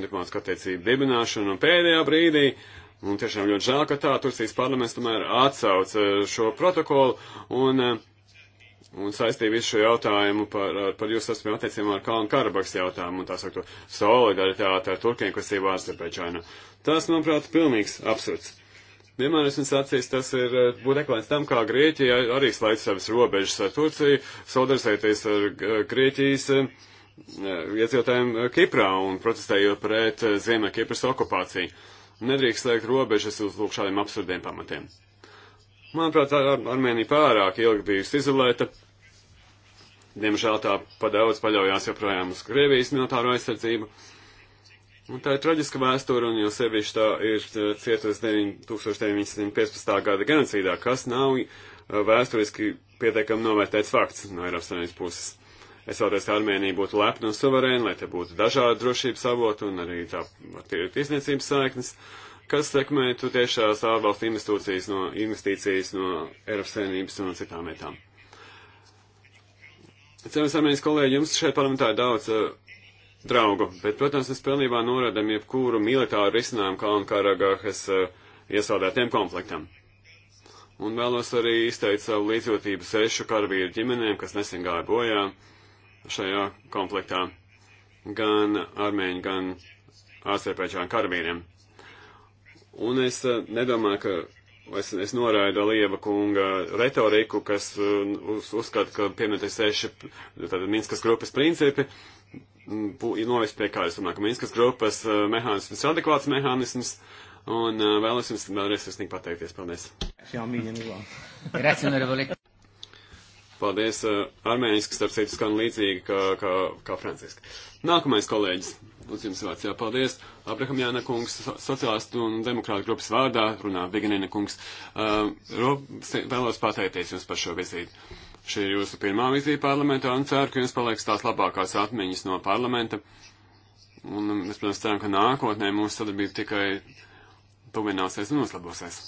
un diplomātisku attiecību dibināšanu, un pēdējā brīdī, un tiešām ļoti žēl, ka tā Turcijas parlaments tomēr atsauca eh, šo protokolu, un, eh, un saistīja visu šo jautājumu par, eh, par jūsu saspriem attiecībām ar Kalnu Karabaks jautājumu, un tā sakot, solidaritāte ar Turkiem, kas ir Azerbaidžānu. Tas, manuprāt, pilnīgs absurds. Vienmēr esmu sacījis, tas ir būdeklēns tam, kā Grieķija arī slēdz savas robežas ar Turciju, solidarizēties ar Grieķijas Eh, iedzīvotājiem eh, Kiprā un protestējot pret eh, Ziemē Kipras okupāciju. Nedrīkst slēgt robežas uz lūk šādiem absurdiem pamatiem. Manuprāt, Ar Armēnija pārāk ilgi bijusi izolēta. Diemžēl tā padaudz paļaujās joprojām uz Krievijas militāro aizsardzību. Un tā ir traģiska vēsture, un jau sevišķi tā ir cietusi 1915. gada genocīdā, kas nav vēsturiski pietiekami novērtēts fakts no Eiropas Savienības puses. Es vēlos, lai Armēnija būtu lepna un suverēna, lai te būtu dažādi drošības avoti un arī tā tiesniecības saiknes, kas sekmētu tiešās ārvalstu investīcijas no, investīcijas no Eiropas Savienības un citām vietām. Cerams, Armēnijas kolēģi, jums šeit parlamentā ir daudz uh, draugu, bet, protams, mēs pilnībā norādam jebkuru militāru risinājumu Kalnkaragahas uh, iesaldētiem konfliktam un vēlos arī izteikt savu līdzjūtību sešu karavīru ģimenēm, kas nesen gāja bojā šajā konfliktā gan armēņu, gan azerbaidžānu karavīriem. Un es eh, nedomāju, ka es, es noraidu Lieva kunga retoriku, kas eh, uz, uzskata, ka pieminētie seši tātad Minskas grupas principi novest pie kā, es domāju, ka Minskas grupas eh, mehānisms ir adekvāts mehānisms. Un vēlos jums vēlreiz sirsnīgi pateikties. Paldies! Grazie, onorevole. Paldies, eh, armēniski, starp citu, skan līdzīgi kā, kā, kā franciski. Nākamais kolēģis, lūdzu jums vārds, jā, paldies. Abraham Jāna kungs, sociālistu un demokrātu grupas vārdā, runā Viganina kungs. Uh, vēlos pateikties jums par šo vizīti. Šī ir jūsu pirmā vizīte parlamentā un ceru, ka jums paliks tās labākās atmiņas no parlamenta. Un mēs, mm, protams, ceram, ka nākotnē mūsu sadarbība tikai tuvināsies un uzlabosies.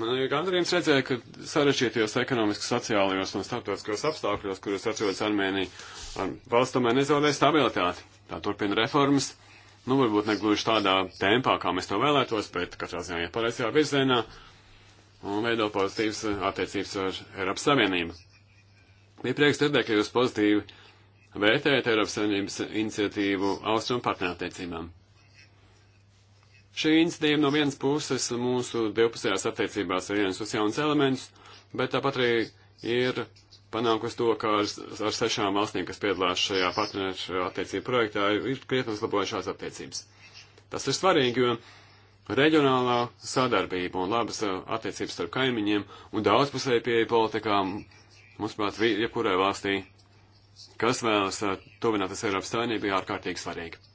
Man ir gandarījums redzēt, ka sarežģītajos ekonomiski sociālajos un starptautiskajos apstākļos, kuros atrodas Armēnija, ar valsts tomēr nezaudē stabilitāti. Tā turpina reformas, nu varbūt ne gluži tādā tempā, kā mēs to vēlētos, bet katrā ziņā iet pareizajā virzienā un veido pozitīvas attiecības ar Eiropas Savienību. Bija prieks dzirdēt, ka jūs pozitīvi vērtējat Eiropas Savienības iniciatīvu austrumu partnerattiecībām. Šī iniciatīva no vienas puses mūsu divpusējās attiecībās ir viens uz jauns elements, bet tāpat arī ir panākusi to, ka ar, ar sešām valstīm, kas piedalās šajā partneru attiecību projektā, ir krietni uzlabojušās attiecības. Tas ir svarīgi, jo reģionālā sadarbība un labas attiecības starp kaimiņiem un daudzpusēja pieeja politikām, mums prāt, jebkurai valstī, kas vēlas tuvināties Eiropas saimnībai, ārkārtīgi svarīgi.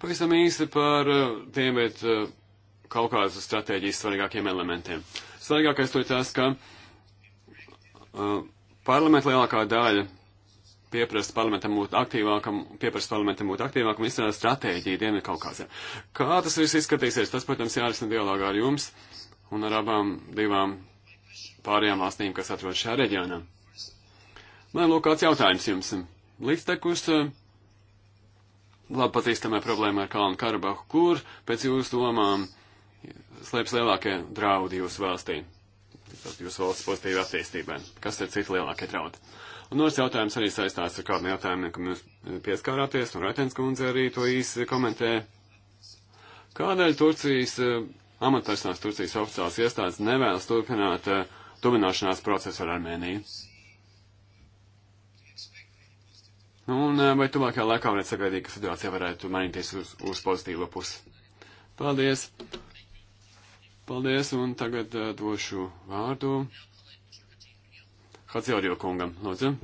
Pavisam īsi par eh, tiem, bet eh, kaut kādas stratēģijas svarīgākiem elementiem. Svarīgākais to ir tas, ka uh, parlamenta lielākā daļa pieprasa parlamentam būt aktīvākam, pieprasa parlamentam būt aktīvākam, izstrādā stratēģiju Dienvidu Kaukāzē. Kā tas viss izskatīsies, tas, protams, jārisina dialogā ar jums un ar abām divām pārējām valstīm, kas atrodas šajā reģionā. Man lūk kāds jautājums jums. Līdz tekus uh, labi pazīstamā problēma ar Kalnu Karabahu, kur pēc jūsu domām slēpjas lielākie draudi jūsu valstī, jūsu valsts pozitīvai attīstībai. Kas ir citi lielākie draudi? Un otrs jautājums arī saistās ar kādu jautājumu, kam jūs pieskārāties, un Retens kundze arī to īsi komentē. Kādēļ Turcijas eh, amatpersonās Turcijas oficiālās iestādes nevēlas turpināt eh, tuvināšanās procesu ar Armēniju? Un eh, vai tuvākajā laikā varētu sagaidīt, ka situācija varētu mainīties uz, uz pozitīvo pusi? Paldies! Paldies, un tagad uh, došu vārdu Haciorjo kungam. Lūdzu!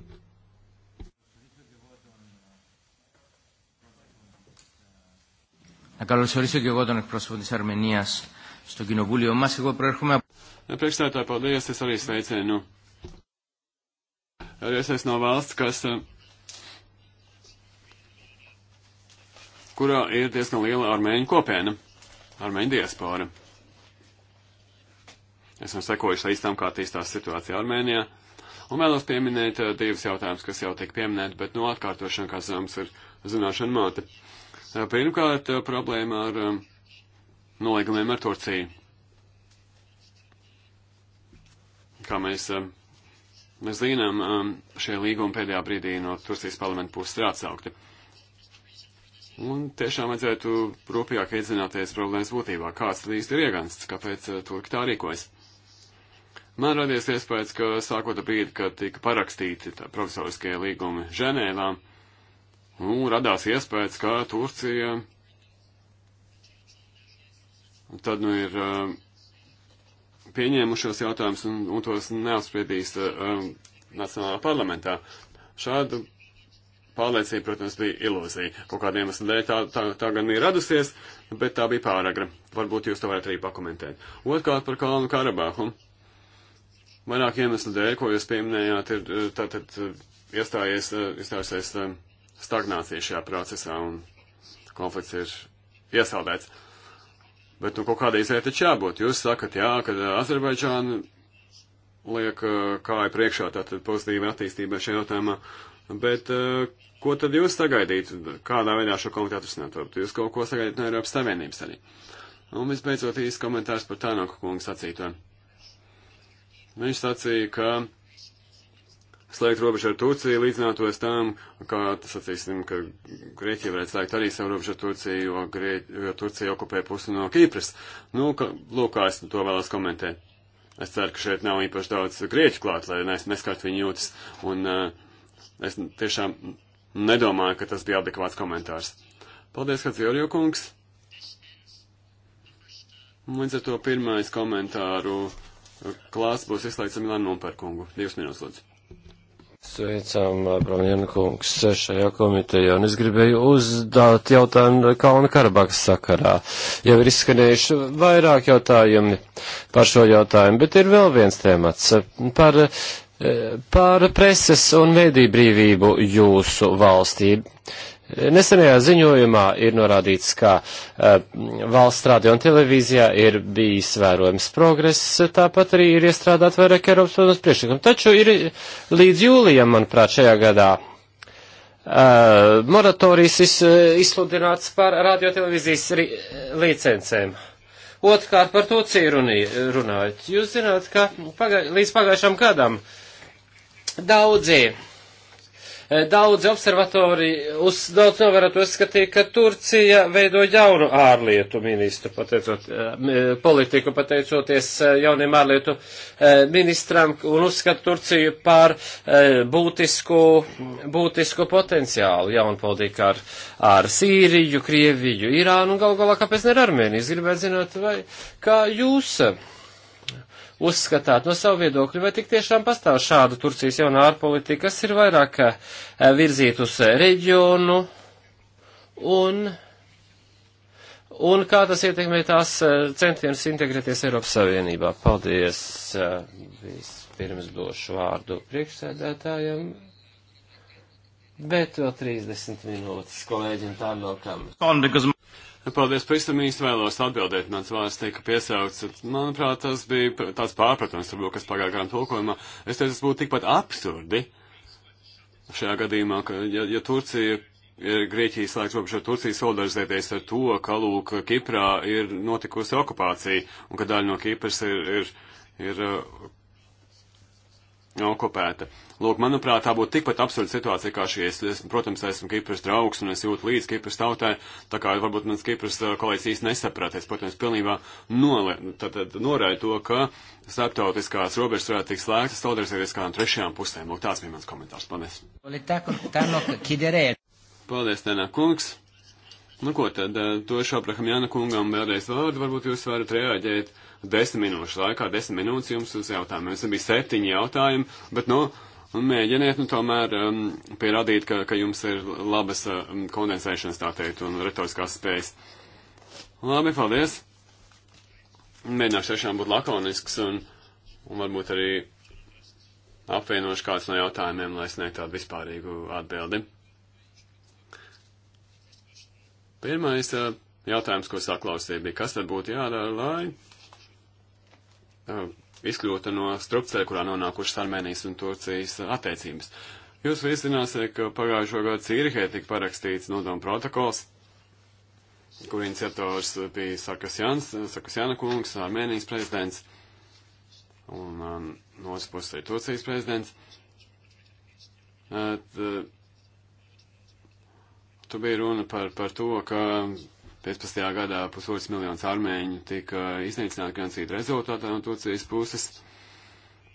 Να καλωσορίσω και εγώ τον εκπρόσωπο της Αρμενίας στο κοινοβούλιο μας. Εγώ προέρχομαι από... Priekšstādā paldies, es arī sveicinu. Arī es esmu no valsts, kas uh, kurā ir diezgan liela armēņu kopiena, armēņu diaspora. Esmu sekojuši līdz tam, kā attīstās situācija Armēnijā, un vēlos pieminēt uh, divus jautājumus, kas jau tiek pieminēti, bet no nu, atkārtošana, kā zināms, ir zināšana māte. Uh, pirmkārt, uh, problēma ar um, nolīgumiem ar Turciju. Kā mēs, mēs zinām, um, šie līgumi pēdējā brīdī no Turcijas parlamenta puses ir atsaukti. Un tiešām vajadzētu rūpīgāk iedzināties problēmas būtībā, kāds tad īsti ir iegansts, kāpēc eh, turki tā rīkojas. Man radies iespējas, ka sākot ar brīdi, kad tika parakstīti profesoriskie līgumi Ženēvā, nu, radās iespējas, ka Turcija tad nu ir eh, pieņēmušos jautājumus un, un tos neapspriedīs uh, Nacionālā parlamentā. Šādu pārliecība, protams, bija ilūzija. Kaut kādiem iemeslu dēļ tā, tā, tā gan ir radusies, bet tā bija pāragra. Varbūt jūs to varat arī pakomentēt. Otkārt par Kalnu Karabāhu. Vairāk iemeslu dēļ, ko jūs pieminējāt, ir eh, tātad eh, iestājies, eh, iestājusies stagnācija šajā procesā un konflikts ir iesaldēts. Bet nu, kaut kādai izējai taču jābūt. Jūs sakat, jā, ka Azerbaidžāna liek kāju priekšā tātad pozitīva attīstība šajā jautājumā. Bet eh, ko tad jūs sagaidītu? Kādā veidā šo konfliktu atrisināt? Varbūt jūs kaut ko sagaidītu no Eiropas Savienības arī. Un visbeidzot īsts komentārs par Tānoka kungu sacīto. Viņš sacīja, ka slēgt robežu ar Turciju līdzinātos tam, kā, sacīsim, ka Grieķija varētu slēgt arī savu robežu ar Turciju, jo, Grie... jo Turcija okupē pusi no Kīpras. Nu, ka, lūk, kā es to vēlos komentēt. Es ceru, ka šeit nav īpaši daudz grieķu klāt, lai nes, neskart viņu jūtas. Un, uh, Es tiešām nedomāju, ka tas bija adekvāts komentārs. Paldies, Hadziorjo kungs. Līdz ar to pirmais komentāru klāsts būs izslēgts ar Milānu Nopērkungu. Divas minūtes, lūdzu. Sveicām, uh, Brānjana kungs, šajā komitejā, un es gribēju uzdāt jautājumu Kalna Karabakas sakarā. Jau ir izskanējuši vairāk jautājumi par šo jautājumu, bet ir vēl viens temats par Par preses un mēdīju brīvību jūsu valstī. Nesenajā ziņojumā ir norādīts, ka uh, valsts radio un televīzijā ir bijis vērojams progress, tāpat arī ir iestrādāt vairāk Eiropas Savienības priekšlikumu. Taču ir līdz jūlijam, manuprāt, šajā gadā uh, moratorijas iz, eh, izsludināts par radiotelevīzijas licencēm. Otrkārt par to cīrunī runājot. Jūs zināt, ka paga līdz pagājušam gadam uh, Daudzi, eh, daudzi observatori, uz, daudz novērot uzskatīja, ka Turcija veido jaunu ārlietu ministru, pateicot, eh, politiku, pateicoties eh, jauniem ārlietu ministram, un uzskata Turciju par būtisku, būtisku potenciālu jaunu politiku ar, ar Sīriju, Krieviju, Irānu, un gal galā kāpēc ne ar Armēniju. Es gribētu zināt, vai kā jūs uzskatāt no savu viedokļu, vai tik tiešām pastāv šāda Turcijas jaunā ārpolitika, kas ir vairāk eh, virzīt uz eh, reģionu un, un kā tas ietekmē tās eh, centienus integrēties Eiropas Savienībā. Paldies! Vispirms došu vārdu priekšsēdētājiem. Bet vēl 30 minūtes kolēģim Tārnokam. Nu, paldies, pavisam īsti vēlos atbildēt, mans vārds tika piesaukts. Manuprāt, tas bija tāds pārpratums, varbūt, kas pagāja garām tulkojumā. Es teicu, tas būtu tikpat absurdi šajā gadījumā, ka, ja, ja Turcija ir Grieķijas laiks robežo Turciju solidarizēties ar to, ka, lūk, Kiprā ir notikusi okupācija, un ka daļa no Kipras ir, ir, ir okupēta. Lūk, manuprāt, tā būtu tikpat absurda situācija kā šī. Es, es protams, esmu Kipras draugs un es jūtu līdzi Kipras tautai, tā kā varbūt mans Kipras kolēģis īsti nesapraties. Protams, pilnībā nole, tad, tad norēja to, ka starptautiskās robežas varētu tikt slēgtas solidarizoties kādām trešajām pusēm. Lūk, tāds bija mans komentārs. Paldies. Paldies, Tenā kungs. Nu, ko tad, došu eh, Abraham Jāna kungam vēlreiz vārdu, varbūt jūs varat reaģēt desmit minūšu laikā, desmit minūtes jums uz jautājumiem. Mums bija septiņi jautājumi, bet, nu, mēģiniet, nu, tomēr um, pierādīt, ka, ka jums ir labas um, kondensēšanas, tā teikt, un retoriskās spējas. Labi, paldies! Mēģināšu tiešām būt lakonisks un, un varbūt arī apvienošu kāds no jautājumiem, lai sniegtu tādu vispārīgu atbildi. Pirmais jautājums, ko saklausīja, bija, kas tad būtu jādara, lai izkļūtu no strupceļa, kurā nonākušas Armēnijas un Turcijas attiecības. Jūs visi zināsiet, ka pagājušo gadu Cīrihē tika parakstīts nodomu protokols, kur iniciators bija Sarkasjans, Sarkasjana kungs, Armēnijas prezidents un um, no otras puses arī Turcijas prezidents. At, uh, Tu bija runa par, par to, ka 15. gadā pusotrs miljons armēņu tika iznīcināti gan cita rezultātā no Turcijas puses.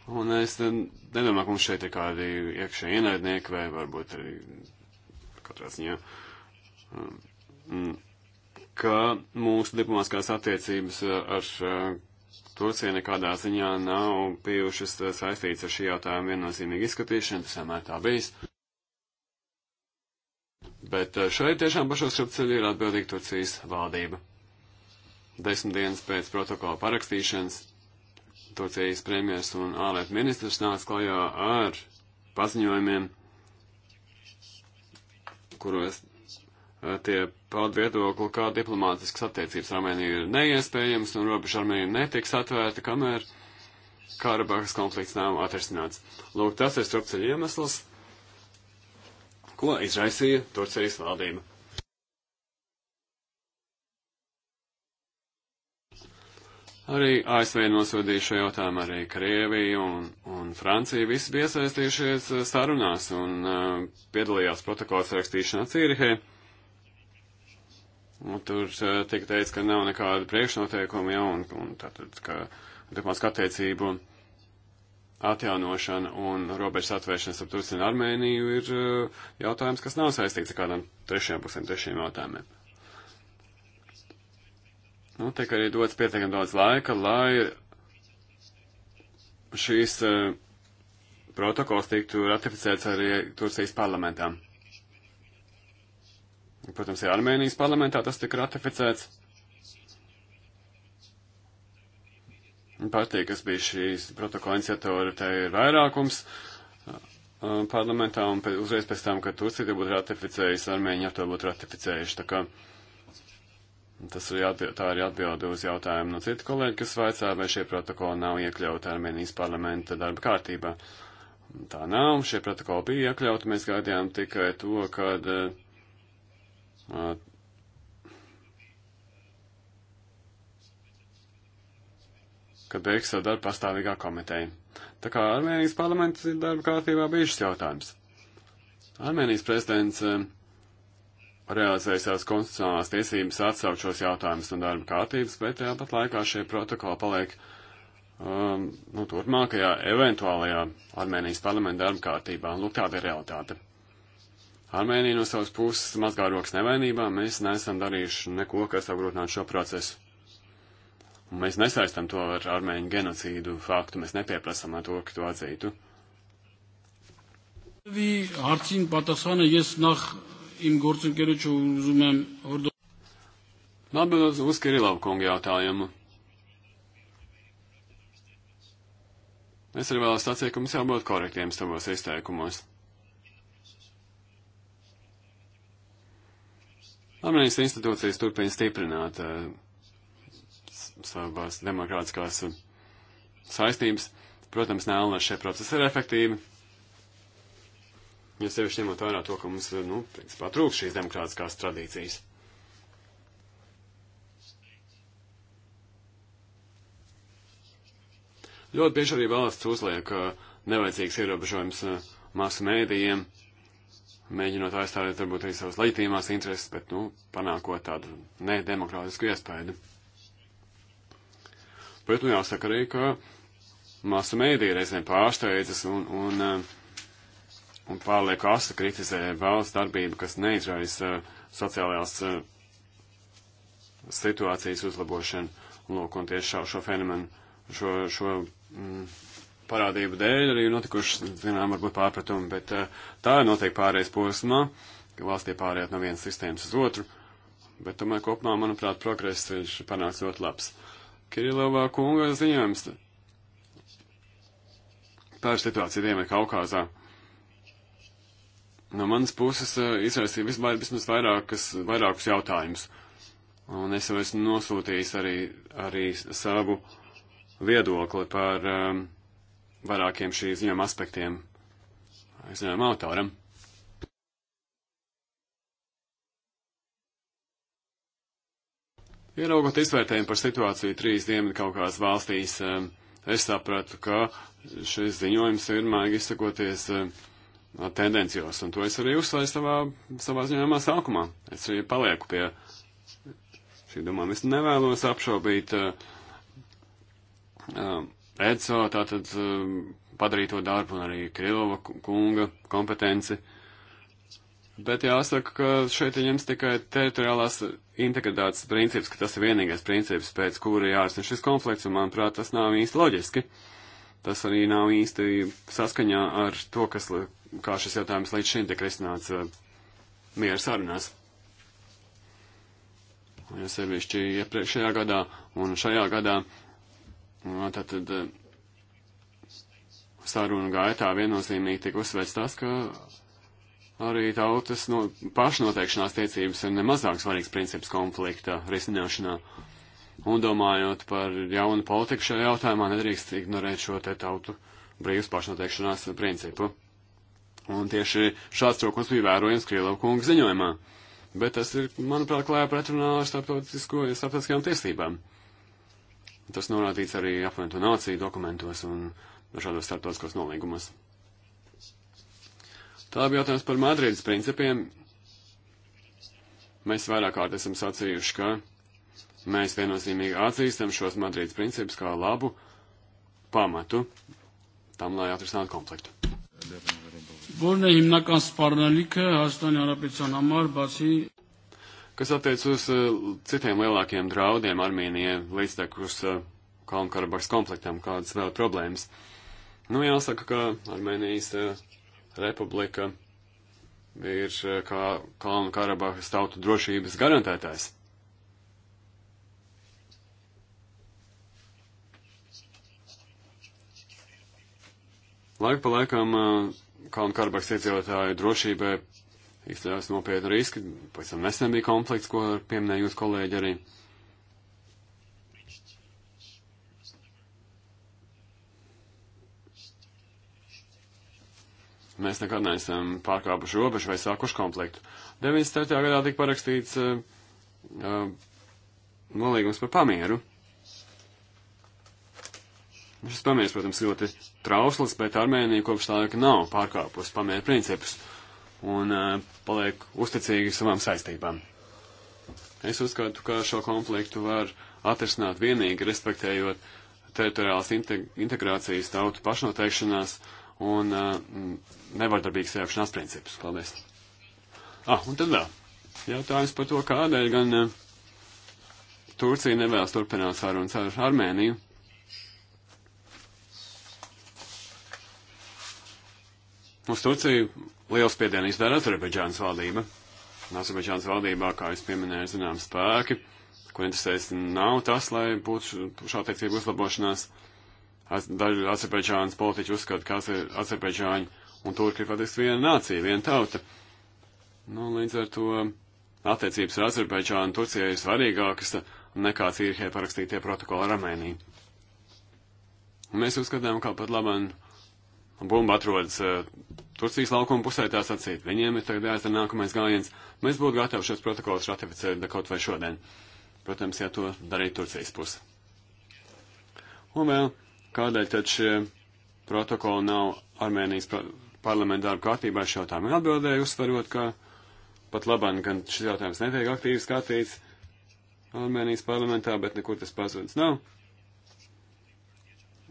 Un es nedomāju, ka mums šeit ir kādi iekšē ienaidnieki vai varbūt arī katrā ziņā, um, mm, ka mūsu diplomātskās attiecības uh, ar uh, Turcija nekādā ziņā nav bijušas uh, saistīts ar šī jautājuma viennozīmīgu izskatīšanu, tas vienmēr tā bijis. Bet eh, šeit tiešām par šo strupceļu ir atbildīga Turcijas valdība. Desmit dienas pēc protokola parakstīšanas Turcijas premjers un ārlietu ministrs nāca klajā ar paziņojumiem, kuros eh, tie paud viedokli, kā diplomātiskas attiecības ar Armēniju ir neiespējams un robeža Armēnija netiks atvērta, kamēr Karabahas konflikts nav atrisināts. Lūk, tas ir strupceļu iemesls ko izraisīja Turcijas valdība. Arī ASV nosodīja šo jautājumu, arī Krievija un, un Francija visi bija iesaistījušies eh, sarunās un uh, piedalījās protokols rakstīšanā Cīrihē. Un tur uh, tika teica, ka nav nekāda priekšnoteikuma jau un, un tātad, ka turpmāk attiecību atjaunošana un robežas atvēršanas ap Turciju un Armēniju ir eh, jautājums, kas nav saistīts ar kādām trešajām pusēm, trešajiem jautājumiem. Nu, tiek arī dots pietiekami daudz laika, lai šīs uh, protokols tiktu ratificēts arī Turcijas parlamentā. Protams, ja Armēnijas parlamentā tas tika ratificēts. partija, kas bija šīs protokola iniciatora, tai ir vairākums uh, parlamentā, un pēc, uzreiz pēc tam, kad Turcija to būtu ratificējusi, Armēņi ar to būtu ratificējuši. Tā kā tas ir jāatbild, tā ir atbilde uz jautājumu no citu kolēģi, kas vaicā, vai šie protokoli nav iekļauti Armēnijas parlamenta darba kārtībā. Tā nav, šie protokoli bija iekļauti, mēs gaidījām tikai to, kad uh, kad beigs savu darbu pastāvīgā komiteja. Tā kā Armēnijas parlaments ir darba kārtībā bijušas jautājums. Armēnijas prezidents eh, realizēja savas konstitucionālās tiesības atsaukt šos jautājumus no darba kārtības, bet tāpat laikā šie protokoli paliek um, nu, turpmākajā eventuālajā Armēnijas parlamenta darba kārtībā. Lūk, tāda ir realitāte. Armēnija no savas puses mazgā rokas nevainībā, mēs neesam darījuši neko, kas apgrūtinātu šo procesu. Un mēs nesaistam to ar armēņu genocīdu faktu, mēs nepieprasām to, ka to atzītu. Atbildot uz Kirilovu kungu jautājumu. Es arī vēlos sacīt, ka mums jābūt korektiem savos izteikumos. Armēnijas institūcijas turpina stiprināt uh, savās demokrātiskās eh, saistības. Protams, nav, lai šie procesi ir efektīvi. Ja sevišķi ņemot vērā to, ka mums, eh, nu, principā trūkst šīs demokrātiskās tradīcijas. Ļoti bieži arī valsts uzliek eh, nevajadzīgs ierobežojums masu mēdījiem, mēģinot aizstāvēt varbūt arī savas leģitīmās intereses, bet, nu, panākot tādu nedemokrātisku iespēju. Bet, nu, jāsaka arī, ka masu mēdīja reizēm pārsteidzas un, un, eh, un pārlieku asa kritizē valsts darbību, kas neizraisa eh, sociālās eh, situācijas uzlabošanu. Lūk, un tieši šo, šo fenomenu, šo, šo mm, parādību dēļ arī notikuši, zinām, varbūt pārpratumi, bet tā ir noteikti pārējais posmā, ka valstī pārējāt no vienas sistēmas uz otru, bet tomēr kopumā, manuprāt, progress ir panāks ļoti labs. Kirilovā kunga ziņojums par situāciju Dienvidu Kaukāzā. No manas puses eh, izraisīja vismaz, vismaz vairākas, vairākus jautājumus. Un es jau esmu nosūtījis arī, arī savu viedokli par um, vairākiem šī ziņām aspektiem ziņām autoram. Ieraugot izvērtējumu par situāciju trīs dienvidu kaut kādās valstīs, es sapratu, ka šis ziņojums ir maigi izsakoties tendencijos, un to es arī uzsvēru savā, savā ziņojumā sākumā. Es arī palieku pie šī domām. Es nevēlos apšaubīt ECO, tātad padarīto darbu un arī Krilova kunga kompetenci. Uh, Bet jāsaka, ka šeit ņems tikai teritoriālās integritātes princips, ka tas ir vienīgais princips, pēc kura jārisina šis konflikts, un manuprāt, tas nav īsti loģiski. Tas arī nav īsti saskaņā ar to, kas, kā šis jautājums līdz šim tiek risināts eh, miera sarunās. Ja sevišķi iepriekšējā gadā un šajā gadā, tad, tad eh, sarunu gaitā viennozīmīgi tika uzsvērts tas, ka arī tautas no, pašnoteikšanās tiecības ir nemazāk svarīgs princips konflikta risināšanā. Un domājot par jaunu politiku šajā jautājumā, nedrīkst ignorēt šo te tautu brīvas pašnoteikšanās principu. Un tieši šāds trūkums bija vērojams Krīlov kunga ziņojumā. Bet tas ir, manuprāt, klājā pretrunā ar starptautiskajām tiesībām. Tas norādīts arī apvienoto nāciju dokumentos un dažādos starptautiskos nolīgumos. Tā bija jautājums par Madrīdas principiem. Mēs vairāk kārt esam sacījuši, ka mēs viennozīmīgi atzīstam šos Madrīdas principus kā labu pamatu tam, lai atrisinātu konfliktu. Որն է հիմնական սպառնալիքը Հայաստանի Հանրապետության համար, բացի Kas attiec uz uh, citiem lielākiem draudiem Armēnijai līdztekus uh, Kalnu-Karabahas konfliktam, kādas vēl problēmas? Nu, jāsaka, ka Armēnijas uh, republika ir eh, kā Kalnu Karabahas tautu drošības garantētājs. Laiku pa laikam eh, Kalnu Karabahas iedzīvotāju drošībai izstrādās nopietni riski, pēc tam nesen bija konflikts, ko pieminēja jūs kolēģi arī. Uh, Mēs nekad neesam pārkāpuši robežu vai sākuši konfliktu. 97. gadā tika parakstīts uh, uh, nolīgums par pamieru. Šis pamieris, protams, ļoti trausls, bet Armēnija kopš tā laika nav pārkāpusi pamieru principus un uh, paliek uzticīgi savām saistībām. Es uzskatu, ka šo konfliktu var atrisināt vienīgi respektējot teritoriālās integrācijas tautu pašnoteikšanās uh, un eh, nevardarbīgas ievēršanās principus. Paldies. Ah, un tad vēl jautājums par to, kādēļ gan eh, Turcija nevēlas turpināt sarunas ar Armēniju. Uz Turciju liels spiedienu izdara Azerbaidžānas valdība. Azerbaidžānas valdībā, kā es pieminēju, zinām spēki, ko interesēs nav tas, lai būtu šā attiecību uzlabošanās. Uh, daļu Azerbaidžānas politiķu uzskata, ka Azerbaidžāņi un Turki ir patiesi viena nācija, viena tauta. Nu, līdz ar to attiecības ar Azerbaidžānu un Turcijai ir svarīgākas nekā Cīrhē parakstītie protokoli ar Armēniju. Mēs uzskatām, ka pat labam bumba atrodas uh, Turcijas laukuma pusē, tā sacīt. Viņiem ir tagad jāizdara nākamais gājiens. Mēs būtu gatavi šos protokolus ratificēt kaut vai šodien. Protams, ja to darītu Turcijas puse. Un vēl Kādēļ tad šie protokoli nav Armēnijas parlamentāru kārtībā šā tā man atbildēja, uzsverot, ka pat labāk gan šis jautājums netiek aktīvi skatīts Armēnijas parlamentā, bet nekur tas pazudis nav.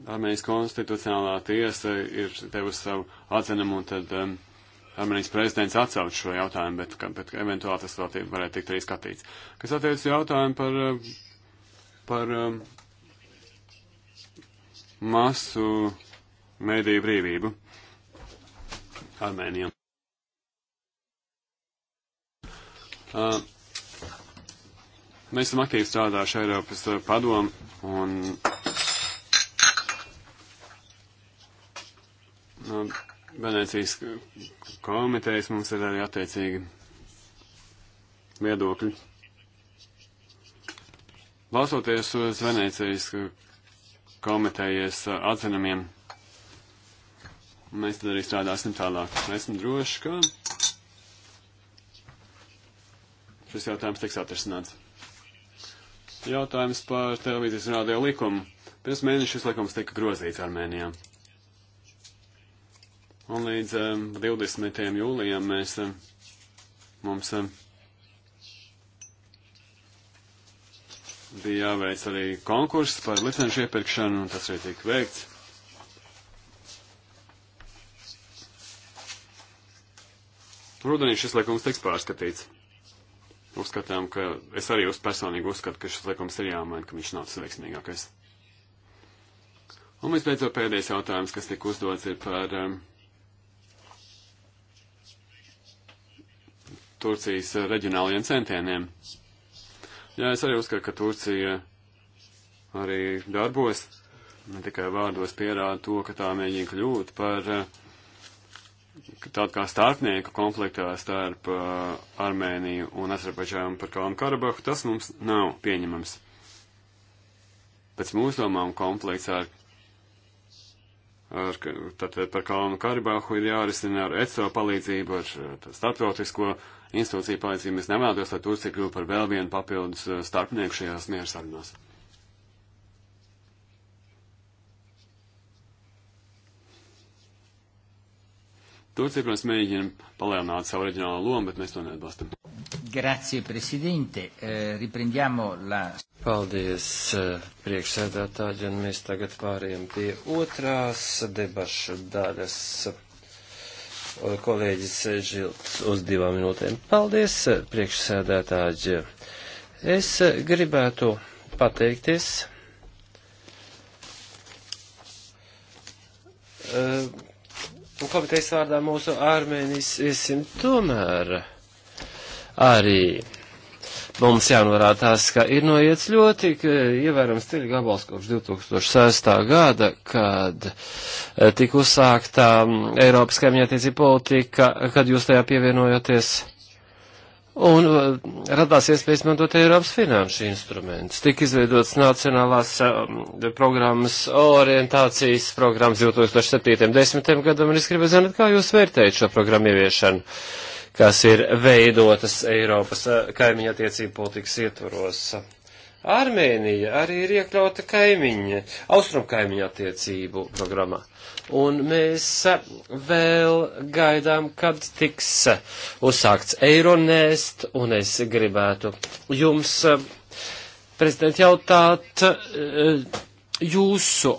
Armēnijas konstitucionālā tiesa ir devusi savu atzinumu, un tad um, Armēnijas prezidents atsauc šo jautājumu, bet, ka, bet eventuāli tas vēl varētu tikt arī skatīts. Kas attiecas jautājumu par, um, par um, masu mēdīju brīvību Armēnijam. Uh, mēs esam aktīvi strādājuši Eiropas padomu un no Venecijas komitejas mums ir arī attiecīgi viedokļi. Balsoties uz Venecijas komitejas uh, atzinumiem. Mēs tad arī strādāsim tālāk. Esmu droši, ka šis jautājums tiks atrisināts. Jautājums par televīzijas un radio likumu. Pirms mēneša šis likums tika grozīts Armēnijā. Un līdz um, 20. jūlijam mēs, um, mums um, bija jāveic arī konkurss par licenšu iepirkšanu, un tas arī tika veikts. Rudenī šis likums tiks pārskatīts. Uzskatām, ka es arī uz personīgi uzskatu, ka šis likums ir jāmaina, ka viņš nav tas veiksmīgākais. Un vispēcot pēdējais jautājums, kas tika uzdots, ir par um, Turcijas reģionālajiem centieniem. Uh, Jā, es arī uzskatu, ka Turcija arī darbos, ne tikai vārdos pierāda to, ka tā mēģina kļūt par eh, tādu kā starpnieku konfliktā starp uh, Armēniju un Azerbaidžānu par Kalnu Karabahu, tas mums nav pieņemams. Pēc mūsu domām konflikts ar, ar tātad par Kalnu Karabahu ir jārisina ar ECO palīdzību, ar eh, starptautisko uh, institūciju palīdzību. Mēs nevēlētos, lai Turcija kļūtu par vēl vienu papildus eh, starpnieku šajās mieru sarunās. Turcija, protams, mēģina palielināt savu reģionālo lomu, bet mēs to neatbalstam. Grazie, prezidente. Eh, riprendiamo la. Paldies, eh, priekšsēdētāji, un mēs tagad pāriem pie otrās debašu daļas kolēģis Žilts uz divām minūtēm. Paldies, priekšsēdētāji. Es gribētu pateikties eh, komitejas vārdā mūsu ārmēnijas iesim tomēr arī Mums jānorāda tās, ka ir noiets ļoti ievērams ceļu gabals kopš 2006. gada, kad e, tika uzsākta Eiropas kaimiņattiecība politika, kad jūs tajā pievienojoties un e, radās iespēja izmantot Eiropas finanšu instrumentus. Tik izveidots nacionālās um, programmas orientācijas programmas 2007. 10. gadam, un es gribu zināt, kā jūs vērtējat šo programmu ieviešanu. Uh, kas ir veidotas Eiropas eh, kaimiņa attiecību politikas ietvaros. Armēnija arī ir iekļauta kaimiņa, austrum kaimiņa attiecību programmā. Un mēs eh, vēl gaidām, kad tiks eh, uzsākts Eironēst, un es gribētu jums, prezident, jautāt jūsu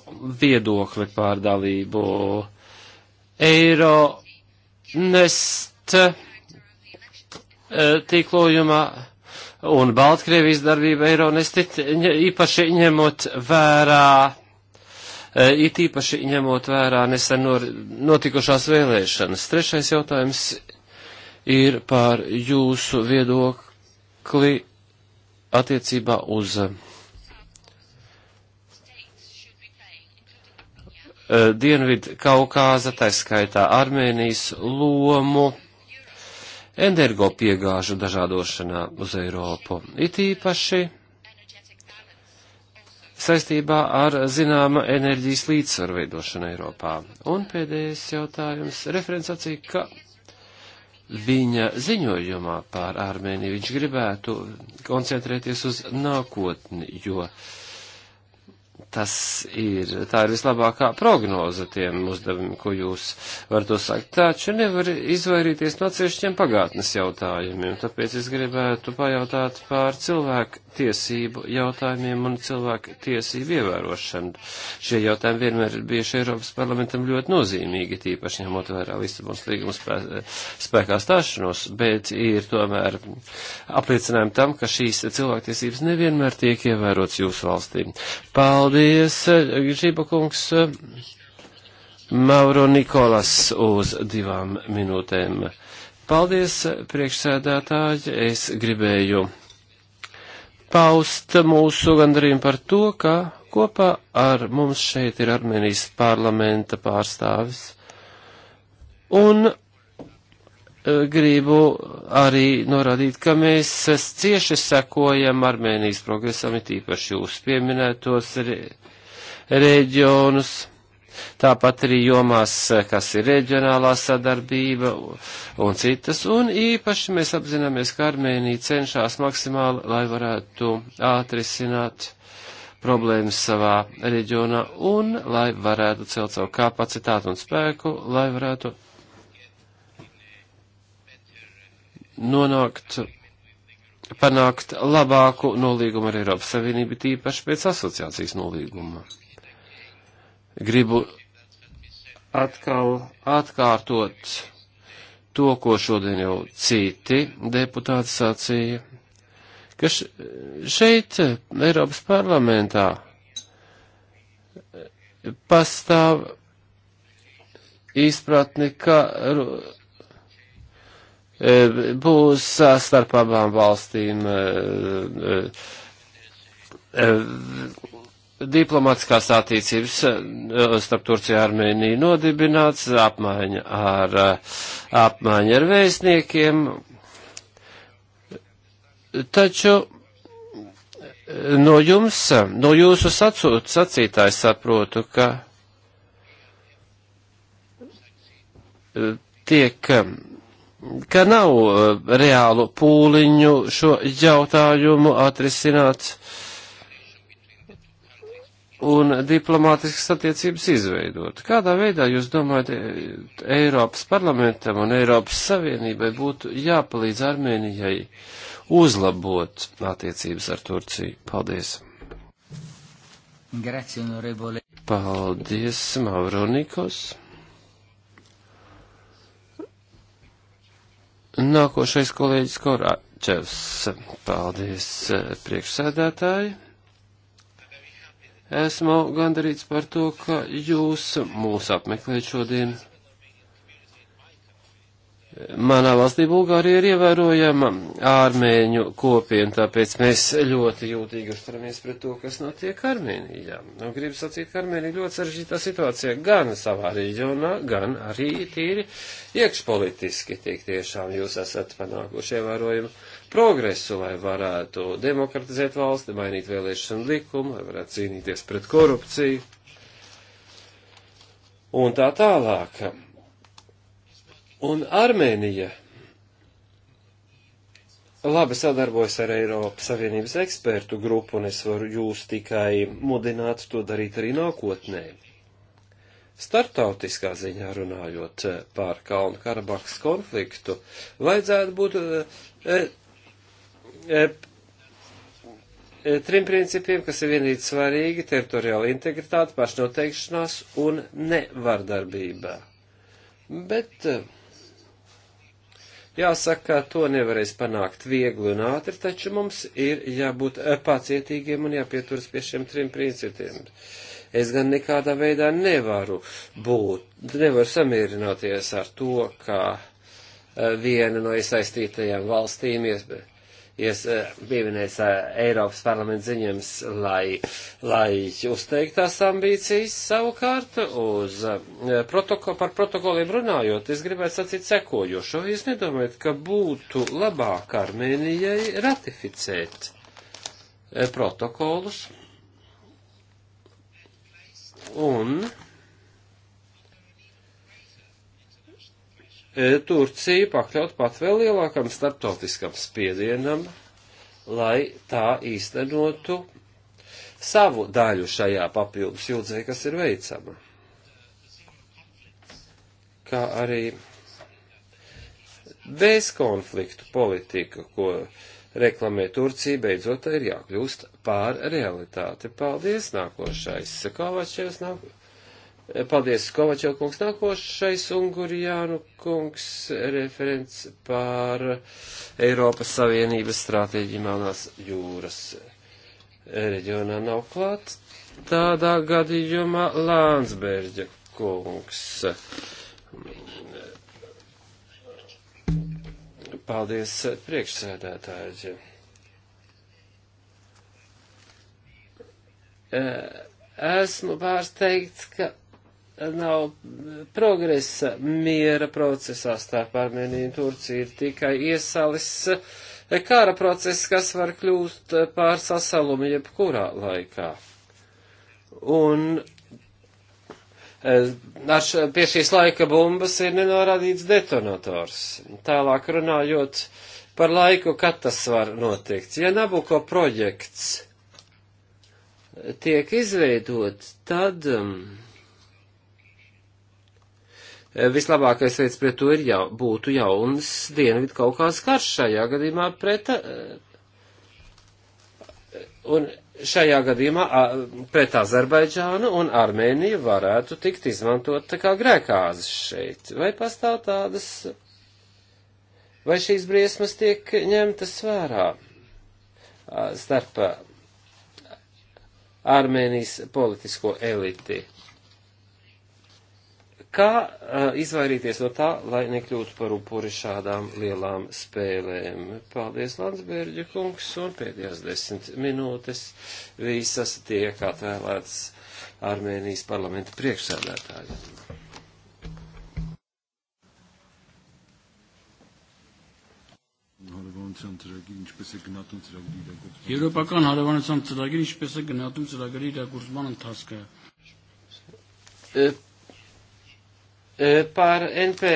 viedokli pārdalību Eironest E, tīklojumā un Baltkrievijas darbība Eironestit, īpaši ņemot vērā, e, it īpaši ņemot vērā nesen notikušās vēlēšanas. Trešais jautājums ir par jūsu viedokli attiecībā uz e, Dienvidu Kaukāza, taiskaitā Armēnijas lomu energo piegāžu dažādošanā uz Eiropu. It īpaši saistībā ar zināma enerģijas līdzsvaru veidošanu Eiropā. Un pēdējais jautājums. Referents acīja, ka viņa ziņojumā par Armēniju viņš gribētu koncentrēties uz nākotni, jo uh, tas ir, tā ir vislabākā prognoze tiem uzdevumiem, ko jūs varat uzsākt. Taču nevar izvairīties no atsevišķiem pagātnes jautājumiem, tāpēc es gribētu pajautāt par cilvēku tiesību jautājumiem un cilvēku tiesību ievērošanu. Šie jautājumi vienmēr ir bijuši Eiropas parlamentam ļoti nozīmīgi, tīpaši ņemot vērā Lisabons līguma spēkā stāšanos, bet ir tomēr apliecinājumi tam, ka šīs cilvēktiesības nevienmēr tiek ievērotas jūsu valstī. Paldies! Paldies, Gžiba kungs. Mauro Nikolas uz divām minūtēm. Paldies, priekšsēdētāji. Es gribēju paust mūsu gandarījumu par to, ka kopā ar mums šeit ir Armēnijas parlamenta pārstāvis. Un Eh, gribu arī norādīt, ka mēs cieši sekojam Armēnijas progresam, it īpaši jūs pieminētos re reģionus, tāpat arī jomās, eh, kas ir reģionālā sadarbība un citas, un īpaši mēs apzināmies, ka Armēnija cenšas maksimāli, lai varētu ātrisināt problēmas savā reģionā un lai varētu celt savu kapacitātu un spēku, lai varētu nonākt, panākt labāku nolīgumu ar Eiropas Savienību, tīpaši pēc asociācijas nolīguma. Gribu atkal atkārtot to, ko šodien jau citi deputāti sacīja, ka šeit, Eiropas parlamentā, pastāv izpratni, ka E, būs starp abām valstīm e, e, diplomatiskās attiecības starp Turciju un Armēniju nodibināts, apmaiņa ar, apmaiņa ar vēstniekiem. Taču no jums, no jūsu sacūt, sacītājs saprotu, ka tiek ka nav eh, reālu pūliņu šo jautājumu atrisināt un diplomātiskas attiecības izveidot. Kādā veidā jūs domājat, eh, Eiropas parlamentam un Eiropas Savienībai būtu jāpalīdz Armēnijai uzlabot attiecības ar Turciju? Paldies! Grazie, Paldies, Mauronikos! Nākošais kolēģis Korāčevs. Paldies, eh, priekšsēdētāji. Esmu gandarīts par to, ka jūs mūs apmeklējat šodien. Manā valstī Bulgārija ir ievērojama ārmēņu kopiena, tāpēc mēs ļoti jūtīgi uzturamies pret to, kas notiek Armēnijā. Un gribu sacīt, ka Armēnija ļoti sarežģītā situācija gan savā reģionā, gan arī tīri iekšpolitiski. Tik tiešām jūs esat panākuši ievērojumu progresu, lai varētu demokratizēt valsti, mainīt vēlēšanu likumu, lai varētu cīnīties pret korupciju. Un tā tālāk Un Armēnija labi sadarbojas ar Eiropas Savienības ekspertu grupu, un es varu jūs tikai mudināt to darīt arī nākotnē. Startautiskā ziņā runājot par Kalnu Karabahas konfliktu, vajadzētu būt e, e, trim principiem, kas ir vienīgi svarīgi - teritoriāla integritāte, pašnoteikšanās un nevardarbība. Bet e, Jāsaka, to nevarēs panākt viegli un ātri, taču mums ir jābūt eh, pacietīgiem un jāpieturas pie šiem trim principiem. Es gan nekādā veidā nevaru būt, nevaru samierināties ar to, ka eh, viena no iesaistītajām valstīm iespēja ies, eh, pieminēs eh, Eiropas parlamenta ziņojums, lai, lai uzteiktās ambīcijas savukārt uz eh, protoko, par protokoliem runājot, es gribētu sacīt sekojošo. Jūs nedomājat, ka būtu labāk Armēnijai ratificēt protokolus? Un E, Turciju pakļaut pat vēl lielākam starptautiskam spiedienam, lai tā īstenotu savu daļu šajā papildus jūdzē, kas ir veicama. Kā arī bezkonfliktu politika, ko reklamē Turcija, beidzot ir jākļūst pār realitāti. Paldies, nākošais. Kā vēl šķiet, nākošais? Paldies, Kovačev kungs. Nākošais Ungurijānu kungs referents par Eiropas Savienības stratēģiju Melnās jūras reģionā nav klāt. Tādā gadījumā Lānsbērģa kungs. Paldies, priekšsēdētāji. Esmu pārsteigts, ka nav progresa miera procesā starp Armēniju un Turciju, ir tikai iesalis eh, kara process, kas var kļūt eh, pār sasalumu jebkurā laikā. Un eh, ar š, pie šīs laika bumbas ir nenorādīts detonators. Tālāk runājot par laiku, kad tas var notikt. Ja Nabuko projekts tiek izveidot, tad. Um, Eh, vislabākais veids pret to ir jau, būtu jauns dienvidu kaut kāds karš šajā gadījumā pret. Eh, un šajā gadījumā pret Azerbaidžānu un Armēniju varētu tikt izmantot tā kā grēkāzes šeit. Vai pastāv tādas, vai šīs briesmas tiek ņemtas vērā starp Armēnijas politisko eliti? Kā uh, izvairīties no tā, lai nekļūtu par upuri šādām lielām spēlēm? Paldies, Landsbērģa kungs, un pēdējās desmit minūtes visas tiek atvēlētas Armēnijas parlamenta priekšsēdētājiem. հալվանության ծրագիր ինչպես է գնահատում ծրագրի իրագործման Եվրոպական հալվանության ծրագիր ինչպես է գնահատում ծրագրի իրագործման ընթացքը Eh, par NP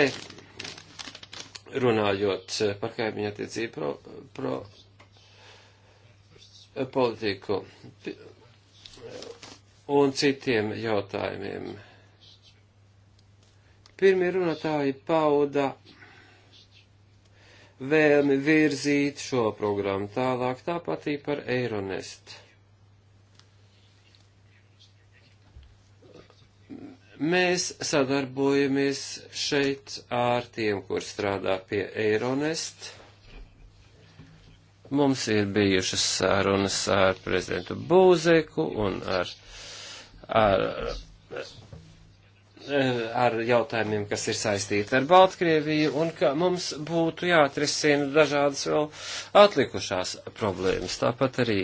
runājot eh, par kaimiņu attiecību pro, pro eh, politiku un citiem jautājumiem. Pirmie runātāji pauda vēlmi virzīt šo programmu tālāk, tāpat arī par Eironestu Mēs sadarbojamies šeit ar tiem, kur strādā pie Eironest. Mums ir bijušas sarunas ar prezidentu Būzeku un ar, ar, ar jautājumiem, kas ir saistīti ar Baltkrieviju, un ka mums būtu jāatrisina dažādas vēl atlikušās problēmas. Tāpat arī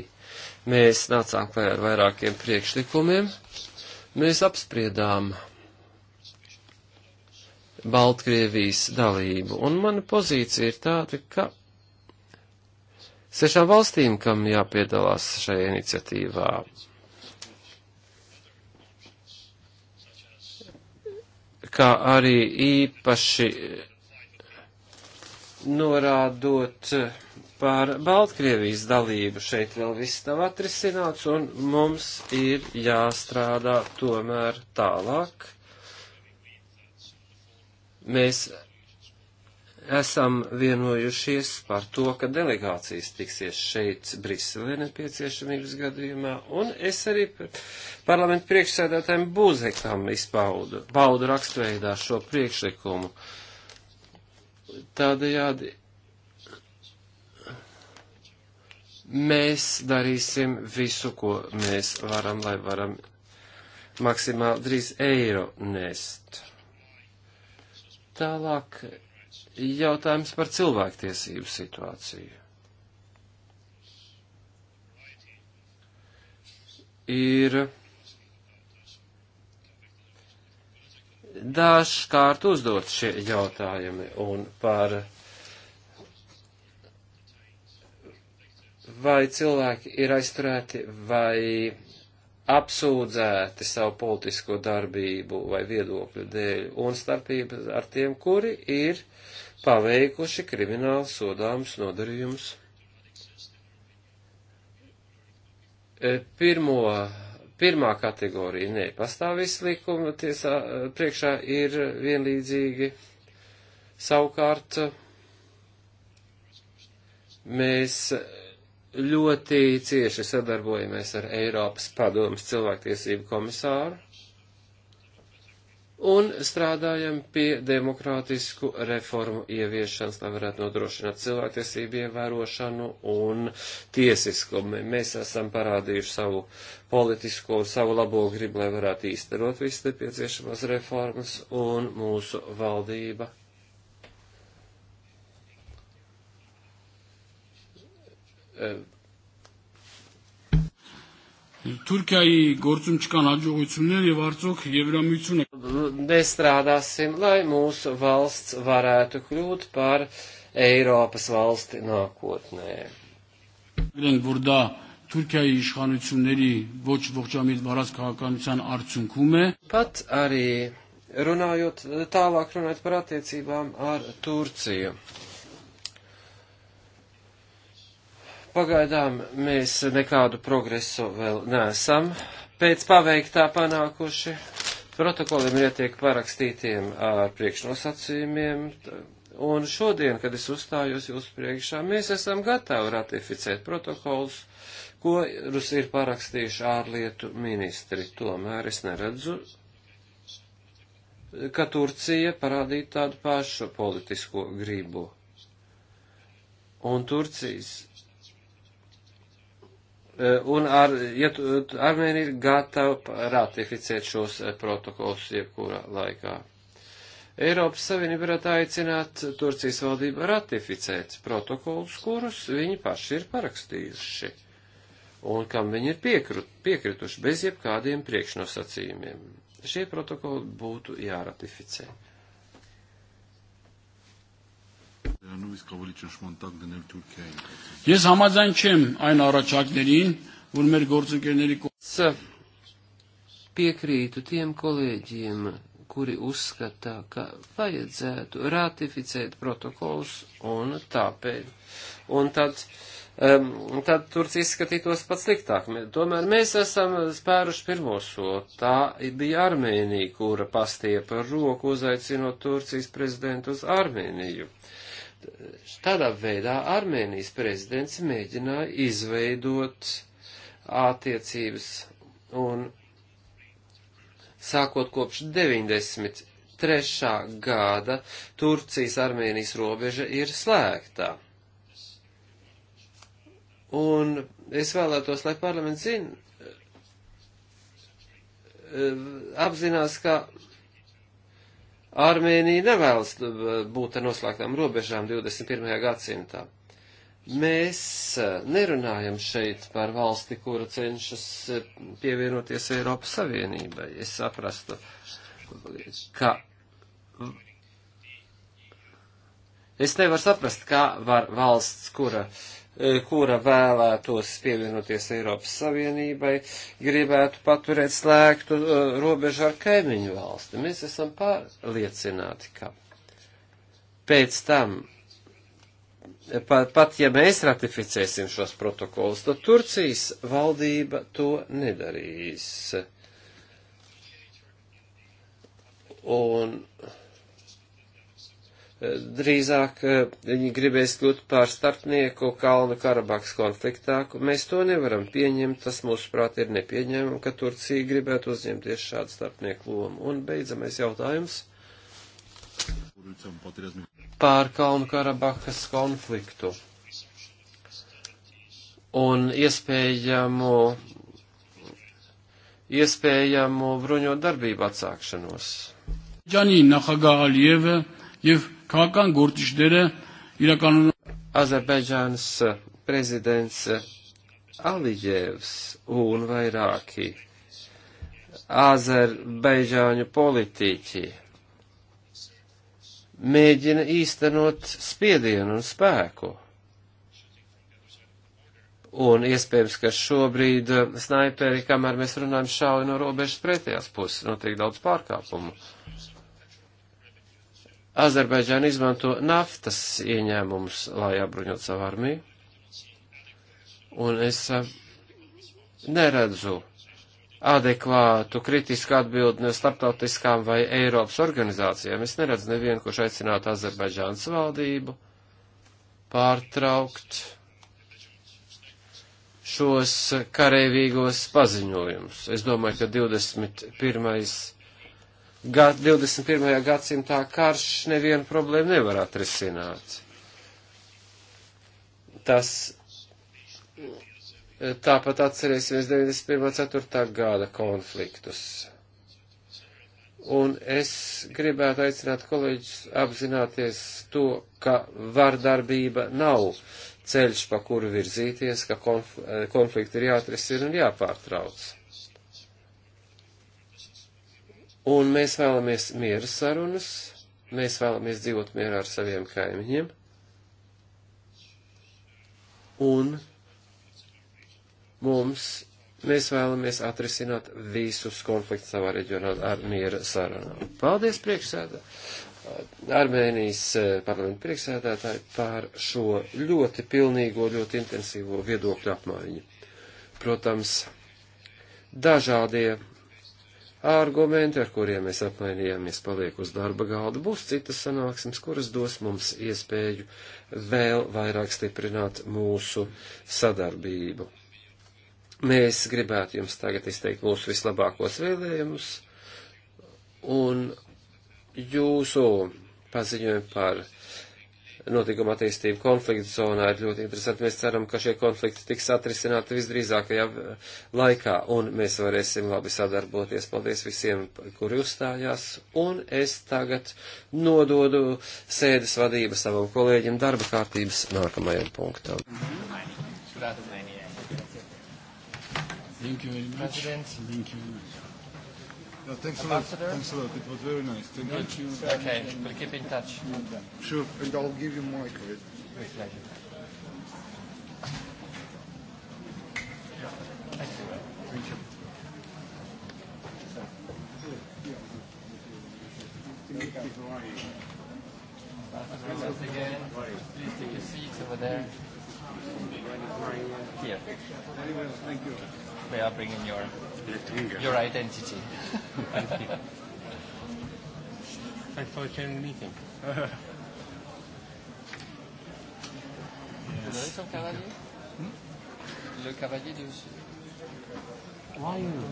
mēs nācām klajā ar vairākiem priekšlikumiem. Mēs apspriedām Baltkrievijas dalību. Un mana pozīcija ir tāda, ka sešām valstīm, kam jāpiedalās šajā iniciatīvā, kā arī īpaši norādot par Baltkrievijas dalību šeit vēl viss nav atrisināts, un mums ir jāstrādā tomēr tālāk Mēs esam vienojušies par to, ka delegācijas tiksies šeit Briselē nepieciešamības gadījumā, un es arī parlamentu priekšsēdētājiem Būzekam izpaudu, paudu rakstveidā šo priekšlikumu. Tādējādi mēs darīsim visu, ko mēs varam, lai varam maksimāli drīz eiro nest. Tālāk jautājums par cilvēktiesību situāciju. Ir dažkārt uzdot šie jautājumi un par vai cilvēki ir aizturēti vai apsūdzēti savu politisko darbību vai viedokļu dēļ, un starpība ar tiem, kuri ir paveikuši kriminālu sodāmus nodarījumus. E, pirmo, pirmā kategorija nepastāv izlikuma tiesā e, priekšā ir vienlīdzīgi. Savukārt, e, mēs ļoti cieši sadarbojamies ar Eiropas padomas cilvēktiesību komisāru un strādājam pie demokrātisku reformu ieviešanas, lai varētu nodrošināt cilvēktiesību ievērošanu un tiesiskumu. Mēs esam parādījuši savu politisko un savu labo gribu, lai varētu īstenot visas nepieciešamās reformas, un mūsu valdība Թուրքիայի գործում չկան հաջողություններ եւ արդյոք Եվրամիությունը Նեstrādāsim, lai mūsu valsts varētu kļūt par Eiropas valsti nākotnē։ Գրենք, որ դա Թուրքիայի իշխանությունների ոչ ողջամիտ վարած քաղաքականության արդյունքում է։ Pat arī runājot tālāk runājot par attiecībām ar Turciju. Pagaidām mēs nekādu progresu vēl nesam pēc paveiktā panākuši. Protokoliem ir ietiek parakstītiem ar priekšnosacījumiem. Un šodien, kad es uzstājos jūsu priekšā, mēs esam gatavi ratificēt protokolus, kurus ir parakstījuši ārlietu ministri. Tomēr es neredzu, ka Turcija parādītu tādu pašu politisko gribu. Un Turcijas Eh, un ar, ja Armēnija ir gatava ratificēt šos eh, protokolus jebkurā laikā. Eiropas Savienība varētu aicināt Turcijas valdību ratificēt protokolus, kurus viņi paši ir parakstījuši un kam viņi ir piekru, piekrituši bez jebkādiem priekšnosacījumiem. Šie protokoli būtu jāratificē. Ես համաձայն չեմ այն առաջարկներին, որ մեր գործընկերների Piekrītu tiem kolēģiem, kuri uzskata, ka vajadzētu ratificēt protokolus un tāpēc. Un tad, um, tad Turcija izskatītos pat sliktāk. Tomēr mēs esam spēruši pirmo soli. Tā bija Armēnija, kura pastiepa roku uzaicinot Turcijas prezidentu uz Armēniju. Uh, tādā veidā Armēnijas prezidents mēģināja izveidot attiecības un sākot kopš 93. gada Turcijas Armēnijas robeža ir slēgtā. Un es vēlētos, lai parlaments zina, eh, apzinās, ka Armēnija nevēlas uh, būt ar noslēgtām robežām 21. gadsimtā. Mēs uh, nerunājam šeit par valsti, kura cenšas uh, pievienoties Eiropas Savienībai. Es saprastu, ka Es nevaru saprast, kā var valsts, kura uh, E, kura vēlētos pievienoties Eiropas Savienībai, gribētu paturēt slēgtu e, robežu ar kaimiņu valsti. Mēs esam pārliecināti, ka pēc tam, e, pat, pat ja mēs ratificēsim šos protokolus, tad Turcijas valdība to nedarīs. Un drīzāk eh, viņi gribēs kļūt par starpnieku Kalnu Karabaks konfliktā. Mēs to nevaram pieņemt, tas mūsuprāt ir nepieņēmumi, ka Turcija gribētu uzņemties šādu starpnieku lomu. Un beidzamais jautājums pār Kalnu Karabakas konfliktu un iespējamu, iespējamu bruņot darbību atsākšanos. Janīna Hagālieva, jeb քաղաքական գործիչները իրականանում Ադրբեջանս prezidents Ալիևs eh, un vairāki Ադրբեջāņu politiķi mēģina īstenot spiedienu un spēku. Un iespējams, ka šobrīd eh, snaiperi, kamēr mēs runājam, šauj no robežas pretējās puses, notiek daudz pārkāpumu. Uh, Azerbaidžāna izmanto naftas ieņēmumus, lai apbruņot savu armiju, un es neredzu adekvātu kritisku atbildi no starptautiskām vai Eiropas organizācijām. Es neredzu nevienu, kurš aicinātu Azerbaidžānas valdību pārtraukt šos karēvīgos paziņojumus. Es domāju, ka 21 gad, 21. gadsimtā karš nevienu problēmu nevar atrisināt. Tas e, tāpat atcerēsimies 91.4. gada konfliktus. Un es gribētu aicināt kolēģus apzināties to, ka vardarbība nav ceļš, pa kuru virzīties, ka konf e, konflikti ir jāatrisina un jāpārtrauc. Un mēs vēlamies miera sarunas, mēs vēlamies dzīvot mierā ar saviem kaimiņiem. Un mums, mēs vēlamies atrisināt visus konfliktus savā reģionā ar miera sarunām. Paldies, priekšsēdā! Armēnijas eh, parlamenta priekšsēdētāji par šo ļoti pilnīgo, ļoti intensīvo viedokļu apmaiņu. Protams, dažādie argumenti, ar kuriem mēs apmainījāmies, paliek uz darba galda. Būs citas sanāksmes, kuras dos mums iespēju vēl vairāk stiprināt mūsu sadarbību. Mēs gribētu jums tagad izteikt mūsu vislabākos vēlējumus un jūsu paziņojumu par notikuma attīstību konflikta zonā ir ļoti interesanti. Mēs ceram, ka šie konflikti tiks atrisināti visdrīzākajā eh, laikā, un mēs varēsim labi sadarboties. Paldies visiem, kuri uzstājās, un es tagad nododu sēdes vadību savam kolēģim darba kārtības nākamajam punktam. Thank you very much. President. Thank you. No, thanks Ambassador. a lot. Thanks a lot. It was very nice. Thank Good. you. Okay, we'll keep in touch. Sure, and I'll give you my credit. With pleasure. Thank you. Thank you. Ambassador, again, please take your seats over there. Here. Thank you. We are bringing your your identity. Thank you. Thanks for attending the meeting. yes. Vous avez ton cavalier hmm? Le cavalier de... Why you?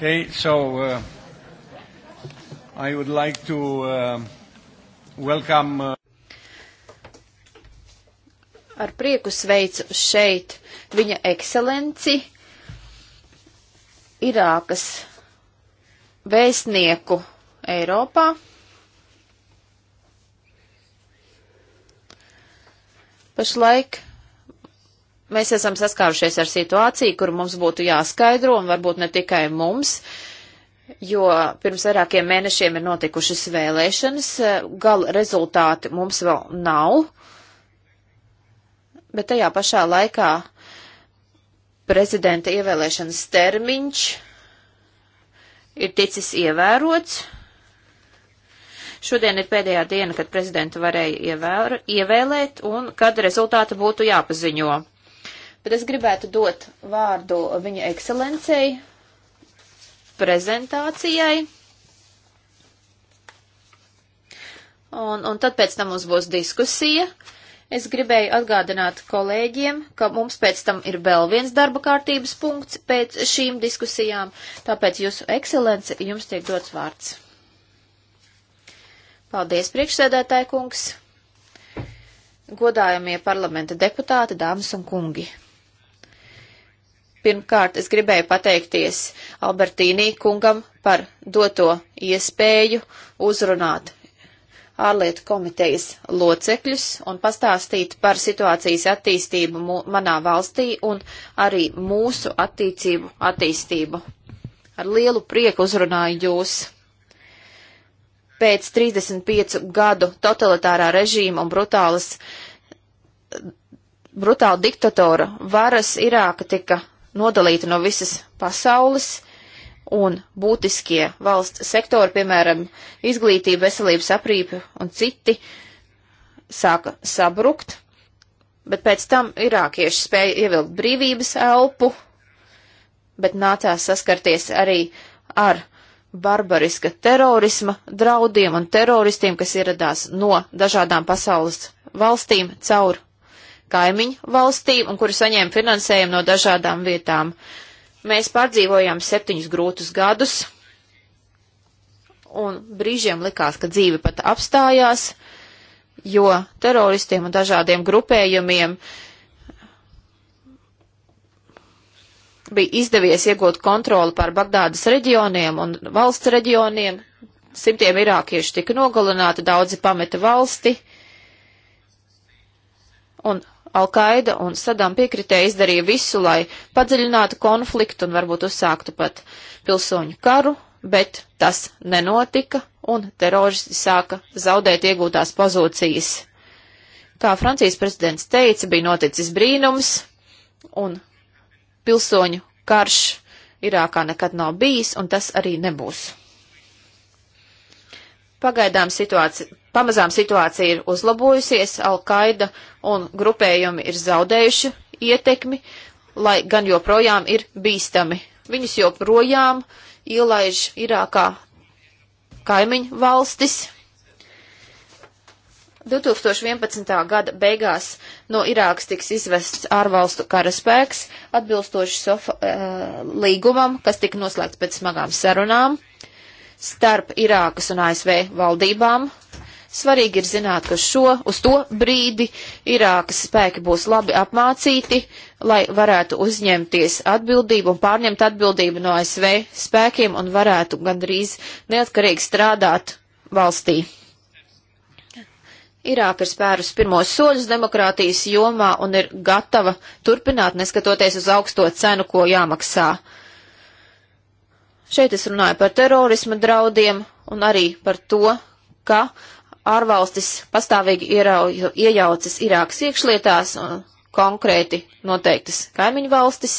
Okay, so uh, I would like to uh, welcome. Uh... Ar prieku sveicu šeit viņa ekscelenci Irākas vēstnieku Eiropā. Pašlaik mēs esam saskārušies ar situāciju, kur mums būtu jāskaidro, un varbūt ne tikai mums, jo pirms vairākiem mēnešiem ir notikušas vēlēšanas, gala rezultāti mums vēl nav, bet tajā pašā laikā prezidenta ievēlēšanas termiņš ir ticis ievērots. Šodien ir pēdējā diena, kad prezidentu varēja ievēr, ievēlēt un kad rezultāti būtu jāpaziņo bet es gribētu dot vārdu viņa ekscelencei prezentācijai. Un, un tad pēc tam mums būs diskusija. Es gribēju atgādināt kolēģiem, ka mums pēc tam ir vēl viens darba kārtības punkts pēc šīm diskusijām, tāpēc jūsu ekscelence jums tiek dots vārds. Paldies, priekšsēdētāji kungs, godājamie parlamenta deputāti, dāmas un kungi. Pirmkārt, es gribēju pateikties Albertīnī kungam par doto iespēju uzrunāt ārlietu komitejas locekļus un pastāstīt par situācijas attīstību manā valstī un arī mūsu attīcību attīstību. Ar lielu prieku uzrunāju jūs. Pēc 35 gadu totalitārā režīma un brutālas, brutāla diktatora varas Irāka tika nodalīta no visas pasaules, un būtiskie valsts sektori, piemēram, izglītība, veselības aprīpe un citi, sāka sabrukt, bet pēc tam irākieši spēja ievilkt brīvības elpu, bet nācās saskarties arī ar barbariska terorisma draudiem un teroristiem, kas ieradās no dažādām pasaules valstīm caur kaimiņu valstīm un kuri saņēma finansējumu no dažādām vietām. Mēs pārdzīvojām septiņus grūtus gadus, un brīžiem likās, ka dzīve pat apstājās, jo teroristiem un dažādiem grupējumiem bija izdevies iegūt kontroli pār Bagdādas reģioniem un valsts reģioniem. Simtiem irākieši tika nogalināti, daudzi pameta valsti, un Alkaida un Sadam piekritē izdarīja visu, lai padziļinātu konfliktu un varbūt uzsāktu pat pilsoņu karu, bet tas nenotika un teroristi sāka zaudēt iegūtās pozīcijas. Kā Francijas prezidents teica, bija noticis brīnums un pilsoņu karš Irākā nekad nav bijis un tas arī nebūs. Pagaidām situācija, pamazām situācija ir uzlabojusies, Al-Qaida un grupējumi ir zaudējuši ietekmi, lai gan joprojām ir bīstami. Viņus joprojām ielaiž Irākā kaimiņu valstis. 2011. gada beigās no Irākas tiks izvests ārvalstu karaspēks, atbilstoši sofa, uh, līgumam, kas tika noslēgts pēc smagām sarunām starp Irākas un ASV valdībām. Svarīgi ir zināt, ka šo, uz to brīdi Irākas spēki būs labi apmācīti, lai varētu uzņemties atbildību un pārņemt atbildību no ASV spēkiem un varētu gandrīz neatkarīgi strādāt valstī. Irāka ir spērus pirmos soļus demokrātijas jomā un ir gatava turpināt, neskatoties uz augsto cenu, ko jāmaksā. Uh, Šeit es runāju par terorisma draudiem un arī par to, ka ārvalstis pastāvīgi ierauj, iejaucas Irākas iekšlietās un konkrēti noteiktas kaimiņu valstis,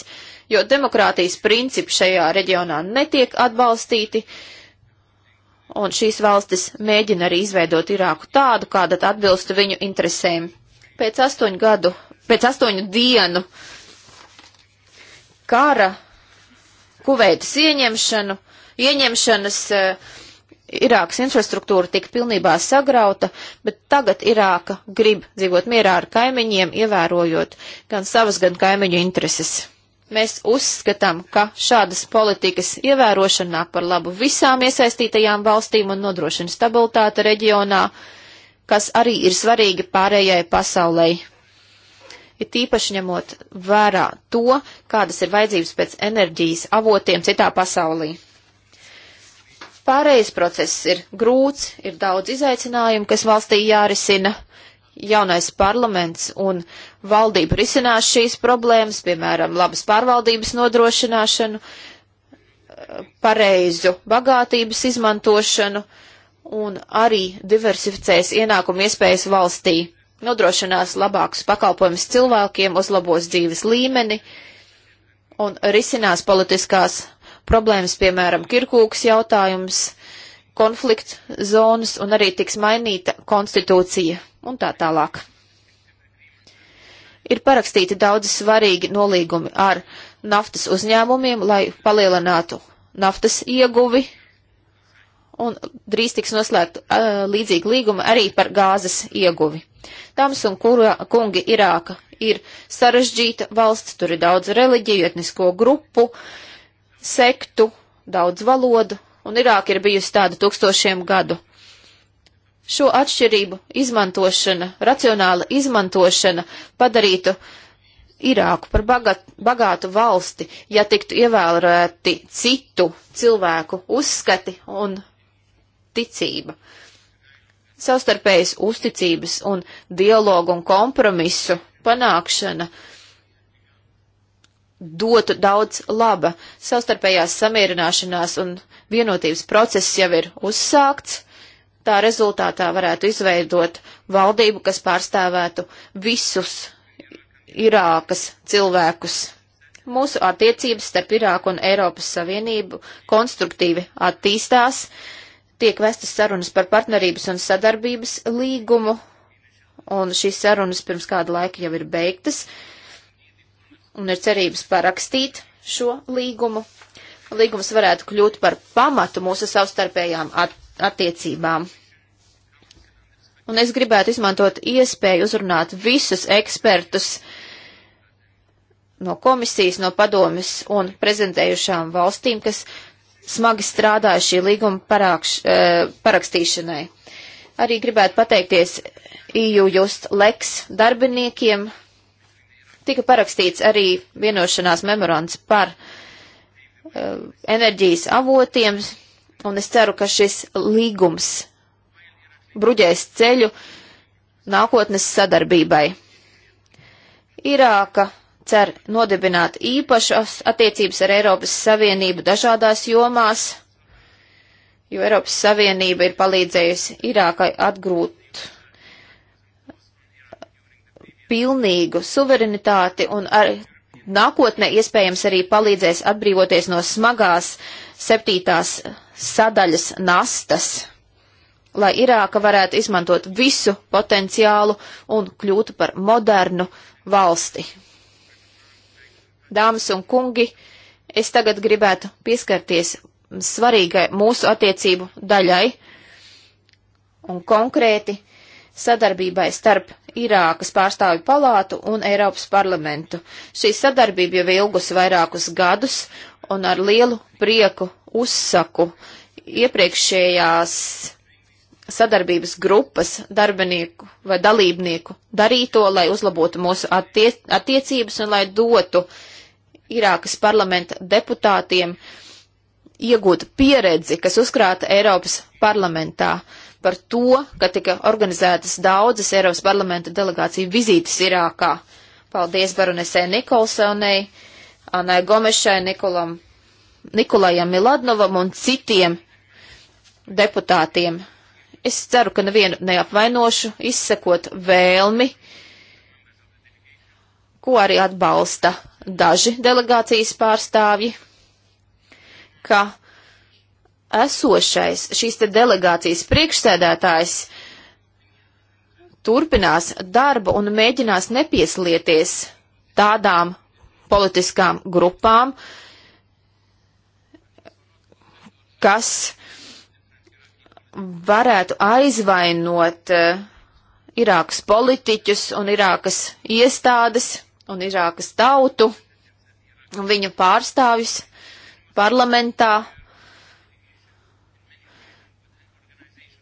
jo demokrātijas principi šajā reģionā netiek atbalstīti, un šīs valstis mēģina arī izveidot Irāku tādu, kāda atbilstu viņu interesēm. Pēc astoņu gadu, pēc astoņu dienu kara Kuveitas ieņemšanu, ieņemšanas eh, Irākas infrastruktūra tika pilnībā sagrauta, bet tagad Irāka grib dzīvot mierā ar kaimiņiem, ievērojot gan savas, gan kaimiņu intereses. Mēs uzskatām, ka šādas politikas ievērošana nāk par labu visām iesaistītajām valstīm un nodrošina stabilitāte reģionā, kas arī ir svarīgi pārējai pasaulei ir tīpaši ņemot vērā to, kādas ir vajadzības pēc enerģijas avotiem citā pasaulī. Pārējais process ir grūts, ir daudz izaicinājumu, kas valstī jārisina. Jaunais parlaments un valdība risinās šīs problēmas, piemēram, labas pārvaldības nodrošināšanu, pareizu bagātības izmantošanu un arī diversificēs ienākumu iespējas valstī nodrošinās labākus pakalpojumus cilvēkiem, uzlabos dzīves līmeni un risinās politiskās problēmas, piemēram, Kirkūks jautājums, konflikt zonas un arī tiks mainīta konstitūcija un tā tālāk. Ir parakstīti daudzi svarīgi nolīgumi ar naftas uzņēmumiem, lai palielinātu naftas ieguvi un drīz tiks noslēgt uh, līdzīga līguma arī par gāzes ieguvi. Dāmas un kura, kungi, Irāka ir sarežģīta valsts, tur ir daudz reliģiju, etnisko grupu, sektu, daudz valodu, un Irāka ir bijusi tāda tūkstošiem gadu. Šo atšķirību izmantošana, racionāla izmantošana padarītu Irāku par bagat, bagātu valsti, ja tiktu ievērēti citu cilvēku uzskati un ticība. Savstarpējas uzticības un dialogu un kompromisu panākšana dotu daudz laba. Savstarpējās samierināšanās un vienotības process jau ir uzsākts. Tā rezultātā varētu izveidot valdību, kas pārstāvētu visus Irākas cilvēkus. Mūsu attiecības starp Irāku un Eiropas Savienību konstruktīvi attīstās. Uh, tiek vestas sarunas par partnerības un sadarbības līgumu, un šīs sarunas pirms kāda laika jau ir beigtas, un ir cerības parakstīt šo līgumu. Līgums varētu kļūt par pamatu mūsu savstarpējām at attiecībām. Un es gribētu izmantot iespēju uzrunāt visus ekspertus no komisijas, no padomis un prezentējušām valstīm, kas smagi strādāja šī līguma parākš, e, parakstīšanai. Arī gribētu pateikties EU just leks darbiniekiem. Tika parakstīts arī vienošanās memorands par e, enerģijas avotiem, un es ceru, ka šis līgums bruģēs ceļu nākotnes sadarbībai. Irāka cer nodibināt īpašas attiecības ar Eiropas Savienību dažādās jomās, jo Eiropas Savienība ir palīdzējusi Irākai atgrūt pilnīgu suverenitāti un ar nākotnē iespējams arī palīdzēs atbrīvoties no smagās septītās sadaļas nastas, lai Irāka varētu izmantot visu potenciālu un kļūtu par modernu valsti dāmas un kungi, es tagad gribētu pieskarties svarīgai mūsu attiecību daļai un konkrēti sadarbībai starp Irākas pārstāvju palātu un Eiropas parlamentu. Šī sadarbība jau ilgus vairākus gadus un ar lielu prieku uzsaku iepriekšējās sadarbības grupas darbinieku vai dalībnieku darīto, lai uzlabotu mūsu attiec attiecības un lai dotu uh, Irākas parlamenta deputātiem iegūta pieredze, kas uzkrāta Eiropas parlamentā par to, ka tika organizētas daudzas Eiropas parlamenta delegāciju vizītes Irākā. Paldies baronesē Nikolsonai, Anai Gomešai, Nikolam, Nikolajam Miladnovam un citiem deputātiem. Es ceru, ka nevienu neapvainošu, izsekot vēlmi, ko arī atbalsta daži delegācijas pārstāvji, ka esošais šīs te delegācijas priekšsēdētājs turpinās darbu un mēģinās nepieslieties tādām politiskām grupām, kas varētu aizvainot eh, Irākas politiķus un Irākas iestādes un Irākas tautu un viņu pārstāvis parlamentā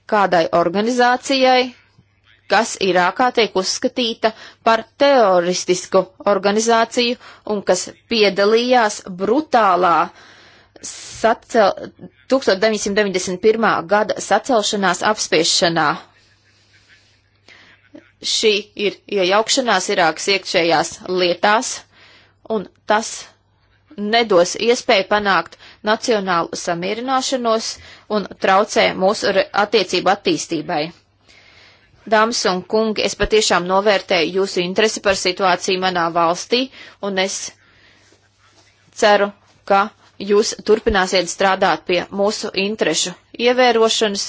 kādai organizācijai, kas Irākā tiek uzskatīta par teroristisku organizāciju un kas piedalījās brutālā sacel 1991. gada sacelšanās apspiešanā šī ir iejaukšanās Irākas iekšējās lietās, un tas nedos iespēju panākt nacionālu samierināšanos un traucē mūsu attiecību attīstībai. Dāmas un kungi, es patiešām novērtēju jūsu interesi par situāciju manā valstī, un es ceru, ka jūs turpināsiet strādāt pie mūsu interešu ievērošanas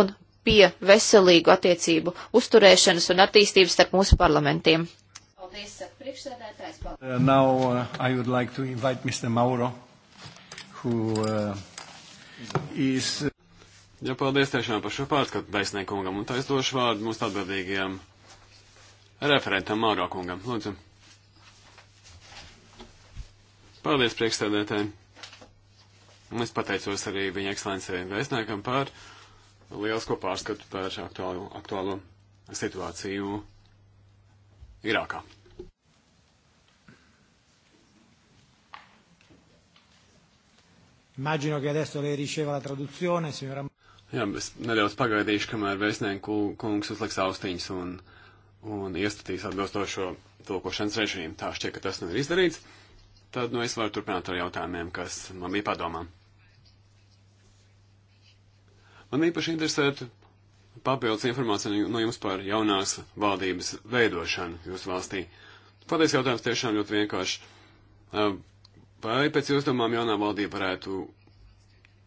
un pie veselīgu attiecību uzturēšanas un attīstības starp mūsu parlamentiem. Paldies, priekšsēdētājs. Paldies. Uh, now, uh, like to invite Mr. Mauro, who uh, is. Uh, ja paldies tiešām par šo pārskatu taisniekungam un taisdošu vārdu mūsu atbildīgajam referentam Mauro kungam. Lūdzu. Paldies priekšstādētājiem. Un es pateicos arī viņa ekscelencei vēstniekam par lielisko pārskatu par aktuālo, aktuālo situāciju Irākā. Immagino che adesso lei riceva la traduzione, signora. Jā, es nedaudz pagaidīšu, kamēr vēstnieku kungs uzliks austiņas un, un iestatīs atbilstošo tulkošanas režīmu. Tā šķiet, ka tas nu ir izdarīts. Tad nu es varu turpināt ar jautājumiem, kas man bija padomām. Man īpaši interesētu papildus informāciju no jums par jaunās valdības veidošanu jūsu valstī. Paldies, jautājums tiešām ļoti vienkārši. Vai pēc jūsu domām jaunā valdība varētu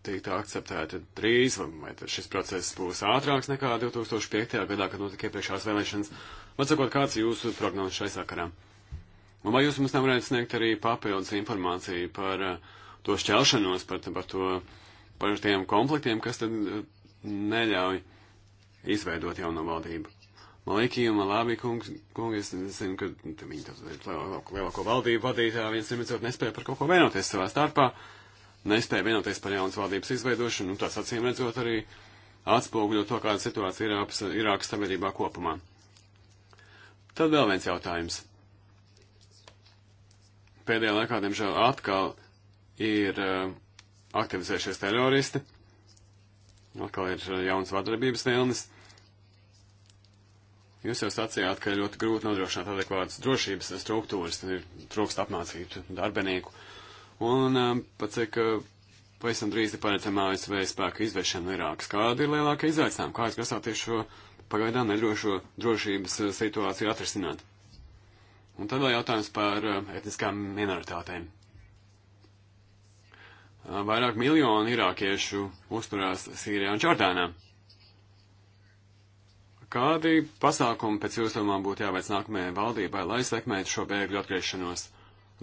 tikt akceptēta drīz, vai šis process būs ātrāks nekā 2005. gadā, kad notika iepriekšās vēlēšanas? Vatsakot, kāds jūsu prognozes šai sakarā? Un vai jūs mums nevarētu sniegt arī papildus informāciju par to šķelšanos, par, par to par tiem konfliktiem, kas tad eh, neļauj izveidot jauno valdību. Malīkī un Malābī kungs, kungs, es zinu, ka viņi tad ir lielāko, lielāko valdību vadītāji, viens simtsot nespēja par kaut ko vienoties savā starpā, nespēja vienoties par jaunas valdības izveidošanu, un nu, tas acīm redzot arī atspoguļo to, kāda situācija ir Irākas, Irākas sabiedrībā kopumā. Tad vēl viens jautājums. Pēdējā laikā, diemžēl, atkal ir uh, aktivizējušies teroristi, atkal ir jauns vardarbības vilnis. Jūs jau sacījāt, ka ļoti grūti nodrošināt adekvātas drošības struktūras, ir trūkst apmācītu darbinieku. Un um, pat cik uh, pavisam drīz ir paredzama ASV spēku izvešana no Irākas, kāda ir lielākā izaicinājuma, kā jūs grasāties šo pagaidām nedrošo drošības uh, situāciju atrisināt? Un tad vēl jautājums par uh, etniskām minoritātēm vairāk miljonu irākiešu uzturās Sīrijā un Čordānā. Kādi pasākumi pēc jūsu domām būtu jāveic nākamajai valdībai, lai sekmētu šo bēgļu atgriešanos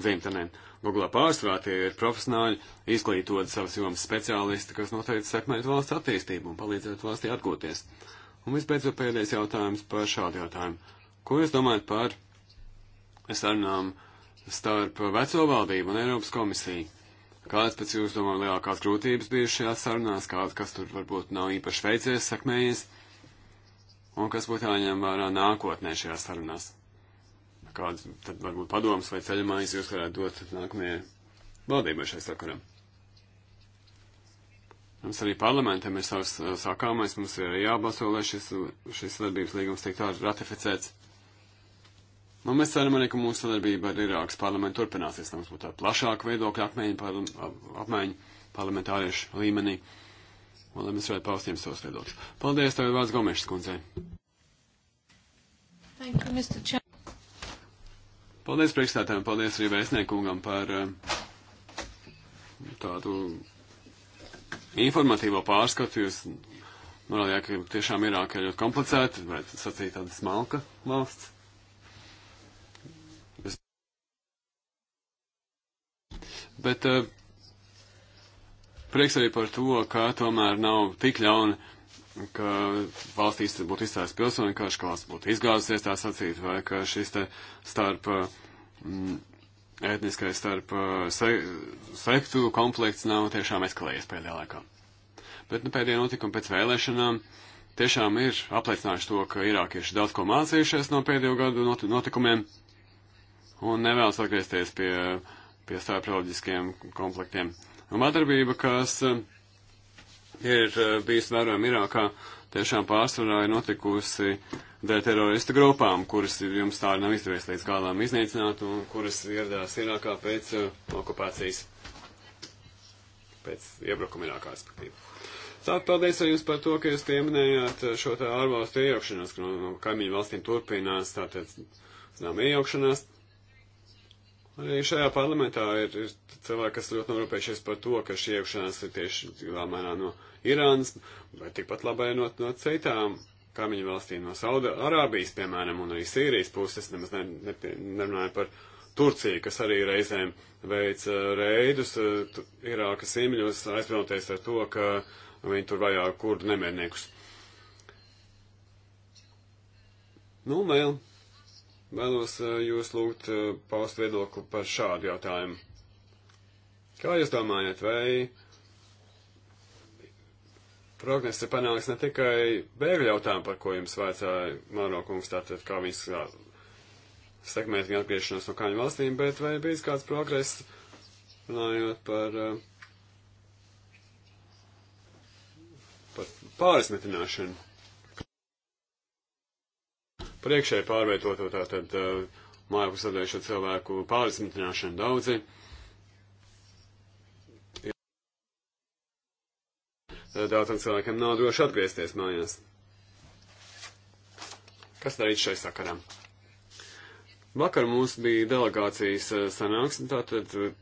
dzimtenēm? Google pārsvarā tie ir profesionāļi, izglītot savas jomas speciālisti, kas noteikti sekmētu valsts attīstību un palīdzētu valstī atgūties. Un visbeidzot pēdējais jautājums par šādu jautājumu. Ko jūs domājat par sarunām starp veco valdību un Eiropas komisiju? Kādas pēc jūsu domām lielākās grūtības bija šajās sarunās, kādas, kas tur varbūt nav īpaši veicies, sakmējies, un kas būtu jāņem vērā nākotnē šajās sarunās? Kādas tad varbūt padomas vai ceļamājas jūs varētu dot nākamajai valdībai šai sakarā? Mums arī parlamentam ir savs eh, sākāmais, mums ir jābalso, lai šis, šis sadarbības līgums tiktu ratificēts. Un nu, mēs ceram arī, ka mūsu sadarbība ar Irākas parlamentu turpināsies, lai mums būtu tāda plašāka viedokļa apmaiņa, parla apmaiņa parlamentāriešu līmenī, un lai mēs varētu paust jums savus viedokļus. Paldies, tev ir vārds Gomešas kundzei. Thank you, Mr. Chair. Paldies priekšstātājiem, paldies arī vēstniekungam par eh, tādu informatīvo pārskatu. Jūs norādījāt, ka tiešām Irāka ir ļoti komplicēta, varētu sacīt tāda smalka valsts. Bet uh, prieks arī par to, ka tomēr nav tik ļauna, ka valstīs būtu izstājis pilsoņu karš, ka valsts būtu izgāzusies tā sacīt, vai ka šis te starp mm, etniskais starp eh, se, sektu konflikts nav tiešām eskalējies pēdējā laikā. Bet nu, pēdējā notikuma pēc vēlēšanām tiešām ir apliecinājuši to, ka irākieši daudz ko mācījušies no pēdējo gadu notikumiem un nevēlas atgriezties pie uh, pie starptautiskajiem konfliktiem. Un vardarbība, kas eh, ir eh, bijusi vērojama Irākā, tiešām pārsvarā ir notikusi dēļ teroristu grupām, kuras jums tā arī nav izdevies līdz galam iznīcināt un kuras ieradās Irākā pēc eh, okupācijas, pēc iebrukuma Irākā, respektīvi. Tātad paldies jums par to, ka jūs pieminējāt šo tā ārvalstu iejaukšanos, ka no, no kaimiņu valstīm turpinās tātad, zinām, iejaukšanās. Arī šajā parlamentā ir, ir cilvēki, kas ļoti norūpējušies par to, ka šī iekšanās ir tieši lielā mērā no Irānas, bet tikpat labai no, no citām kaimiņu valstīm, no Sauda Arābijas, piemēram, un arī Sīrijas puses, nemaz ne, ne, nerunāju par Turciju, kas arī reizēm veic uh, reidus uh, Irākas īmļos, aizbrauties ar to, ka viņi tur vajā kurdu nemierniekus. Nu, vēl. Vēlos eh, jūs lūgt eh, paust viedokli par šādu jautājumu. Kā jūs domājat, vai progress ir panāks ne tikai bēgļu jautājumu, par ko jums vajadzēja Māro kungs, tātad kā viņš sekmēt viņa atgriešanos no kāņu valstīm, bet vai bijis kāds progress, runājot par, eh, par pārismetināšanu? priekšēji pārvietoto tātad uh, mājaku sadējušo cilvēku pārismitināšanu daudzi. Daudziem cilvēkiem nav droši atgriezties mājās. Kas darīt šai sakarā? Vakar mums bija delegācijas uh, sanāksme, tātad uh,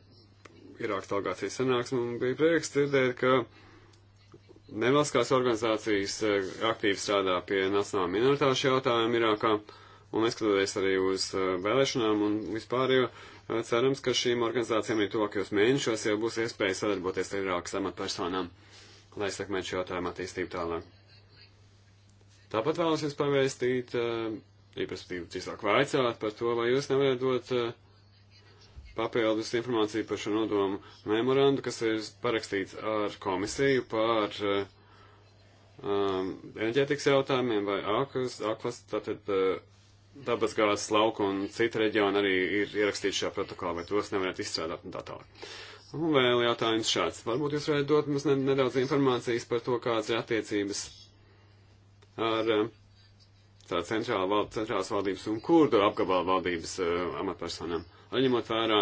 Irākas delegācijas sanāksme, un bija prieks dzirdēt, ka Nevalstiskās organizācijas e, aktīvi strādā pie nacionālā minoritāšu jautājuma Irākā, un neskatoties arī uz e, vēlēšanām un vispār jau e, cerams, ka šīm organizācijām ir tuvākajos mēnešos jau būs iespēja sadarboties ar Irākas amatpersonām, lai sekmētu šo jautājumu attīstību tālāk. Tāpat vēlos jūs pavēstīt, īpaši tīzāk vaicāt par to, vai jūs nevarat dot uh, papildus informāciju par šo nodomu memorandu, kas ir parakstīts ar komisiju par eh, um, enerģētikas jautājumiem vai ākas, akvas, tātad uh, dabas gāzes lauku un cita reģiona arī ir ierakstīti šajā protokolā, vai tos nevarētu izstrādāt un tā tālāk. Un vēl jautājums šāds. Varbūt jūs varētu dot mums nedaudz informācijas par to, kādas ir attiecības ar uh, centrālās valdības un kurdu apgabalu valdības uh, amatpersonām ņemot vērā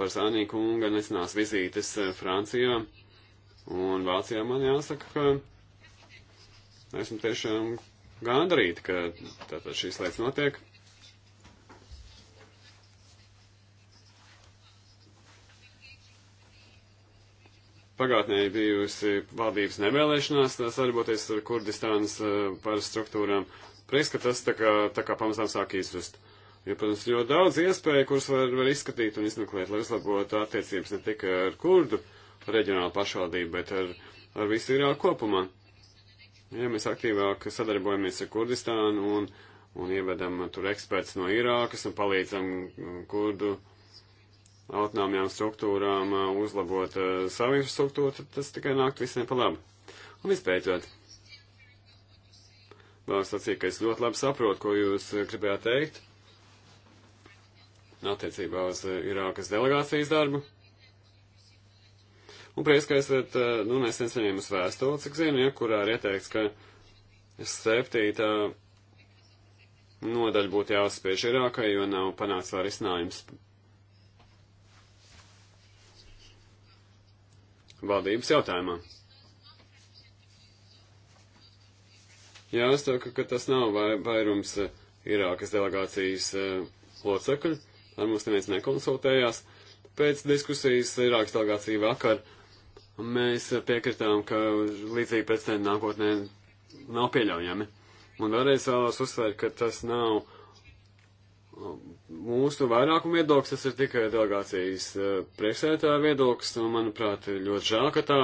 Barzānī kunga nesenās vizītes eh, Francijā un Vācijā, man jāsaka, ka esmu tiešām gandarīti, ka tātad šīs lietas notiek. pagātnē bijusi valdības nevēlēšanās sadarboties ar Kurdistānas uh, eh, pārstruktūrām. Prieks, ka tas tā kā, tā kā pamazām sāk izrust. Jo, protams, ļoti daudz iespēju, kuras var, var izskatīt un izmeklēt, lai uzlabotu attiecības ne tikai ar kurdu reģionālu pašvaldību, bet ar, ar visu Irāku kopumā. Ja mēs aktīvāk sadarbojamies ar Kurdistānu un, un ievedam tur eksperts no Irākas un palīdzam kurdu autonomijām struktūrām uh, uzlabot uh, savu infrastruktūru, tad tas tikai nākt visiem pa labu. Un vispēcot, vēlos sacīt, ka es ļoti labi saprotu, ko jūs uh, gribējāt teikt attiecībā uz eh, Irākas delegācijas darbu. Un prieks, ka esat, eh, nu, nesen saņēmis vēstuli, cik zinu, ja, kurā ir ieteikts, ka septītā nodaļa būtu jāuzspiež Irākai, jo nav panāks vēl risinājums. Valdības jautājumā. Jāsaka, ka tas nav vai, vairums eh, Irākas delegācijas locekļu ar mums neviens nekonsultējās. Pēc diskusijas Irākas delegācija vakar mēs piekritām, ka līdzīgi precedenti nākotnē nav pieļaujami. Un vēlreiz vēlos uzsvērt, ka tas nav um, mūsu vairākuma viedoklis, tas ir tikai delegācijas uh, priekšsētāja viedoklis, un manuprāt, ļoti žēl, ka tā.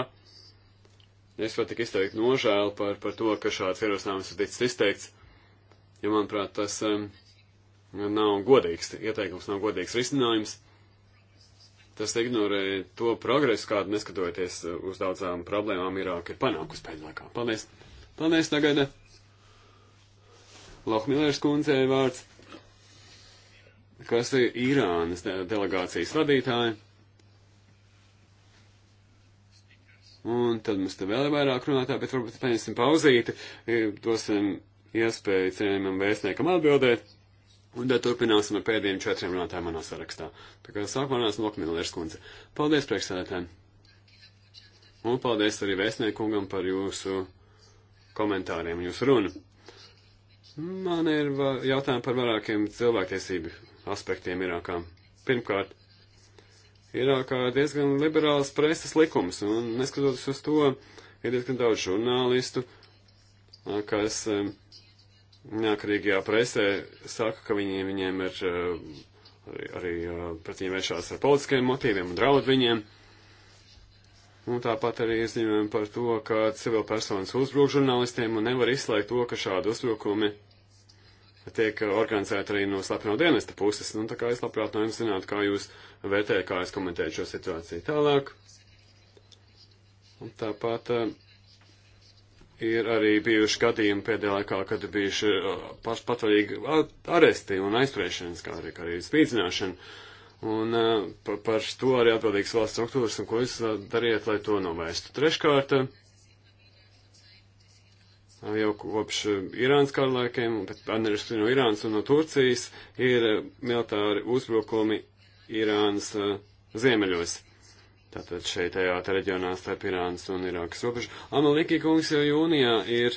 Es pat tik izteikti nožēlu par, par to, ka šāds ierosinājums ir ticis izteikts, jo, ja, manuprāt, tas. Um, nav godīgs, ieteikums nav godīgs risinājums. Tas ignorē to progresu, kādu neskatoties uz daudzām problēmām Irāka ir panākusi pēdējā laikā. Paldies! Paldies tagad! Lohmilērs kundzei vārds, kas ir Irānas delegācijas vadītāja. Un tad mums te vēl ir vairāk runātāji, bet varbūt paņemsim pauzīti, e, dosim iespēju cienījumam vēstniekam atbildēt. Un tad turpināsim ar pēdējiem četriem runātājiem manā sarakstā. Tā kā sākumā runās Lokmilers kundze. Paldies priekšsēdētājiem! Un paldies arī vēstniekungam par jūsu komentāriem un jūsu runu. Man ir jautājumi par vairākiem cilvēktiesību aspektiem Irākā. Pirmkārt, Irākā ir diezgan liberāls preses likums, un neskatoties uz to, ir diezgan daudz žurnālistu, kas neakarīgajā presē saka, ka viņi, viņiem ir eh, arī, arī eh, pret viņiem vēršās ar politiskiem motīviem un draud viņiem. Un tāpat arī izņemam par to, ka civilpersonas uzbrūk žurnālistiem un nevar izslēgt to, ka šādi uzbrukumi tiek eh, organizēti arī no slepeno dienesta puses. Un nu, tā kā es labprāt no jums zinātu, kā jūs vērtējat, kā es komentēju šo situāciju tālāk. Un tāpat uh, ir arī bijuši gadījumi pēdējā laikā, kad ir bijuši uh, pašpatvarīgi uh, aresti un aizturēšanas, kā arī, kā arī spīdzināšana. Un uh, pa, par to arī atbildīgs valsts struktūras, un ko jūs dariet, lai to novērstu. Treškārt, jau kopš Irānas kara laikiem, bet atnerišķi no Irānas un no Turcijas, ir militāri uzbrukumi Irānas ziemeļos. Tātad šeit tajā reģionā starp Irānas un Irākas robežu. Amaliki kungs jau jūnijā ir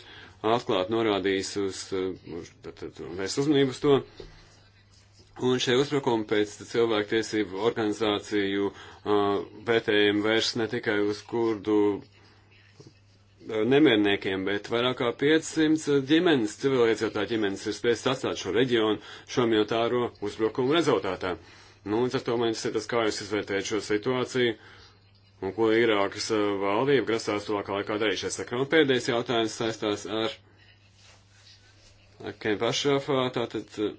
atklāt norādījis uz, uh, tātad, vērst uzmanību uz to. Un šie uzbrukumi pēc cilvēktiesību organizāciju vērtējumu uh, vērst ne tikai uz kurdu uh, nemierniekiem, bet vairāk kā 500 ģimenes, civilizētā ģimenes ir spējas atstāt šo reģionu šo militāro uzbrukumu rezultātā. Nu, līdz ar to man ir tas, kā jūs izvērtējat šo situāciju. Uh, un ko Irākas eh, valdība grasās tuvākā laikā darīt šajā sakrā. Un pēdējais jautājums saistās ar Kempa Ašrafā, tātad eh,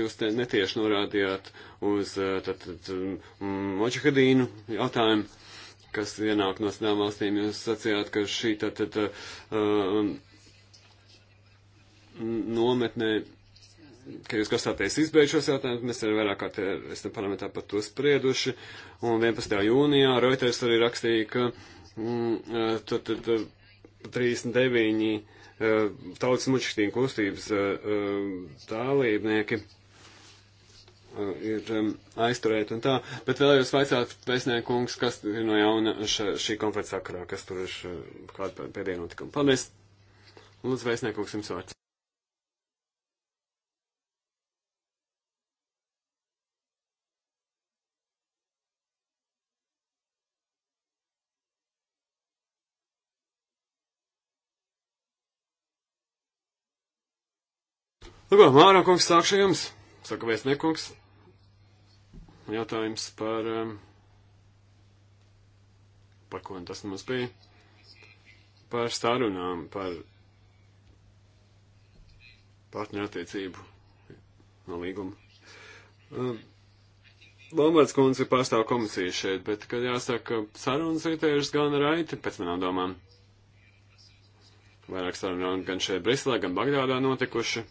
jūs te netieši norādījāt uz eh, tātad mm, Močahadīnu jautājumu, kas ienāk no sadām valstīm, jūs sacījāt, ka šī tātad uh, nometnē ka jūs grasāties izbeigt šos jautājumus, mēs arī vairāk kārt eh, esam parlamentā par to sprieduši, un 11. jūnijā Reuters arī rakstīja, ka mm, t, t, t, 39 uh, tautas mučkštīna kustības uh, eh, dalībnieki eh, ir um, aizturēti un tā. Bet vēl jūs vaicāt, vēstniekungs, kas ir no jauna ša, šī konferences sakarā, kas tur ir kāda pēdējā notikuma. Paldies! Lūdzu, vēstniekungs, jums vārds. Nu, ko, Mārā kungs sākšu jums, saka vēstniekungs. Jautājums par, um, par ko tas mums bija? Par starunām, par partnerattiecību no līguma. Um, Lombards kundze pārstāv komisiju šeit, bet, kad jāsaka, sarunas ir tieši gan raiti, pēc manām domām. Vairāk sarunām gan šeit Briselē, gan Bagdādā notikuši.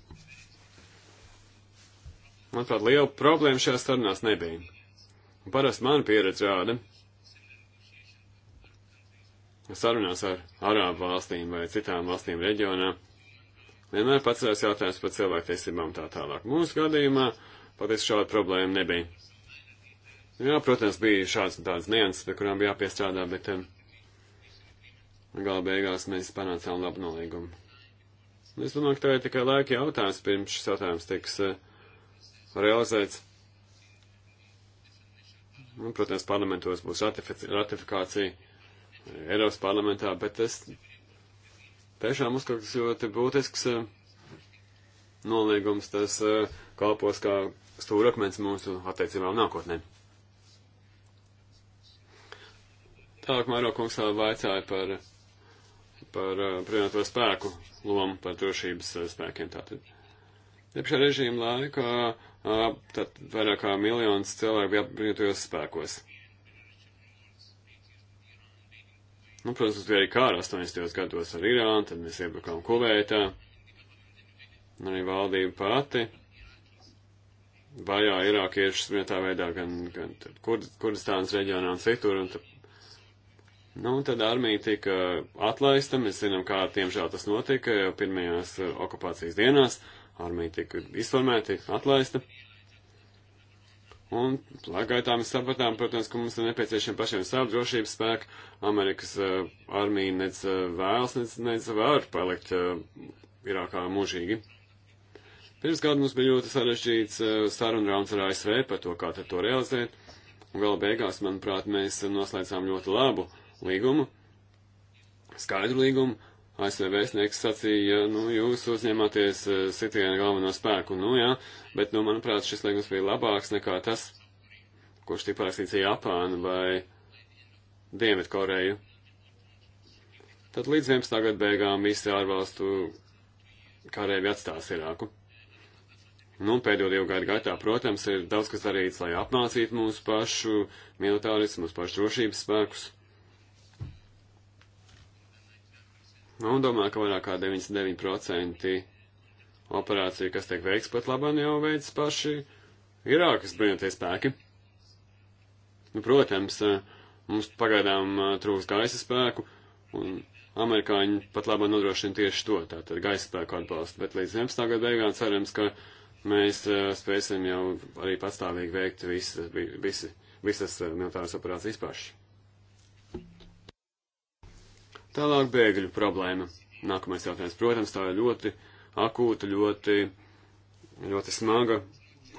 Manuprāt, liela problēma šajās sarunās nebija. Un parasti man pieredze rāda, sarunās ar Arābu valstīm vai citām valstīm reģionā, vienmēr pacelās jautājums par cilvēktiesībām tā tālāk. Mūsu gadījumā patiesi šāda problēma nebija. Jā, protams, bija šāds un tāds nianses, pie kurām bija jāpiestrādā, bet um, gala beigās mēs panācām labu nolīgumu. Es domāju, ka tā ir tikai laika jautājums, pirms šis jautājums tiks uh, realizēts. Un, nu, protams, parlamentos būs ratifikācija Eiropas parlamentā, bet es tiešām uzskatu, ka ļoti būtisks eh, noliegums tas eh, kalpos kā stūrakmens mūsu attiecībām nākotnē. Tālāk Mairo kungs vēl vaicāja par, par bruņoto eh, spēku lomu, par drošības spēkiem. Tātad. Iepšā režīma laikā tad vairāk kā miljons cilvēku bija apvienotajos spēkos. Nu, protams, bija arī kāra 80. gados ar Irānu, tad mēs iebrukām Kuveitā, un arī valdība pati vajā irākiešus vietā veidā gan, gan Kurd, Kurdistānas reģionā un citur, un tad, nu, un tad armija tika atlaista, mēs zinām, kā tiemžēl tas notika, jau pirmajās eh, okupācijas dienās armija tika izformēta, atlaista. Un, laikaitā mēs sapratām, protams, ka mums ir nepieciešami pašiem savu drošības spēku. Amerikas uh, armija nec uh, eh, vēlas, nec, nec var palikt uh, Irākā mūžīgi. Pirms gadu mums bija ļoti sarežģīts uh, sarunrauns ar ASV par to, kā tad to realizēt. Un gala beigās, manuprāt, mēs noslēdzām ļoti labu līgumu, skaidru līgumu, ASV vēstnieks sacīja, nu, jūs uzņematies sitienu eh, galveno spēku, nu, jā, bet, nu, manuprāt, šis līgums bija labāks nekā tas, kurš tika parakstīts Japānu vai Dienvidkoreju. Tad līdz 11. gada beigām visi ārvalstu karēvi atstās Irāku. Nu, pēdējo divu gadu gaitā, protams, ir daudz kas darīts, lai apmācītu mūsu pašu militārismu, mūsu pašu drošības spēkus. Nu, domāju, ka vairāk kā 99% operāciju, kas tiek veikts pat labāk, jau veids paši Irākas bruņoties spēki. Nu, protams, eh, mums pagaidām eh, trūks gaisa spēku, un amerikāņi pat labāk nodrošina tieši to, tātad gaisa spēku atbalstu. Bet līdz 11. gada beigām cerams, ka mēs eh, spēsim jau arī pastāvīgi veikt visas, visas, visas militāras operācijas paši. Tālāk bēgļu problēma. Nākamais jautājums. Protams, tā ir ļoti akūta, ļoti, ļoti smaga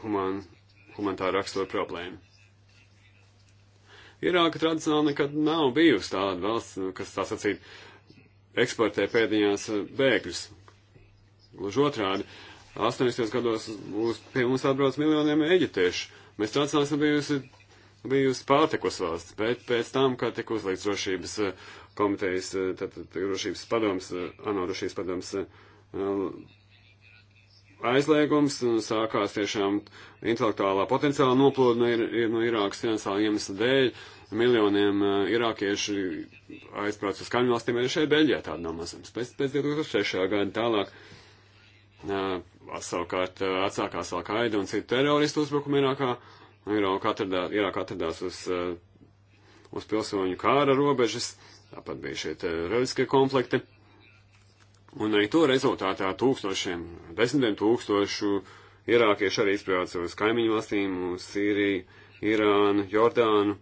human, humanitāra rakstura problēma. Irāka tradicionāli nekad nav bijusi tāda valsts, nu, kas tā sacīt eksportē pēdējās uh, bēgļus. Gluži otrādi, 80. gados būs, pie mums atbrauc miljoniem eģiptiešu. Mēs tradicionāli esam bijusi, bijusi pārtikus valsts, bet pēc tam, kad tika uzlikts drošības uh, komitejas, eh, tātad drošības padoms, eh, ANO drošības padoms eh, aizliegums, sākās tiešām intelektuālā potenciāla noplūda no, no Irākas finansāla iemesla dēļ. Miljoniem irākieši aizbrauc uz kaimiņu valstīm, arī šeit Beļģijā tāda nav mazums. Pēc, pēc 2006. gada tālāk savukārt atsākās vēl kaida un citu teroristu uzbrukumu Irākā. Irāka atradās, Irāka atradās uz, uz pilsoņu kāra robežas, Tāpat bija šie reliģiskie konflikti. Un arī to rezultātā tūkstošiem, desmitiem tūkstošu irākieši arī izbrauca uz kaimiņu valstīm, uz Sīriju, Irānu, Jordānu,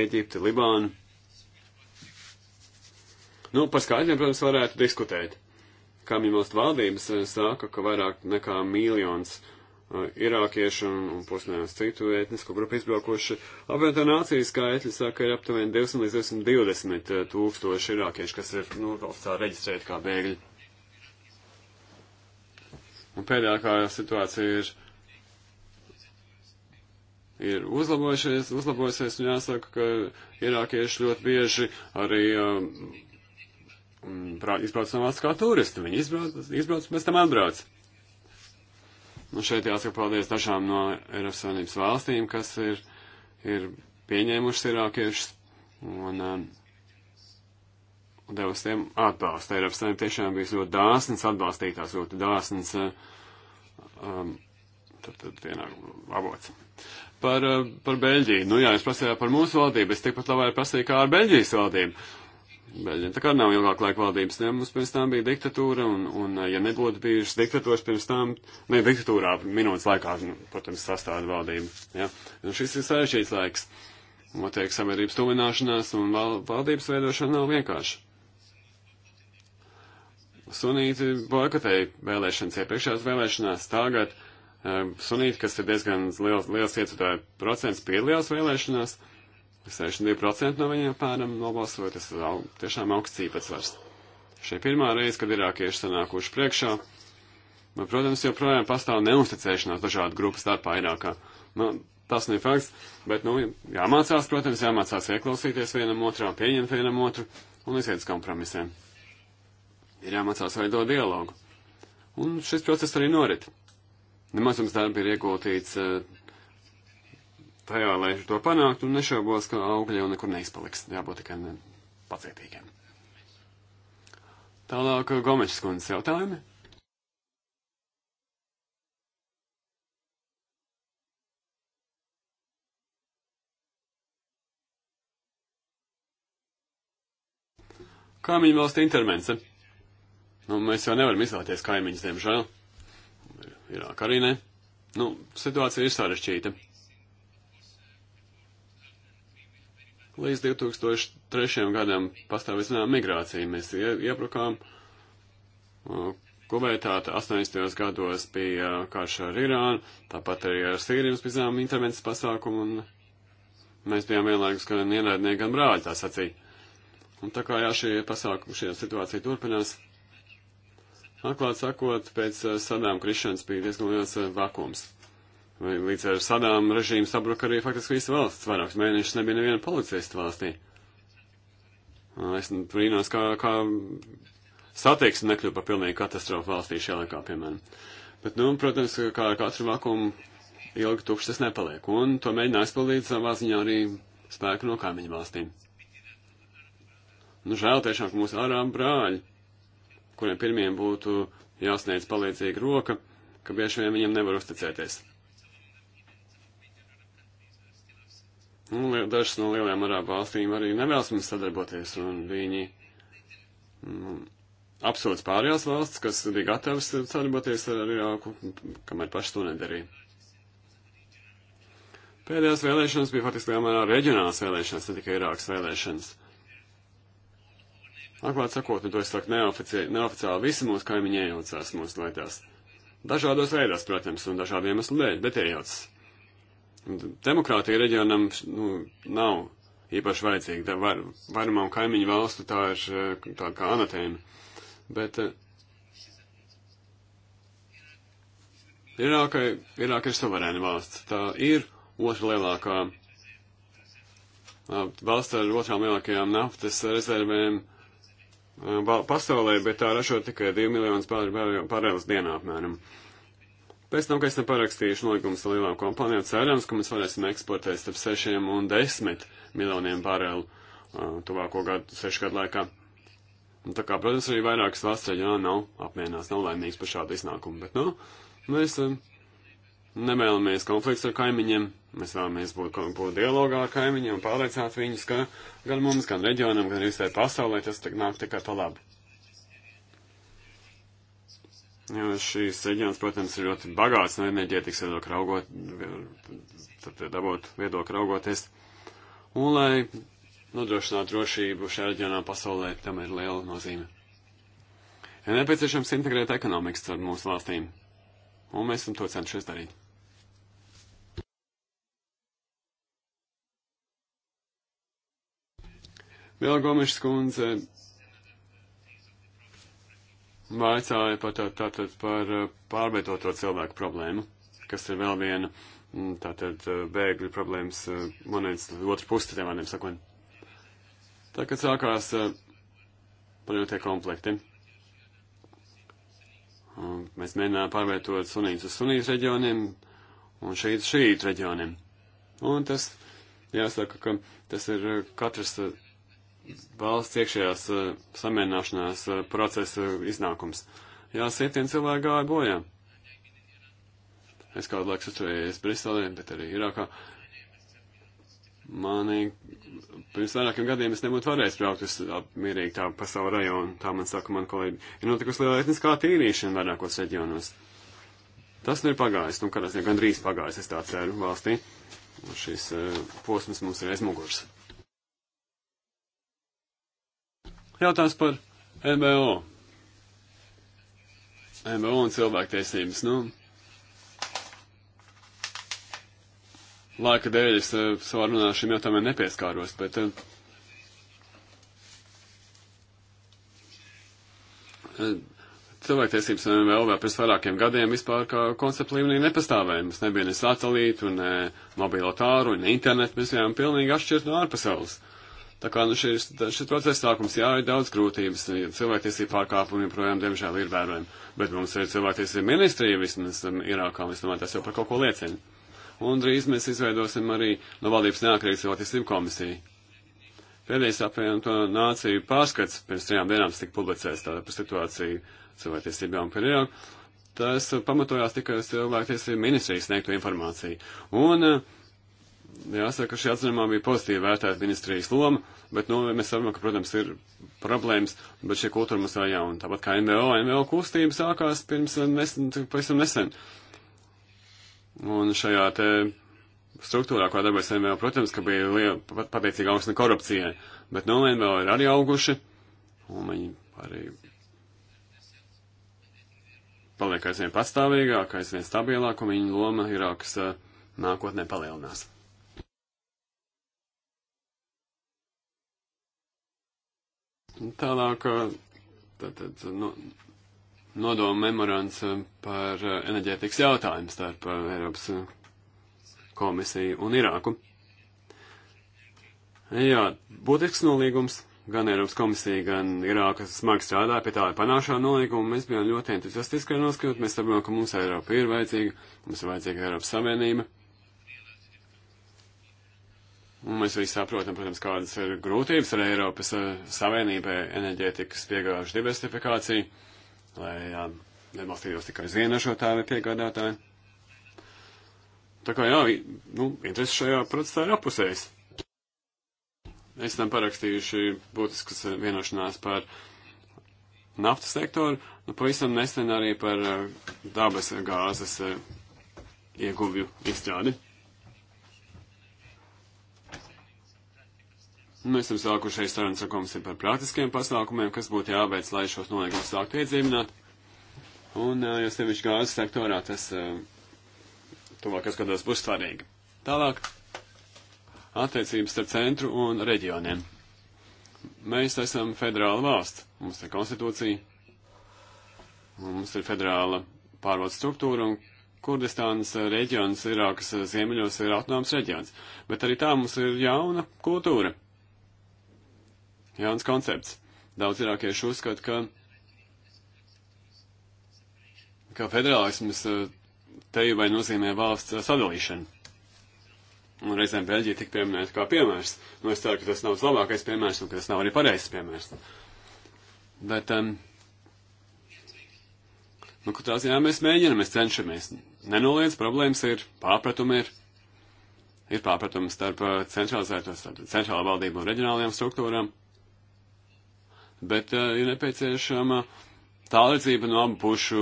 Ēģipti, Libānu. Nu, par skaidriem, protams, varētu diskutēt. Kaimiņu valstu valdības eh, saka, ka vairāk nekā miljons uh, irākieši un, un pusnēmas citu etnisko grupu izbraukoši. Apvienotā nācija skaitļi saka, ir aptuveni 200 līdz 220 eh, tūkstoši irākieši, kas ir, nu, valstā reģistrēti kā bēgļi. Un pēdējā situācija ir, ir uzlabojušies, uzlabojusies, un jāsaka, ka irākieši ļoti bieži arī um, mm, izbrauc no valsts kā turisti. Viņi izbrauc, izbrauc, pēc tam atbrauc. Un nu, šeit jāsaka paldies dažām no Eiropas Savienības valstīm, kas ir, ir pieņēmušas irākiešus un, un um, devis tiem atbalstu. Eiropas Savienība tiešām bijis ļoti dāsns, atbalstītās ļoti dāsns uh, um, tad, tad vienāk avots. Par, uh, par Beļģiju. Nu jā, jūs prasījāt par mūsu valdību, es tikpat labāk prasīju kā ar Beļģijas valdību. Beļģiem. Tā kā nav ilgāk laika valdības, ne, mums pirms tam bija diktatūra, un, un eh, ja nebūtu bijušas diktatūras pirms tam, ne, diktatūrā minūtes laikā, nu, protams, sastāda valdība. Ja? Un nu, šis ir sarežģīts laiks. Notiek sabiedrības tuvināšanās, un val, valdības veidošana nav vienkārša. Sunīti boikotēja vēlēšanas iepriekšējās vēlēšanās, tagad eh, sunīti, kas ir diezgan liels, liels iecetēju procents, piedalījās vēlēšanās. Uh, 62% no viņiem pēram nobalsoja, tas ir tiešām augsts īpatsvars. Šī pirmā reize, kad irākieši sanākuši priekšā, man, protams, joprojām pastāv neusticēšanās dažādu grupu starpā Irākā. Man, nu, tas nav fakts, bet, nu, jāmācās, protams, jāmācās ieklausīties vienam otram, pieņemt vienam otru un iziet uz kompromisiem. Ir jāmācās veidot dialogu. Un šis process arī norit. Nemazums darbi ir ieguldīts uh, eh, tajā, lai to panāktu, un nešaubos, ka augļi jau nekur neizpaliks. Jābūt tikai pacietīgiem. Tālāk Gomešas kundzes jautājumi. Kaimiņu valsts intervence. Nu, mēs jau nevaram izvēlēties kaimiņus, diemžēl. Irāk arī ne. Nu, situācija ir sarežģīta. Līdz 2003. gadam pastāv zināma migrācija. Mēs iebrukām Kuveitā 80. gados bija karš ar Irānu, tāpat arī ar Sīriju mums bija zinām intervences pasākumu, un mēs bijām vienlaikus gan ienaidnieki, gan brāļi, tā sacīja. Un tā kā jā, šie pasākumi, šī situācija turpinās, atklāt sakot, pēc sadām krišanas bija diezgan liels eh, vakums. Līdz ar sadām režīmu sabruka arī faktiski visa valsts. Vairākus mēnešus nebija neviena policista valstī. Es brīnos, kā, kā satiksme nekļuva par pilnīgi katastrofu valstī šajā laikā, piemēram. Bet, nu, protams, kā ar katru vakumu ilgi tukšs tas nepaliek. Un to mēģina aizpildīt savā ziņā arī spēku no kaimiņu valstīm. Nu, žēl tiešām, ka mūsu ārām brāļi, kuriem pirmiem būtu jāsniedz palīdzīga roka, ka bieži vien viņiem nevar uzticēties. Un nu, dažas no lielajām arābu valstīm arī nevēlas mums sadarboties, un viņi mm, nu, apsūdz pārējās valsts, kas bija gatavas sadarboties ar Irāku, kamēr paši to nedarīja. Pēdējās vēlēšanas bija faktiski lielā reģionālās vēlēšanas, ne tikai Irākas vēlēšanas. Atklāt sakot, un nu, to es saku neoficiāli, neoficiāli visi mūsu kaimiņi iejaucās mūsu lietās. Dažādos veidās, protams, un dažādu iemeslu dēļ, bet iejaucas. Demokrātija reģionam nu, nav īpaši vajadzīga. Var, varumā un kaimiņu valstu tā ir eh, tā kā anatēma. Bet eh, Irāka, Irāka ir suverēna valsts. Tā ir otra lielākā valsts ar otrām lielākajām naftas rezervēm pasaulē, bet tā ražo tikai 2 miljonus pārēles dienā apmēram. Uh, Pēc tam, kad esam parakstījuši nolīgumus ar lielām kompānijām, cerams, ka mēs varēsim eksportēt starp 6 un 10 miljoniem barelu uh, tuvāko gadu, 6 gadu laikā. Un tā kā, protams, arī vairākas valsts reģionā nav apmierinās, nav laimīgs par šādu iznākumu, bet, nu, mēs uh, nevēlamies konflikts ar kaimiņiem, mēs vēlamies būt, būt dialogā ar kaimiņiem un pārliecināt viņus, ka gan mums, gan reģionam, gan visai pasaulē tas nāk tikai pa labu. Jo šīs reģions, protams, ir ļoti bagāts no enerģētikas viedokļa raugot, tad dabūt viedokļa raugoties. Un, lai nodrošinātu drošību šajā reģionā pasaulē, tam ir liela nozīme. Ir ja nepieciešams integrēt ekonomikas ar mūsu valstīm, un mēs esam to cenšies darīt. Vēl Gomešs kundze vaicāja par, tā, tātad par eh, pārvietoto cilvēku problēmu, kas ir vēl viena mm, tātad eh, bēgļu problēmas eh, monētas otru pusi, tiem vārdiem sakot. Tā kā sākās paļotie komplekti. Un mēs mēģinām pārvietot sunītus uz sunītus reģioniem un šeit šītu reģioniem. Un tas jāsaka, ka tas ir katrs valsts iekšējās eh, samierināšanās eh, procesa iznākums. Jā, sitien cilvēki gāja bojā. Es kādu laiku saturējies Briselē, bet arī Irākā. Mani pirms vairākiem gadiem es nebūtu varējis braukt uz mierīgi tā pa savu rajonu, tā man saka man kolēģi. Ir notikusi liela etniskā tīrīšana vairākos reģionos. Tas nu ir pagājis, nu, kādās ir gandrīz pagājis, es tā ceru, valstī. Un šis uh, posms mums ir aiz muguras. Jautājums par MBO. MBO un cilvēktiesības. Nu, laika dēļ es eh, savā runā šim jautājumam nepieskāros, bet. Eh, cilvēktiesības vēl vēl pirms vairākiem gadiem vispār kā koncepta līmenī nepastāvēja. Mums nebija ne satelītu, ne mobilo tāru, ne internetu. Mēs bijām pilnīgi atšķirti no ārpasaules. Uh, Tā kā nu, šis, šis process sākums, jā, ir daudz grūtības. Cilvēktiesība pārkāpumi joprojām, diemžēl, ir vērojami. Bet mums ir cilvēktiesība ministrija vismaz um, Irākā, un es domāju, tas jau par kaut ko liecina. Un drīz mēs izveidosim arī no nu, valdības neatkarīgu cilvēktiesību komisiju. Pēdējais apvienoto nāciju pārskats pirms trijām dienām tika publicēts tāda par situāciju cilvēktiesībām par Irāku. Tas uh, pamatojās tikai uz cilvēktiesību ministrijas sniegto informāciju. Un uh, jāsaka, ka šajā atzinumā bija pozitīvi vērtēta ministrijas loma, bet, nu, mēs saprotam, ka, protams, ir problēmas, bet šie kultūra mums vēl jauna. Tāpat kā NVO, NVO kustība sākās pirms eh, nesen, pavisam nesen. Un šajā te struktūrā, ko darbojas NVO, protams, ka bija liela pateicīga augstne korupcijai, bet, nu, NVO ir arī auguši, un viņi arī paliek aizvien pastāvīgāk, aizvien stabilāk, un viņa loma Irākas eh, nākotnē palielinās. Tālāk, tātad, no, nodoma memorands par enerģētikas jautājumu starp Eiropas komisiju un Irāku. Jā, būtisks nolīgums. Gan Eiropas komisija, gan Irāka smagi strādāja pie tā, lai panāšā nolīgumu. Mēs bijām ļoti entuziastiski noskatot. Mēs saprotam, ka mums Eiropa ir vajadzīga, mums ir vajadzīga Eiropas Savienība. Un mēs visi saprotam, protams, kādas ir grūtības ar Eiropas eh, Savienībai enerģētikas piegāžu diversifikāciju, lai jā, nebalstītos tikai uz vienažotāju vai piegādātāju. Tā kā jā, nu, interesi šajā procesā ir apusējis. Esam parakstījuši būtiskas eh, vienošanās par naftas sektoru, nu, pavisam nesen arī par eh, dabas gāzes ieguvju izstrādi. Mēs esam sākušies sarunas ar komisiju par praktiskiem pasākumiem, kas būtu jāveic, lai šos noliegumus sāktu iedzīvināt. Un, jo sevišķi gāzes sektorā, tas tuvākajos gados būs svarīgi. Tālāk, attiecības starp centru un reģioniem. Mēs esam federāla valsts, mums ir konstitūcija, mums ir federāla pārvaldes struktūra, un Kurdistānas reģions Irākas ziemeļos ir autonoms reģions. Bet arī tā mums ir jauna kultūra jauns koncepts. Daudz irākieši uzskata, ka, ka federālisms eh, te jau vai nozīmē valsts eh, sadalīšanu. Un reizēm Beļģija tik pieminēta kā piemērs. Nu, es ceru, ka tas nav labākais piemērs un ka tas nav arī pareizs piemērs. Bet, um, nu, katrā ziņā mēs mēģinam, mēs cenšamies. Nenoliedz, problēmas ir, pārpratumi ir. Ir pārpratumi starp eh, centralizētos, starp centrālā valdību un reģionālajām struktūrām bet uh, ir nepieciešama tālredzība no abu pušu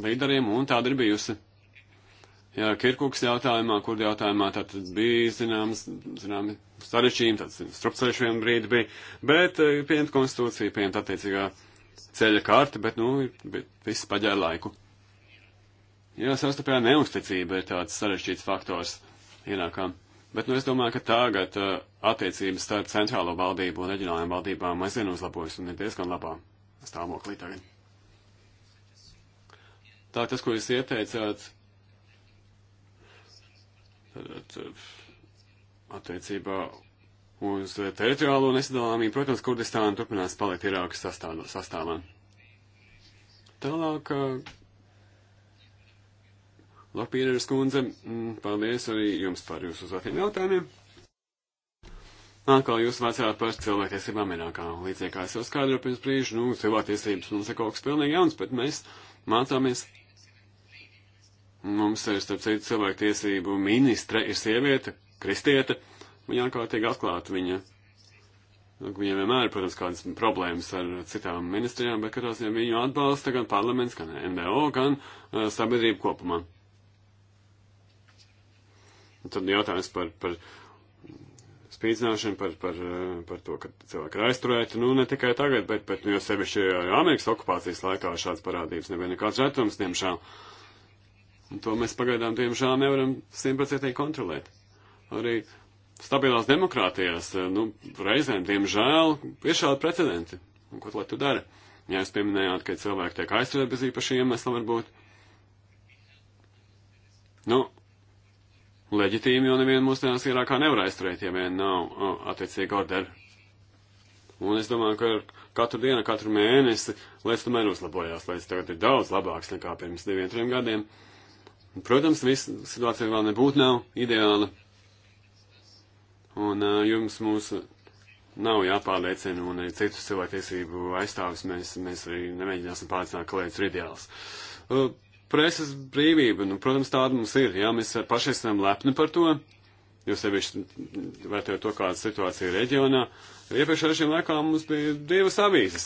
līderiem, un tāda ir bijusi. Jā, Kirkuks jautājumā, kur jautājumā tad bija, zināms, zināmi sarežģījumi, tāds strupceļš vienu brīdi bija, bet uh, eh, pieņemt konstitūciju, pieņemt attiecīgā ceļa karti, bet, nu, bet viss paģēra laiku. Jā, sastapjā neusticība ir tāds sarežģīts faktors ienākām. Ja Bet nu, es domāju, ka tagad uh, attiecības starp centrālo valdību un reģionālajām valdībām aizvien uzlabojas un ir diezgan labā stāvoklī tagad. Tā tas, ko jūs ieteicāt, tad, eh, attiecībā uz teritoriālo nesadalāmību, protams, Kurdistāna turpinās palikt Irākas sastāvā. Tālāk, uh, Lapīneres kundze, mm, paldies arī jums par jūsu uzvētiem jautājumiem. Atkal jūs vecāt par cilvēktiesībām Irākā. Līdzīgi kā es jau skaidroju pirms brīža, nu, cilvēktiesības mums ir kaut kas pilnīgi jauns, bet mēs mācāmies. Mums ir, starp citu, cilvēktiesību ministre ir sieviete, kristiete. Viņa ārkārtīgi atklāta viņa. Nu, Viņai vienmēr ir, protams, kādas problēmas ar citām ministrijām, bet katrā ziņā viņu atbalsta gan parlaments, gan NVO, gan uh, sabiedrība kopumā. Un tad nu, jautājums par, par spīdzināšanu, par, par, par to, ka cilvēki ir aizturēti, nu, ne tikai tagad, bet, bet nu, jo sevišķi Amerikas okupācijas laikā šāds parādības nebija nekāds retums, diemžēl. Un to mēs pagaidām, diemžēl, nevaram simtprocentīgi kontrolēt. Arī stabilās demokrātijās, nu, reizēm, diemžēl, ir šādi precedenti. Un ko lai tu dari? Ja jūs pieminējāt, ka cilvēki tiek aizturēti bez īpaša iemesla, varbūt. Nu, leģitīmi, jo nevienu mūsdienās Irākā nevar aizturēt, ja vien nav attiecīgi orderi. Un es domāju, ka katru dienu, katru mēnesi lietas tomēr uzlabojās, lietas tagad ir daudz labāks nekā pirms diviem, trim gadiem. Protams, viss situācija vēl nebūtu nav ideāla. Un uh, jums mūs nav jāpārliecina, un arī citus cilvēktiesību aizstāvis mēs, mēs arī nemēģināsim pārliecināt, ka lietas ir ideāls. Uh, Preses brīvība, nu, protams, tāda mums ir, jā, mēs paši esam lepni par to, jo sevišķi vērtējot to, kāda situācija ir reģionā. Iepriekšējā šīm laikām mums bija divas avīzes.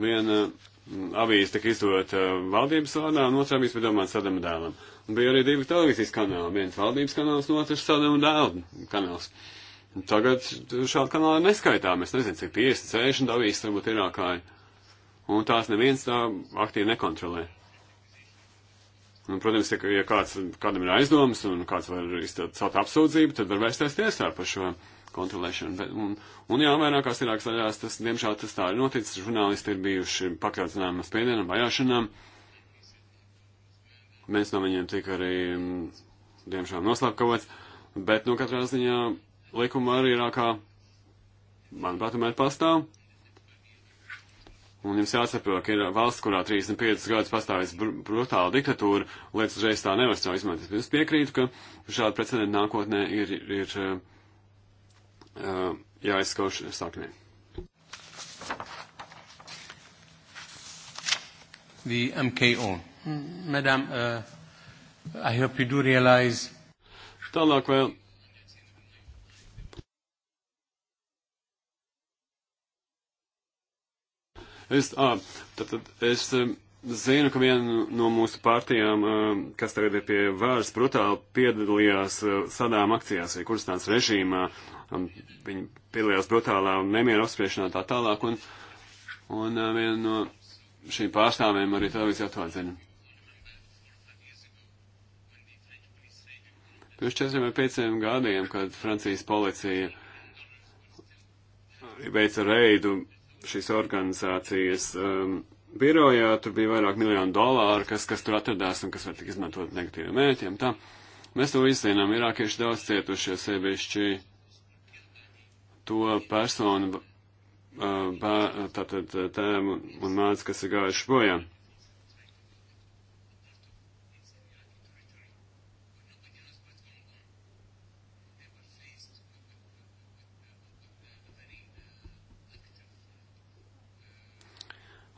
Viena mm, avīze tika izdota eh, valdības vārdā, un otrā avīze bija domāta sadama dēlam. Un bija arī divi televīzijas kanāli, viens valdības kanāls, un otrs sadama dēla kanāls. Tagad šādu kanālu neskaitām, es nezinu, cik 50, 60 avīzes varbūt ir ārkārtīgi. Un tās neviens tā aktīvi nekontrolē. Un, nu, protams, ja, ja kāds, kādam ir aizdomas un kāds var izcelt apsūdzību, tad var vērsties tiesā par šo kontrolēšanu. Bet, un, un jā, vairākās Irākas daļās tas, diemžēl, tas tā ir noticis. Žurnālisti ir bijuši pakļauts zināmām spiedienam, vajāšanām. Mēs no viņiem tika arī, diemžēl, noslapkavots. Bet, nu, katrā ziņā likuma arī Irākā, manuprāt, tomēr pastāv. Un jums jāsaprot, ka ir valsts, kurā 35 gadus pastāvis brutāla diktatūra, lietas uzreiz tā nevar savu izmantot. Es piekrītu, ka šāda precedenta nākotnē ir, ir uh, jāizskauž saknē. The MKO. Madam, uh, I hope you do realize. Tālāk vēl Es, à, tad, tad es zinu, ka viena no mūsu partijām, kas tagad ir pie vāras, brutāli piedalījās sadām akcijās, vai Kurdistāns režīmā, viņi piedalījās brutālā nemiera apspriešanā tā tālāk, un, un viena no šīm pārstāvēm arī televīzijā to atzina. Pirms četriem vai pieciem gadiem, kad Francijas policija veica reidu šīs organizācijas um, birojā, tur bija vairāk miljonu dolāru, kas, kas tur atradās un kas var tik izmantot negatīviem mērķiem. Tā. Mēs to izzinām, irākieši daudz cietušie sevišķi to personu, uh, bā, tātad tēmu un mācu, kas ir gājuši bojā.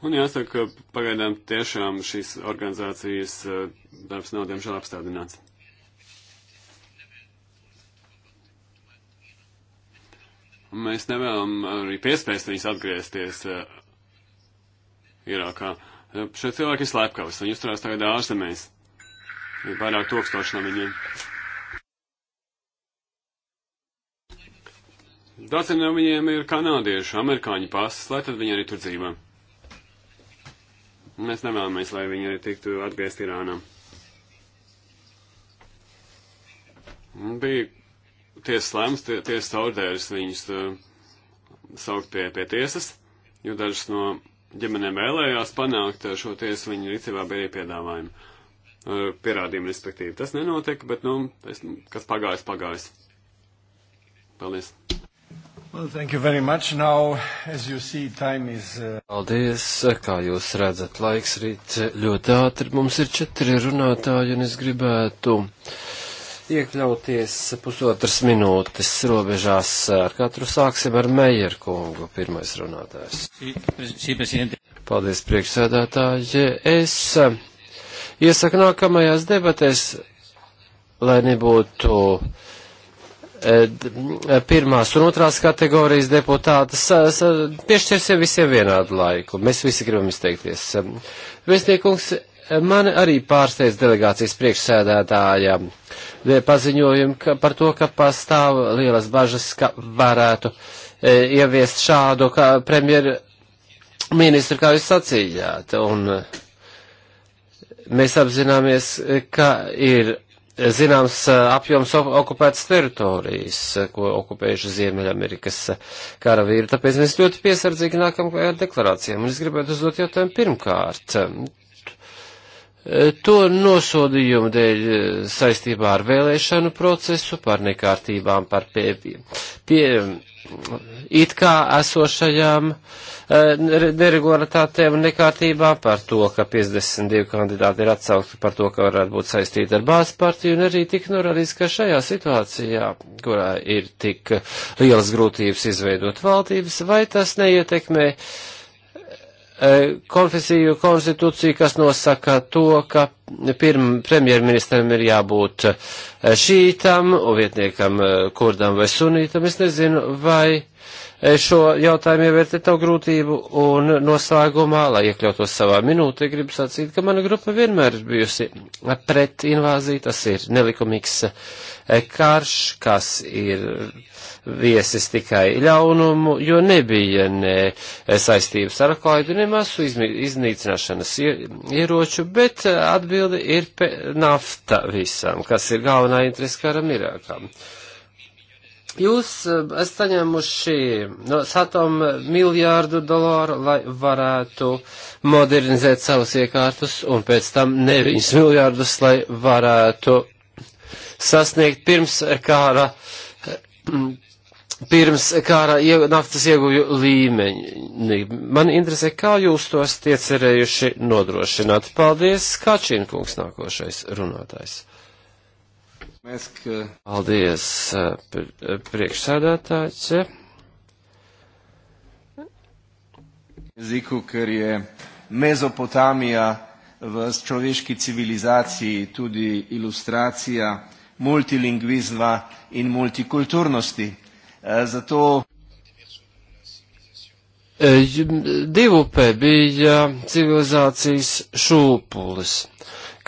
Un jāsaka, ka pagaidām tiešām šīs organizācijas eh, darbs nav diemžēl apstādināts. Mēs nevēlam arī piespēst viņus atgriezties eh, Irākā. Šie cilvēki ir slepkavas, viņi uzturās tagad ārzemēs. Ir vairāk tūkstoši no viņiem. Daudzi no viņiem ir kanādieši, amerikāņu pasas, lai tad viņi arī tur dzīvo. Mēs nevēlamies, lai viņi arī tiktu atgriezt Irānā. Bija tiesas lēmums, tie, tiesas audēris viņus uh, saukt pie, pie tiesas, jo dažas no ģimenēm vēlējās panākt eh, šo tiesu, viņu rīcībā bija arī piedāvājumi. Uh, Pierādījumi, respektīvi. Tas nenotika, bet, nu, tas, kas pagājis, pagājis. Paldies. Well, thank you very much. Now, as you see, time is. Uh... Paldies, kā jūs redzat, laiks rīt ļoti ātri. Mums ir četri runātāji, un es gribētu iekļauties pusotras minūtes robežās. Ar katru sāksim ar Meijer kungu, pirmais runātājs. Paldies, priekšsēdētāji. Es eh, iesaku nākamajās debatēs, lai nebūtu. Uh, Eh, eh, pirmās un otrās kategorijas deputātas, eh, piešķirsim visiem vienādu laiku. Mēs visi gribam izteikties. Vēstniekungs, mani arī pārsteidz delegācijas priekšsēdētāja paziņojumi par to, ka pastāv lielas bažas, ka varētu ieviest šādu premjerministru, kā jūs sacījāt. Un mēs apzināmies, ka ir zināms eh, apjoms okupētas teritorijas, eh, ko okupējuši Ziemeļamerikas eh, karavīri. Tāpēc mēs ļoti piesardzīgi nākam ar deklarācijām. Un es gribētu uzdot jautājumu pirmkārt to nosodījumu dēļ eh, saistībā ar vēlēšanu procesu, par nekārtībām, par pie, pie it kā esošajām eh, neregulatātēm un nekārtībām, par to, ka 52 kandidāti ir atsaukti, par to, ka varētu būt saistīti ar bāzes partiju, un arī tik norādīts, ka šajā situācijā, kurā ir tik lielas grūtības izveidot valdības, vai tas neietekmē uh, E, konfesiju konstitūciju, kas nosaka to, ka pirm, premjerministram ir jābūt e, šītam, vietniekam e, kurdam vai sunītam. Es nezinu, vai šo jautājumu ievērtēt tavu grūtību un noslēgumā, lai iekļautos savā minūtē, gribu sacīt, ka mana grupa vienmēr ir bijusi pret invāziju, tas ir nelikumīgs uh, karš, kas ir viesis tikai ļaunumu, jo nebija ne saistības ar klaidu, ne masu iznīcināšanas ieroču, bet atbildi ir nafta visam, kas ir galvenā interesa karam Irākam. Jūs eh, esat saņēmuši no Satom miljārdu dolāru, lai varētu modernizēt savus iekārtus, un pēc tam neviņus miljārdus, lai varētu sasniegt pirms kāra, mm, pirms kāra naftas ieguvju līmeņi. Man interesē, kā jūs to esat iecerējuši nodrošināt. Paldies, Kačinkungs, nākošais runātājs. Mēs, ka... Paldies, eh, priekšsēdētājs. Jeziku, ker je Mezopotamija v človeški civilizaciji tudi ilustracija multilingvizma in multikulturnosti. Eh, zato eh, Divupē bija civilizācijas šūpulis,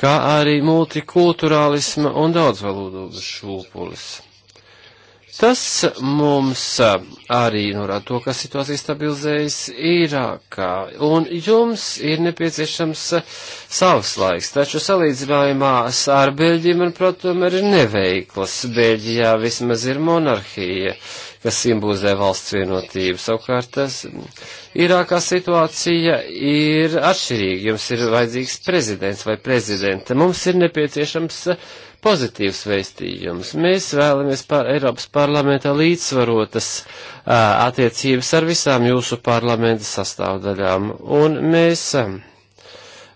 kā arī multikulturālisma un daudzvalodības šūpulis. Tas mums arī norāda to, ka situācija stabilizējas Irākā, un jums ir nepieciešams savs laiks, taču salīdzinājumā ar Beļģiju, manuprāt, tomēr ir neveiklas. Beļģijā vismaz ir monarhija. Uh, kas simbolizē valsts vienotību. Savukārt tas Irākā situācija ir atšķirīga. Jums ir vajadzīgs prezidents vai prezidenta. Mums ir nepieciešams pozitīvs veistījums. Mēs vēlamies par Eiropas parlamentā līdzsvarotas a, attiecības ar visām jūsu parlamenta sastāvdaļām. Un mēs a,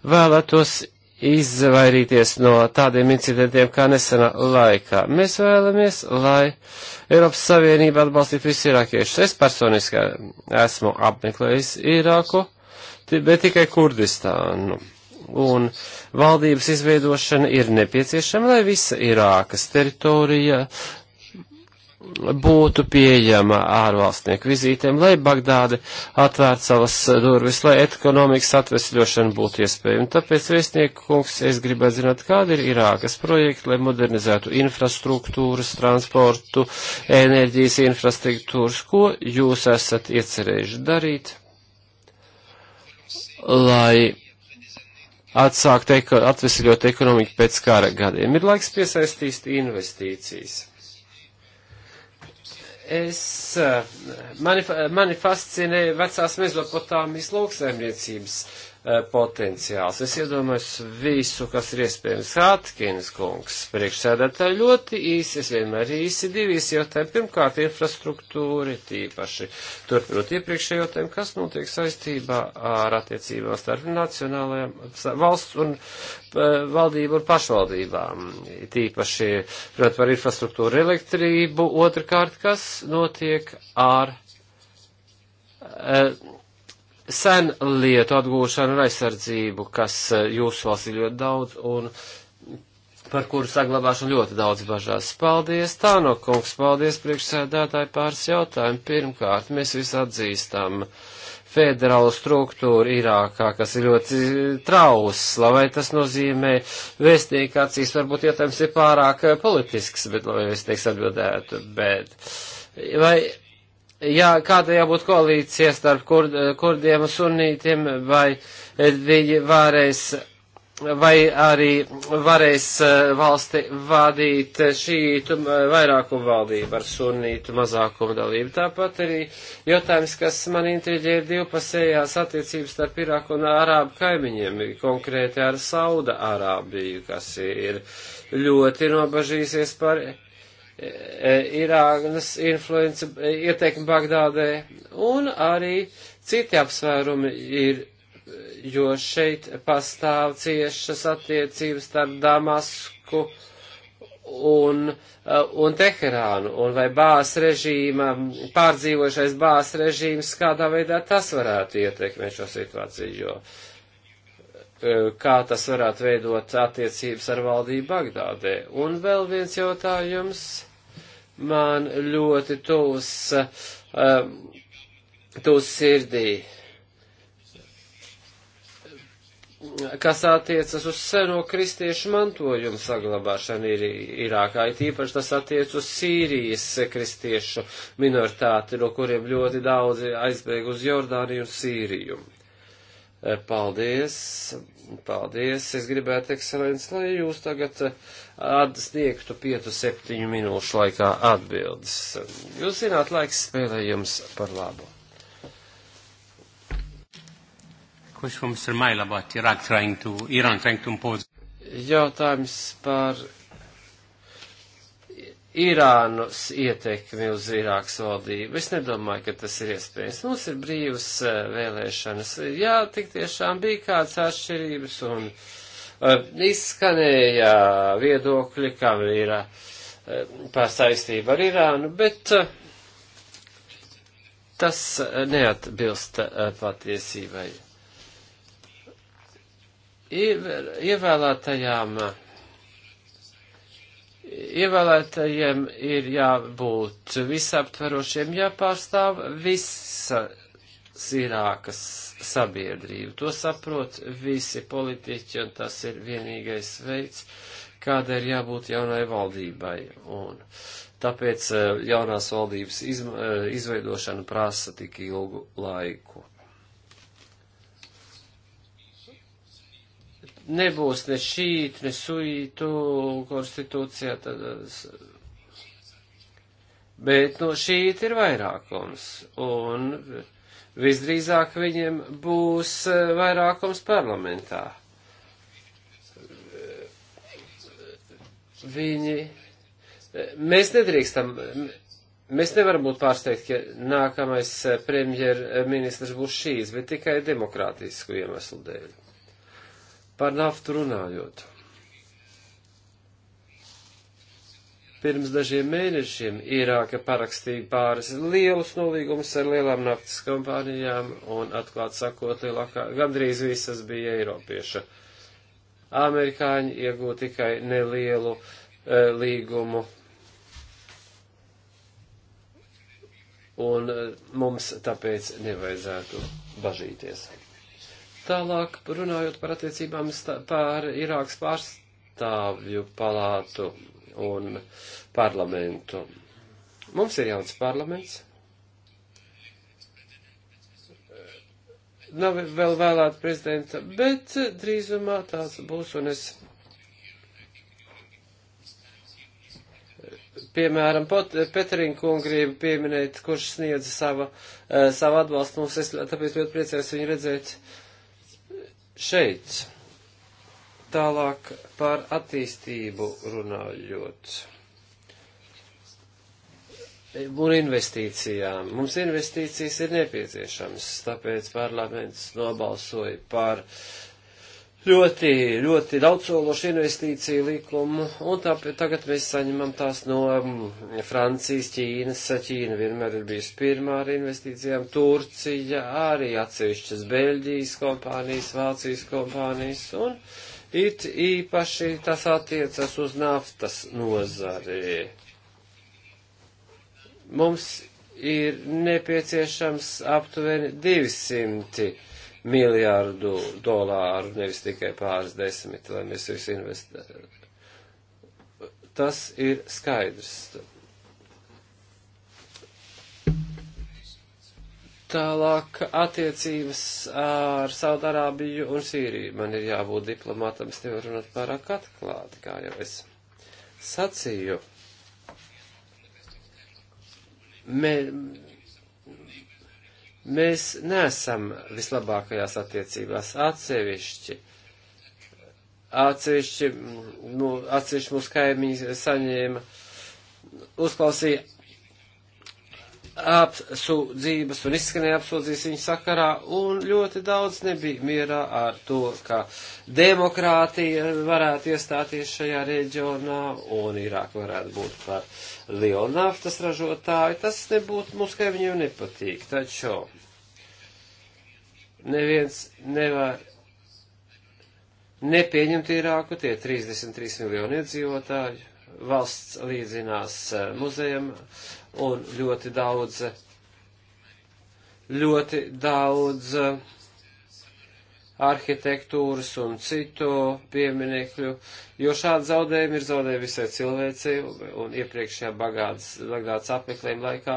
vēlētos izvairīties no tādiem incidentiem kā nesenā laikā. Mēs vēlamies, lai Eiropas Savienība atbalstītu visus irākiešus. Es personiski esmu apmeklējis Irāku, bet tikai Kurdistānu. Un valdības izveidošana ir nepieciešama, lai visa Irākas teritorija būtu pieejama ārvalstnieku vizītēm, lai Bagdāde atvērtu savas durvis, lai ekonomikas atvesļošana būtu iespējama. Tāpēc, vēstnieku kungs, es gribētu zināt, kāda ir Irākas projekta, lai modernizētu infrastruktūras, transportu, enerģijas infrastruktūras, ko jūs esat iecerējuši darīt, lai atsākt eko, atvesļot ekonomiku pēc kara gadiem. Ir laiks piesaistīt investīcijas Es, mani, mani fascinē vecās Mezopotāmijas lauksaimniecības uh, Eh, potenciāls. Es iedomājos visu, kas ir iespējams. Hatkins kungs, priekšsēdētāji ļoti īsi, es vienmēr īsi divīs jautājumi. Pirmkārt, infrastruktūra tīpaši. Turpinot iepriekšējo jautājumu, kas notiek saistībā ar attiecībām starp nacionālajām valsts un eh, valdību un pašvaldībām. Tīpaši, protams, par infrastruktūru elektrību. Otrakārt, kas notiek ar. Uh, sen lietu atgūšanu un aizsardzību, kas eh, jūsu valstī ļoti daudz un par kuru saglabāšanu ļoti daudz bažās. Paldies, Tāno kungs, paldies priekšsēdētāji pāris jautājumu. Pirmkārt, mēs visi atzīstam federālu struktūru Irākā, kas ir ļoti trausla, vai tas nozīmē vēstnieku acīs, varbūt jautājums ir pārāk politisks, bet lai vēstnieks atbildētu, bet vai jā, kāda jābūt koalīcija starp kur, kurdiem un sunītiem, vai viņi varēs, vai arī varēs eh, valsti vādīt šītu vairākumu valdību ar sunītu mazākumu dalību. Tāpat arī jautājums, kas man intriģē, ir divpasējās attiecības starp Irāku un Arābu kaimiņiem, konkrēti ar Sauda Arābiju, kas ir ļoti nobažīsies par E, Irānas influence, e, ieteikumi Bagdādē, un arī citi apsvērumi ir, jo šeit pastāv ciešas attiecības starp Damasku un, e, un Teherānu, un vai bās režīma, pārdzīvošais bās režīms, kādā veidā tas varētu ietekmēt šo situāciju, jo kā tas varētu veidot attiecības ar valdību Bagdādē. Un vēl viens jautājums man ļoti tūs, um, tūs sirdī, kas attiecas uz seno kristiešu mantojumu saglabāšanu ir Irākā, it īpaši tas attiec uz Sīrijas kristiešu minoritāti, no kuriem ļoti daudzi aizbēg uz Jordāniju un Sīriju. Eh, paldies, paldies, es gribētu, ekscelents, lai jūs tagad uh, sniegtu 5-7 minūšu laikā atbildes. Jūs zināt, laiks spēlē jums par labu. Jautājums par Irānas ietekmi uz Irākas valdību. Es nedomāju, ka tas ir iespējams. Mums ir brīvas eh, vēlēšanas. Jā, tik tiešām bija kāds atšķirības un. Uh, Eh, izskanēja viedokļi, kam ir eh, pārsaistība ar Irānu, bet eh, tas neatbilst patiesībai. Ievēlētajām ievēlētajiem ir jābūt visaptverošiem, jāpārstāv visa Sirākas sabiedrību. To saprot visi politiķi, un tas ir vienīgais veids, kāda ir jābūt jaunai valdībai. Un tāpēc eh, jaunās valdības izma, eh, izveidošana prasa tik ilgu laiku. Nebūs ne šīt, ne suītu konstitūcijā, tad eh, Bet no nu, šī ir vairākums, un visdrīzāk viņiem būs eh, vairākums parlamentā. Viņi, eh, mēs nedrīkstam, mēs nevaram būt pārsteigti, ka nākamais eh, premjerministrs būs šīs, bet tikai demokrātisku iemeslu dēļ. Par naftu runājot. pirms dažiem mēnešiem Irāka parakstīja pāris lielus nolīgumus ar lielām naftas kompānijām, un atklāt sakot, lielākā, gandrīz visas bija Eiropieša. Amerikāņi iegūta tikai nelielu e, līgumu, un e, mums tāpēc nevajadzētu bažīties. Tālāk, runājot par attiecībām pār Irākas pārstāvju palātu un parlamentu. Mums ir jauns parlaments. Nav vēl vēlēt prezidenta, bet drīzumā tāds būs, un es piemēram, Petrīna kungu gribu pieminēt, kurš sniedza sava, eh, savu atbalstu mums, es tāpēc ļoti priecājos viņu redzēt šeit. Tālāk par attīstību runājot. Un investīcijām. Mums investīcijas ir nepieciešamas, tāpēc parlaments nobalsoja par ļoti, ļoti daudzsološu investīciju likumu, un tāpēc tagad mēs saņemam tās no um, Francijas, Ķīnas, Ķīna vienmēr ir bijusi pirmā ar investīcijām, Turcija, arī atsevišķas Beļģijas kompānijas, Vācijas kompānijas, un It īpaši tas attiecas uz naftas nozari. Mums ir nepieciešams aptuveni 200 miljārdu dolāru, nevis tikai pāris desmit, lai mēs visu investētu. Tas ir skaidrs. Tālāk attiecības ar Saudārābiju un Sīriju. Man ir jābūt diplomātam, es nevaru runāt pārāk atklāti, kā jau es sacīju. Mē, mēs nesam vislabākajās attiecībās atsevišķi. Atsevišķi, nu, atsevišķi mūsu kaimiņi saņēma, uzklausīja apsūdzības un izskanēja apsūdzības viņa sakarā, un ļoti daudz nebija mierā ar to, ka demokrātija varētu iestāties šajā reģionā, un Irāk varētu būt par lielu naftas ražotāju. Tas nebūtu mums kaimiņiem nepatīk, taču neviens nevar nepieņemt Irāku, tie 33 miljoni iedzīvotāji, valsts līdzinās eh, muzejam un ļoti daudz, ļoti daudz arhitektūras un citu pieminekļu, jo šādi zaudējumi ir zaudējumi visai cilvēcei un iepriekšējā bagātas, bagātas apmeklējuma laikā.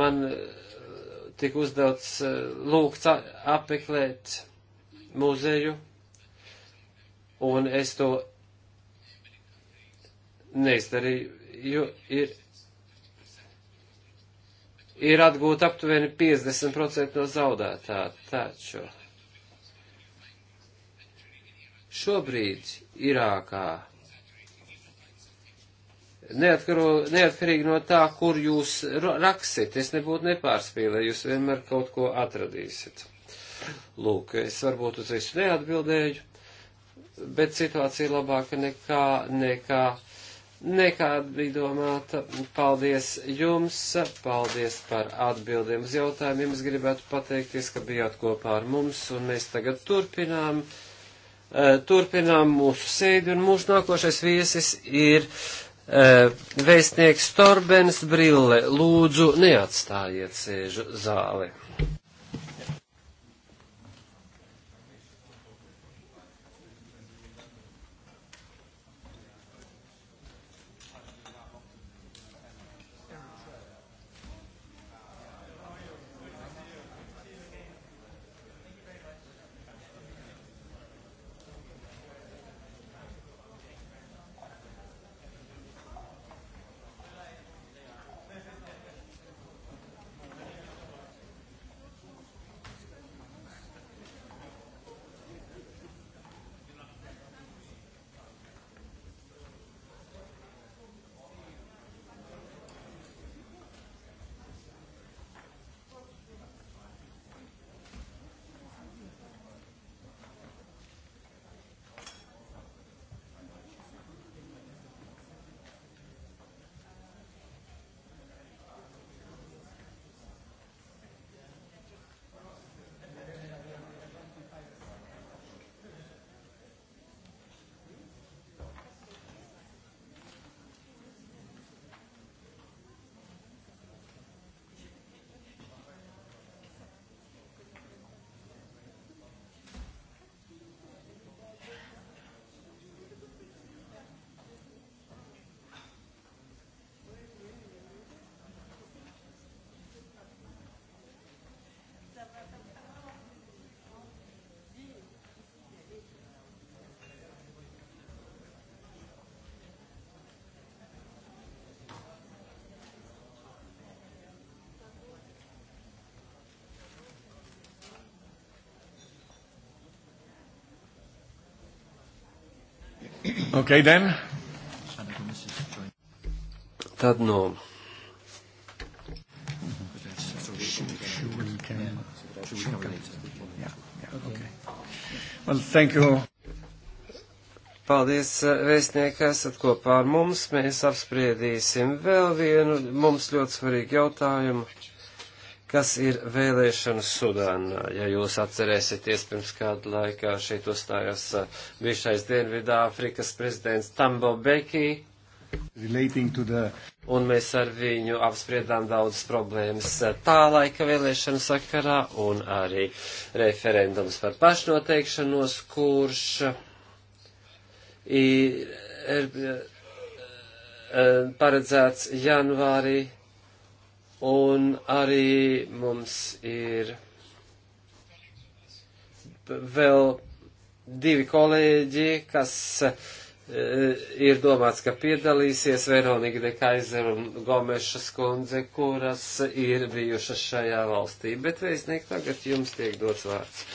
Man eh, tika uzdevts eh, lūgts apmeklēt muzeju, un es to neizdarīju, jo ir ir atgūta aptuveni 50% no zaudētā. Taču šobrīd Irākā, neatkaro, neatkarīgi no tā, kur jūs raksit, es nebūtu nepārspīlēju, jūs vienmēr kaut ko atradīsiet. Lūk, es varbūt uz visu neatbildēju, bet situācija labāka nekā, nekā nekāda bija domāta. Paldies jums, paldies par atbildiem uz jautājumiem. Es gribētu pateikties, ka bijāt kopā ar mums, un mēs tagad turpinām. E, turpinām mūsu sēdi, un mūsu nākošais viesis ir e, vēstnieks Torbens Brille. Lūdzu, neatstājiet sēžu zāli. Okay, then. Tad no. Nu. Well, thank you. Paldies, eh, vēstnieki, esat kopā ar mums. Mēs apspriedīsim vēl vienu mums ļoti svarīgu jautājumu kas ir vēlēšanas Sudānā. Ja jūs atcerēsieties, pirms kādu laikā šeit uzstājās uh, bijušais Dienvidāfrikas prezidents Tambo Beki. The... Un mēs ar viņu apspriedām daudzas problēmas uh, tā laika vēlēšanu sakarā un arī referendums par pašnoteikšanos, kurš uh, ir, ir, ir paredzēts janvārī Un arī mums ir vēl divi kolēģi, kas e, ir domāts, ka piedalīsies Veronika de Kaiser un Gomeša skundze, kuras ir bijušas šajā valstī. Bet vēstnieki tagad jums tiek dots vārds.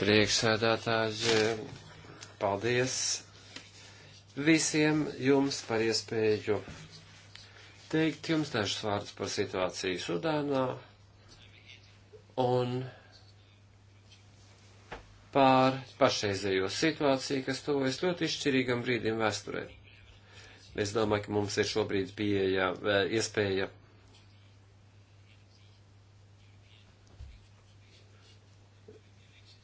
Priekšsēdētāji, paldies! visiem jums par iespēju teikt jums dažus vārdus par situāciju Sudānā un pār pašreizējo situāciju, kas tuvojas ļoti izšķirīgam brīdim vēsturē. Es domāju, ka mums ir šobrīd pieeja, eh, iespēja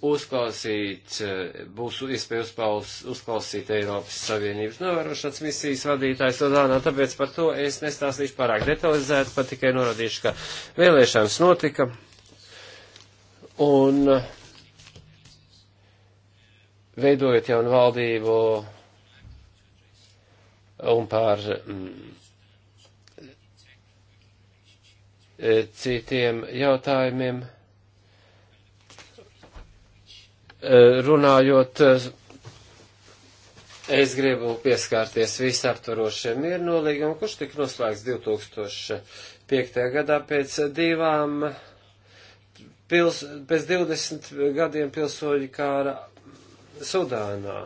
uzklausīt, eh, būs iespēja uzpaus, uzklausīt Eiropas Savienības novērošanas misijas vadītājs Sudānā, tāpēc par to es nestāstīšu pārāk detalizēt, pat tikai norādīšu, ka vēlēšanas notika. Un eh, veidojot jaunu valdību un pār mm, eh, citiem jautājumiem runājot, es gribu pieskārties visaptvarošiem miernolīgumam, kurš tika noslēgts 2005. gadā pēc divām, pils, pēc 20 gadiem pilsoņu kāra Sudānā.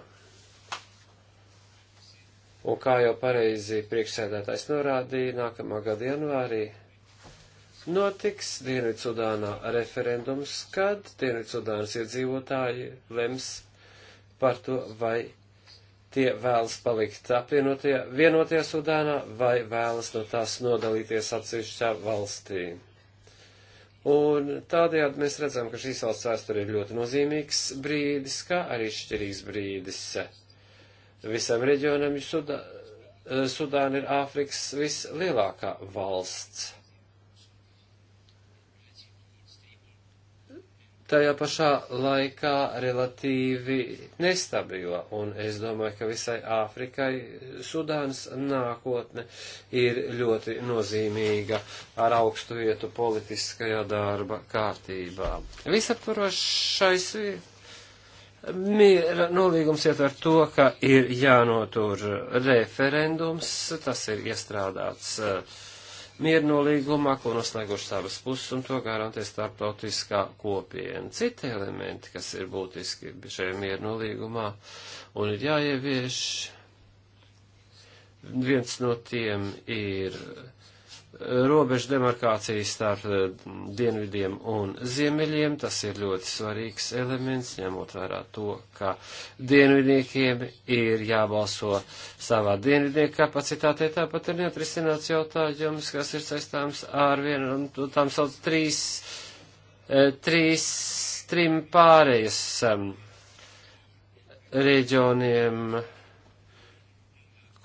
Un kā jau pareizi priekšsēdētājs norādīja, nākamā gada janvārī Notiks Dienvidsudānā referendums, kad Dienvidsudānas iedzīvotāji lems par to, vai tie vēlas palikt apvienotajā, vienotajā Sudānā vai vēlas no tās nodalīties atsevišķā valstī. Un tādējādi mēs redzam, ka šīs valsts vēsture ir ļoti nozīmīgs brīdis, kā arī šķirīgs brīdis. Visam reģionam Sudāna ir Āfrikas vislielākā valsts. tajā pašā laikā relatīvi nestabilo, un es domāju, ka visai Āfrikai Sudānas nākotne ir ļoti nozīmīga ar augstu vietu politiskajā darba kārtībā. Visaptvarošais Mīra nolīgums ietver to, ka ir jānotur referendums, tas ir iestrādāts uh, miernolīgumā, ko noslēguši savas puses, un to garantē starptautiskā kopiena. Citi elementi, kas ir būtiski šajā miernolīgumā, un ir jāievieš, viens no tiem ir robežu demarkācijas starp eh, dienvidiem un ziemeļiem. Tas ir ļoti svarīgs elements, ņemot vērā to, ka dienvidniekiem ir jābalso savā dienvidnieku kapacitātē. Tāpat ir neatrisināts jautājums, kas ir saistāms ar vienu un tām sauc trīs, eh, trīs, trim pārējas ehm, reģioniem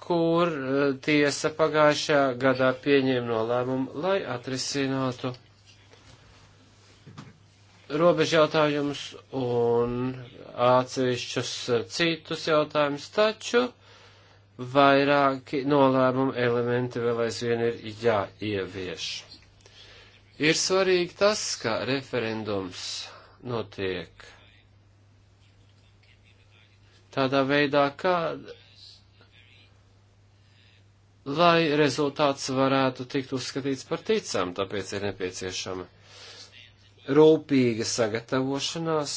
kur eh, tiesa pagājušajā gadā pieņēma nolēmumu, lai atrisinātu robežu jautājumus un atsevišķus eh, citus jautājumus, taču vairāki nolēmumu elementi vēl aizvien ir jāievieš. Ir svarīgi tas, ka referendums notiek tādā veidā, kā lai rezultāts varētu tikt uzskatīts par ticam, tāpēc ir nepieciešama rūpīga sagatavošanās.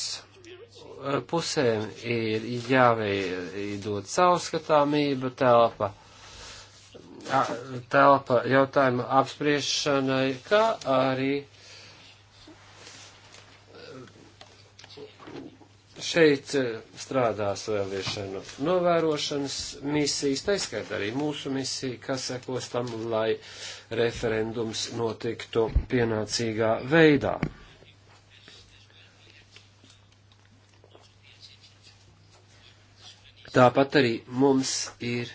Eh, pusēm ir jāveidot caurskatāmība telpa telpa jautājuma apspriešanai, kā arī Šeit eh, strādās vēlēšanu novērošanas misijas, taiskaitā arī mūsu misija, kas sekos tam, lai referendums notiktu pienācīgā veidā. Tāpat arī mums ir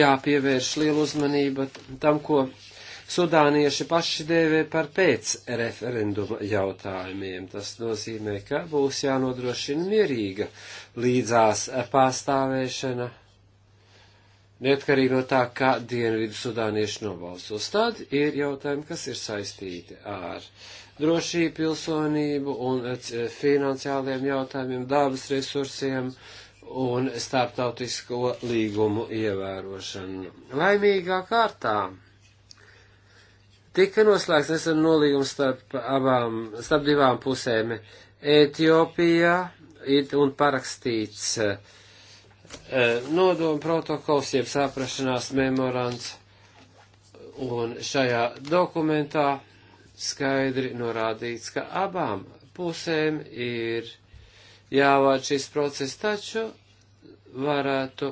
jāpievērš liela uzmanība tam, ko sudānieši paši dēvē par pēc referenduma jautājumiem. Tas nozīmē, ka būs jānodrošina mierīga līdzās pārstāvēšana, neatkarīgi no tā, kā dienvidu sudānieši nobalsos. Tad ir jautājumi, kas ir saistīti ar drošību, pilsonību un eh, finansiāliem jautājumiem, dabas resursiem un starptautisko līgumu ievērošanu. Laimīgā kārtā Tika noslēgts nesen nolīgums starp abām, starp divām pusēm Ētiopijā un parakstīts eh, nodoma protokols, jeb saprašanās memorands. Un šajā dokumentā skaidri norādīts, ka abām pusēm ir jāvāc šis process, taču varētu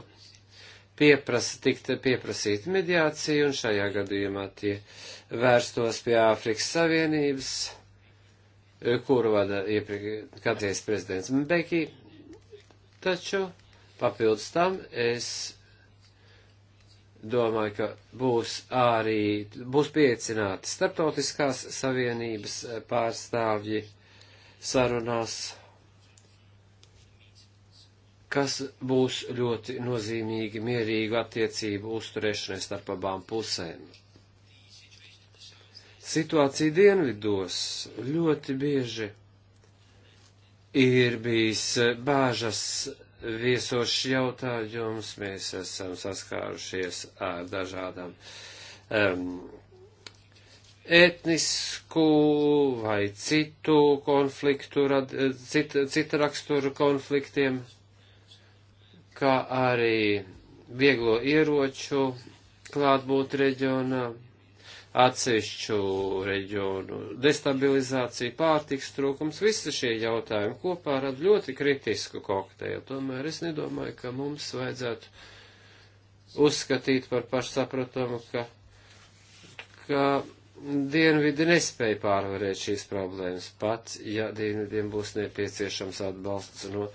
pieprasa, tikt pieprasīt mediāciju, un šajā gadījumā tie vērstos pie Āfrikas Savienības, e, kuru vada iepriekš kādreiz prezidents Mbeki, taču papildus tam es domāju, ka būs arī, būs piecināti starptautiskās savienības e, pārstāvji sarunās, kas būs ļoti nozīmīgi mierīgu attiecību uzturēšanai starp abām pusēm. Situācija dienvidos ļoti bieži ir bijis bāžas viesošs jautājums. Mēs esam saskārušies ar dažādām um, etnisku vai citu konfliktu, cit, cita rakstura konfliktiem, kā arī vieglo ieroču klātbūt reģionā atsevišķu reģionu destabilizācija, pārtiks trūkums, visi šie jautājumi kopā rada ļoti kritisku kokteju. Tomēr es nedomāju, ka mums vajadzētu uzskatīt par pašsaprotamu, ka, ka dienvidi nespēja pārvarēt šīs problēmas pat, ja dienvidiem būs nepieciešams atbalsts no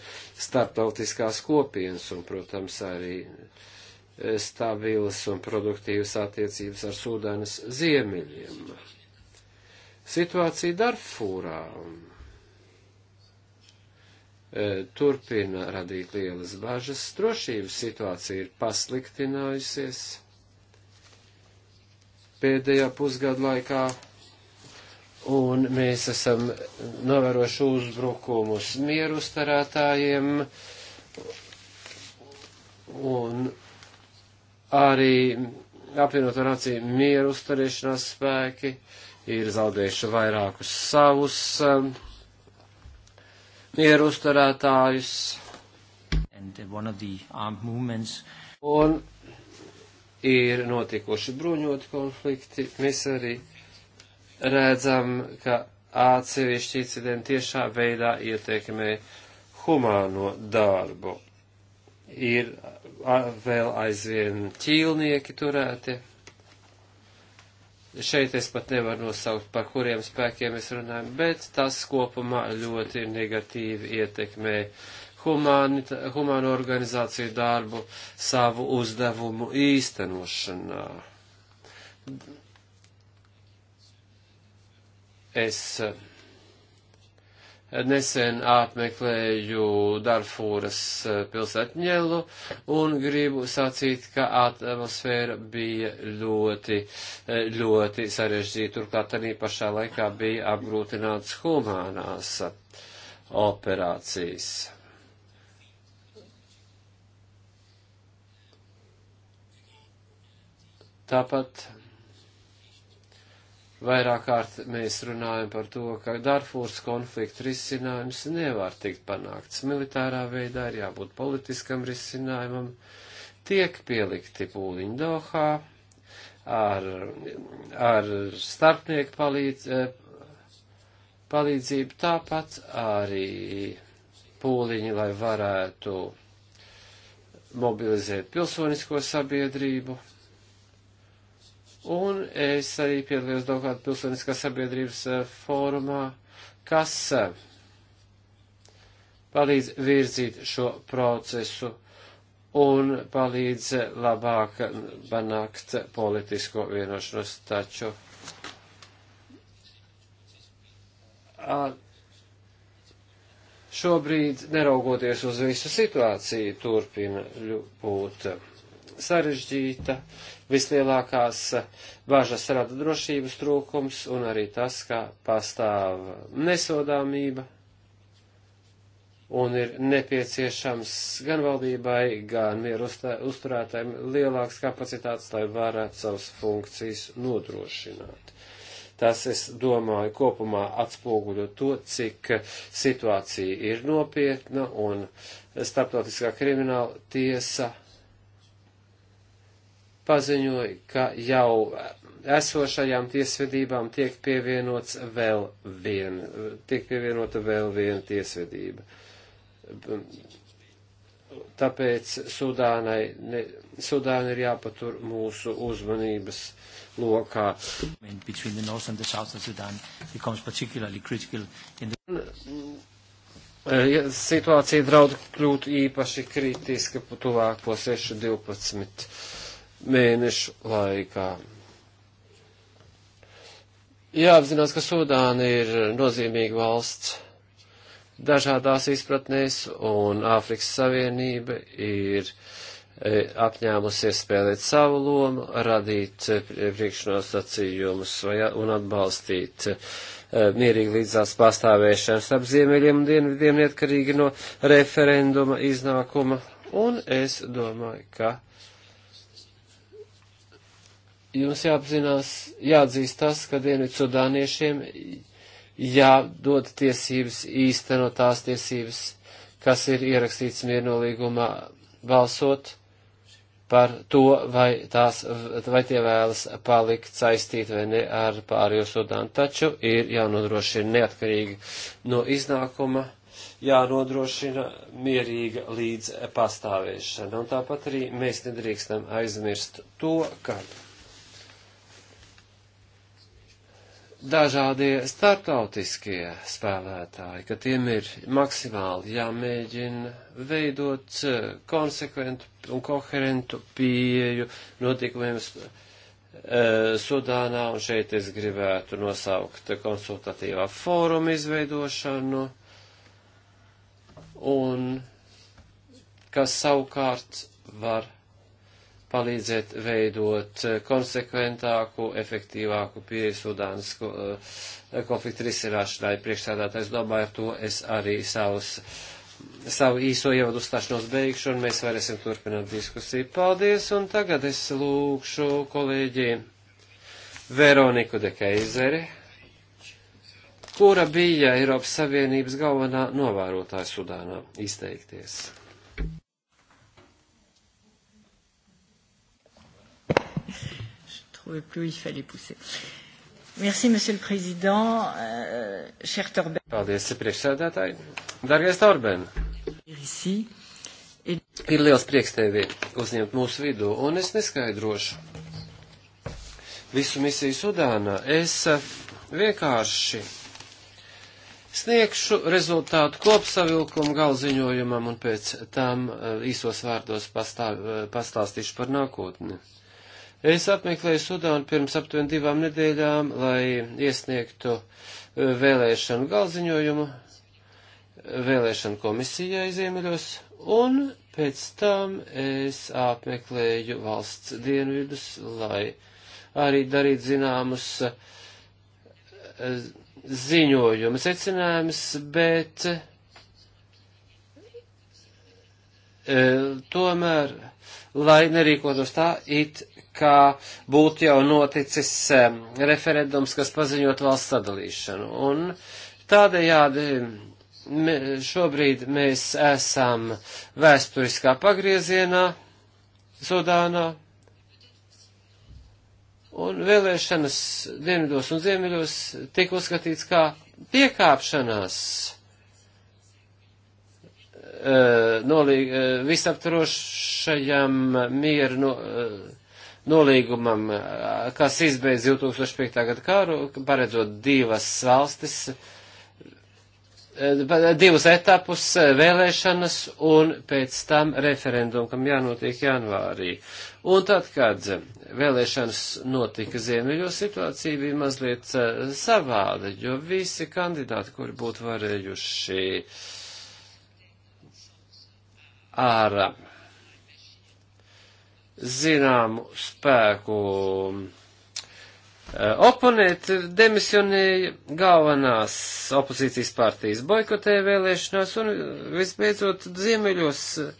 starptautiskās kopienas un, protams, arī stabilas un produktīvas attiecības ar Sūdanas ziemeļiem. Situācija Darfūrā um, e, turpina radīt lielas bažas, drošības situācija ir pasliktinājusies pēdējā pusgada laikā, un mēs esam novēroši uzbrukumus mieru starētājiem, un arī apvienoto nāciju mieru uzturēšanās spēki ir zaudējuši vairākus savus um, mieru uzturētājus. Un ir notikuši bruņoti konflikti. Mēs arī redzam, ka atsevišķi incidenti tiešā veidā ietekmē humāno darbu ir vēl aizvien ķīlnieki turēti. Šeit es pat nevaru nosaukt, par kuriem spēkiem es runāju, bet tas kopumā ļoti negatīvi ietekmē humāni, humāno organizāciju darbu savu uzdevumu īstenošanā. Es nesen apmeklēju Darfūras eh, pilsētņelu un gribu sacīt, ka atmosfēra bija ļoti, eh, ļoti sarežģīta. Turklāt arī pašā laikā bija apgrūtināts humānās operācijas. Tāpat Vairāk kārt mēs runājam par to, ka Darfūras konflikta risinājums nevar tikt panākts militārā veidā, ir jābūt politiskam risinājumam. Tiek pielikti pūliņi Dohā ar, ar starpnieku palīdz, eh, palīdzību, tāpat arī pūliņi, lai varētu mobilizēt pilsonisko sabiedrību Un es arī piedalījos Daugādu pilsoniskās sabiedrības eh, fórumā, kas eh, palīdz virzīt šo procesu un palīdz eh, labāk panākt politisko vienošanos, taču šobrīd, neraugoties uz visu situāciju, turpina būt. Ļu, sarežģīta, vislielākās bažas rada drošības trūkums un arī tas, ka pastāv nesodāmība un ir nepieciešams gan valdībai, gan mieru uzturētājiem lielāks kapacitātes, lai varētu savas funkcijas nodrošināt. Tas, es domāju, kopumā atspoguļo to, cik situācija ir nopietna un starptautiskā krimināla tiesa paziņoja, ka jau esošajām tiesvedībām tiek pievienots vēl viena, tiek pievienota vēl viena tiesvedība. Tāpēc Sudānai, ne, Sudāna ir jāpatur mūsu uzmanības lokā. Eh, ja situācija draud kļūt īpaši kritiska tuvāko 6.12 mēnešu laikā. Jāapzinās, ka Sudāna ir nozīmīga valsts dažādās izpratnēs, un Āfrikas Savienība ir e, apņēmusies spēlēt savu lomu, radīt e, priekšnosacījumus un atbalstīt e, mierīgi līdzās pastāvēšanas ap ziemeļiem un dienvidiem, neatkarīgi no referenduma iznākuma. Un es domāju, ka jums jāapzinās, jāatzīst tas, ka Dienvidsudāniešiem jādod tiesības īstenot tās tiesības, kas ir ierakstīts miernolīgumā balsot par to, vai, tās, vai tie vēlas palikt saistīti vai ne ar pārējo Sudānu. Taču ir jānodrošina neatkarīgi no iznākuma, jānodrošina mierīga līdz pastāvēšana. Un tāpat arī mēs nedrīkstam aizmirst to, ka dažādie startautiskie spēlētāji, ka tiem ir maksimāli jāmēģina veidot eh, konsekventu un koherentu pieeju notikumiem eh, Sudānā, un šeit es gribētu nosaukt konsultatīvā fóruma izveidošanu, un kas savukārt var palīdzēt veidot eh, konsekventāku, efektīvāku pieeju Sudānas eh, konflikta risināšanai. Priekšsēdētājs domāju, ar to es arī savus, savu īso ievadu uzstāšanos beigšu, un mēs varēsim turpināt diskusiju. Paldies, un tagad es lūkšu kolēģi Veroniku de Keizeri, kura bija Eiropas Savienības galvenā novērotāja Sudānā, izteikties. pouvait plus, il fallait pousser. Merci, Monsieur le Président, euh, cher Torben. Paldies, priekšsēdētāji. Dargais Torben. Ir liels prieks tevi uzņemt mūsu vidū, un es neskaidrošu visu misiju Sudānā. Es eh, vienkārši sniegšu rezultātu kopsavilkumu galziņojumam un pēc tam eh, īsos vārdos pastāv, eh, pastāstīšu par nākotni. Es apmeklēju Sudānu pirms aptuveni divām nedēļām, lai iesniegtu e, vēlēšanu galziņojumu vēlēšanu komisijai Ziemeļos, un pēc tam es apmeklēju valsts dienvidus, lai arī darītu zināmus e, ziņojumus, secinājumus, bet e, tomēr, lai nerīkotos tā, it kā būtu jau noticis referendums, kas paziņot valsts sadalīšanu. Un tādējādi šobrīd mēs esam vēsturiskā pagriezienā Sudānā. Un vēlēšanas dienvidos un ziemeļos tika uzskatīts kā piekāpšanās eh, nolīg, eh, visaptrošajam mieru no, eh, nolīgumam, eh, kas izbeidz 2005. gada kāru, paredzot divas valstis, eh, divus etapus eh, vēlēšanas un pēc tam referendumu, kam jānotiek janvārī. Un tad, kad vēlēšanas notika Ziemeļos, situācija bija mazliet savāda, jo visi kandidāti, kuri būtu varējuši ar zināmu spēku eh, Oponēt demisionēja galvenās opozīcijas partijas boikotēja vēlēšanās un eh, visbeidzot ziemeļos eh,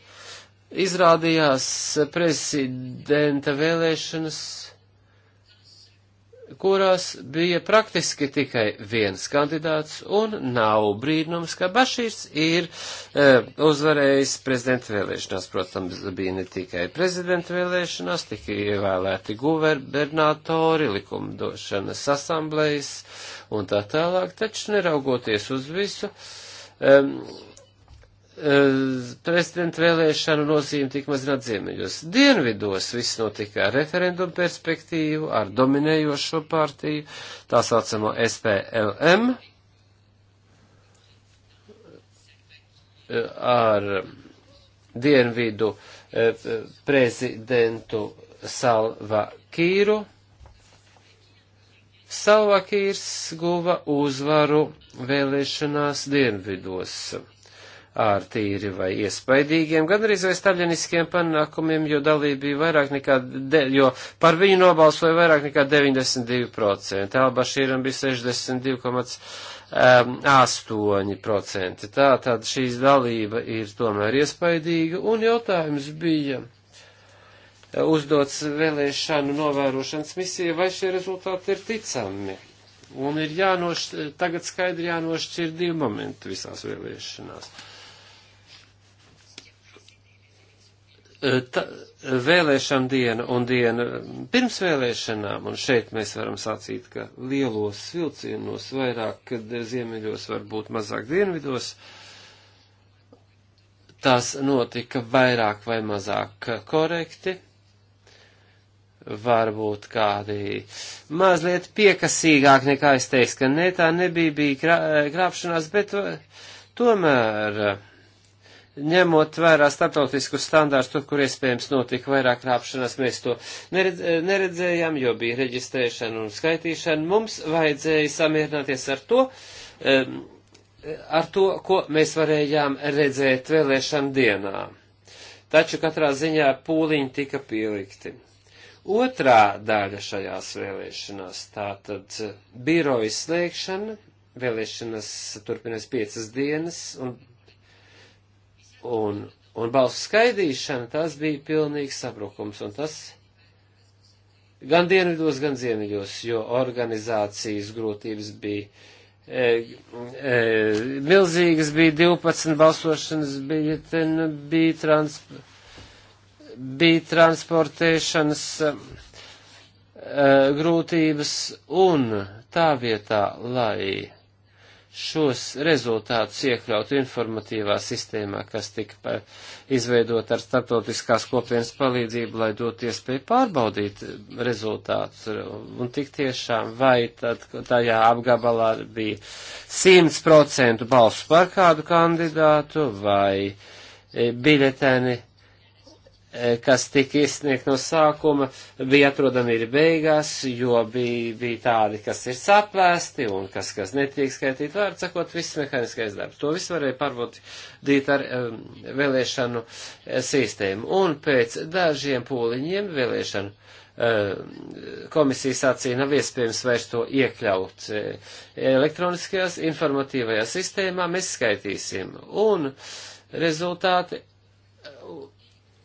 izrādījās prezidenta vēlēšanas kurās bija praktiski tikai viens kandidāts, un nav brīnums, ka Bašīrs ir e, uzvarējis prezidenta vēlēšanās. Protams, bija ne tikai prezidenta vēlēšanās, tika ievēlēti guvernatori, likumdošanas asamblejas un tā tālāk, taču neraugoties uz visu. E, Eh, prezidenta vēlēšanu nozīme tika mazināt ziemeļos. Dienvidos viss notika ar referendumu perspektīvu, ar dominējošo partiju, tā saucamo SPLM, eh, ar dienvidu eh, prezidentu Salva Kīru. Salva Kīrs guva uzvaru vēlēšanās dienvidos ar tīri vai iespaidīgiem, gan arī vai staļiniskiem panākumiem, jo dalība bija vairāk nekā, de, jo par viņu nobalsoja vairāk nekā 92%, Albašīram bija 62,8%. Tā tad šīs dalība ir tomēr iespaidīga, un jautājums bija eh, uzdots vēlēšanu novērošanas misija, vai šie rezultāti ir ticami. Un ir jānošķir, tagad skaidri jānošķir divi momenti visās vēlēšanās. Uh, Eh, ta, vēlēšana diena un diena pirms vēlēšanām, un šeit mēs varam sacīt, ka lielos vilcienos vairāk, kad ziemeļos varbūt mazāk dienvidos, tas notika vairāk vai mazāk korekti, varbūt kādi mazliet piekasīgāk nekā es teicu, ka ne tā nebija bija krā, eh, krāpšanās, bet eh, tomēr ņemot vērā starptautiskus standārtus, tur, kur iespējams notika vairāk krāpšanas, mēs to neredz, neredzējām, jo bija reģistrēšana un skaitīšana. Mums vajadzēja samierināties ar to, ar to, ko mēs varējām redzēt vēlēšana dienā. Taču katrā ziņā pūliņi tika pielikti. Otrā daļa šajās vēlēšanās, tātad birojas slēgšana, vēlēšanas turpinās piecas dienas, un Un, un balsu skaidīšana, tas bija pilnīgs sabrukums, un tas gan dienvidos, gan ziemeļos, jo organizācijas grūtības bija e, e, milzīgas, bija 12 balsošanas biļeteni, nu, bija, trans, bija transportēšanas e, grūtības, un tā vietā, lai šos rezultātus iekļaut informatīvā sistēmā, kas tika izveidot ar starptautiskās kopienas palīdzību, lai dot iespēju pārbaudīt rezultātus. Un tik tiešām, vai tad, tajā apgabalā bija 100% balsu par kādu kandidātu, vai biļetēni E, kas tika izsniegt no sākuma, bija atrodami ir beigās, jo bija, bija tādi, kas ir saplēsti un kas, kas netiek skaitīt vārdu, sakot, viss mehāniskais darbs. To visu varēja pārbaudīt ar um, vēlēšanu e, sistēmu. Un pēc dažiem pūliņiem vēlēšanu um, komisija sacīja, nav iespējams vairs to iekļaut elektroniskajās informatīvajā sistēmā, mēs skaitīsim. Un rezultāti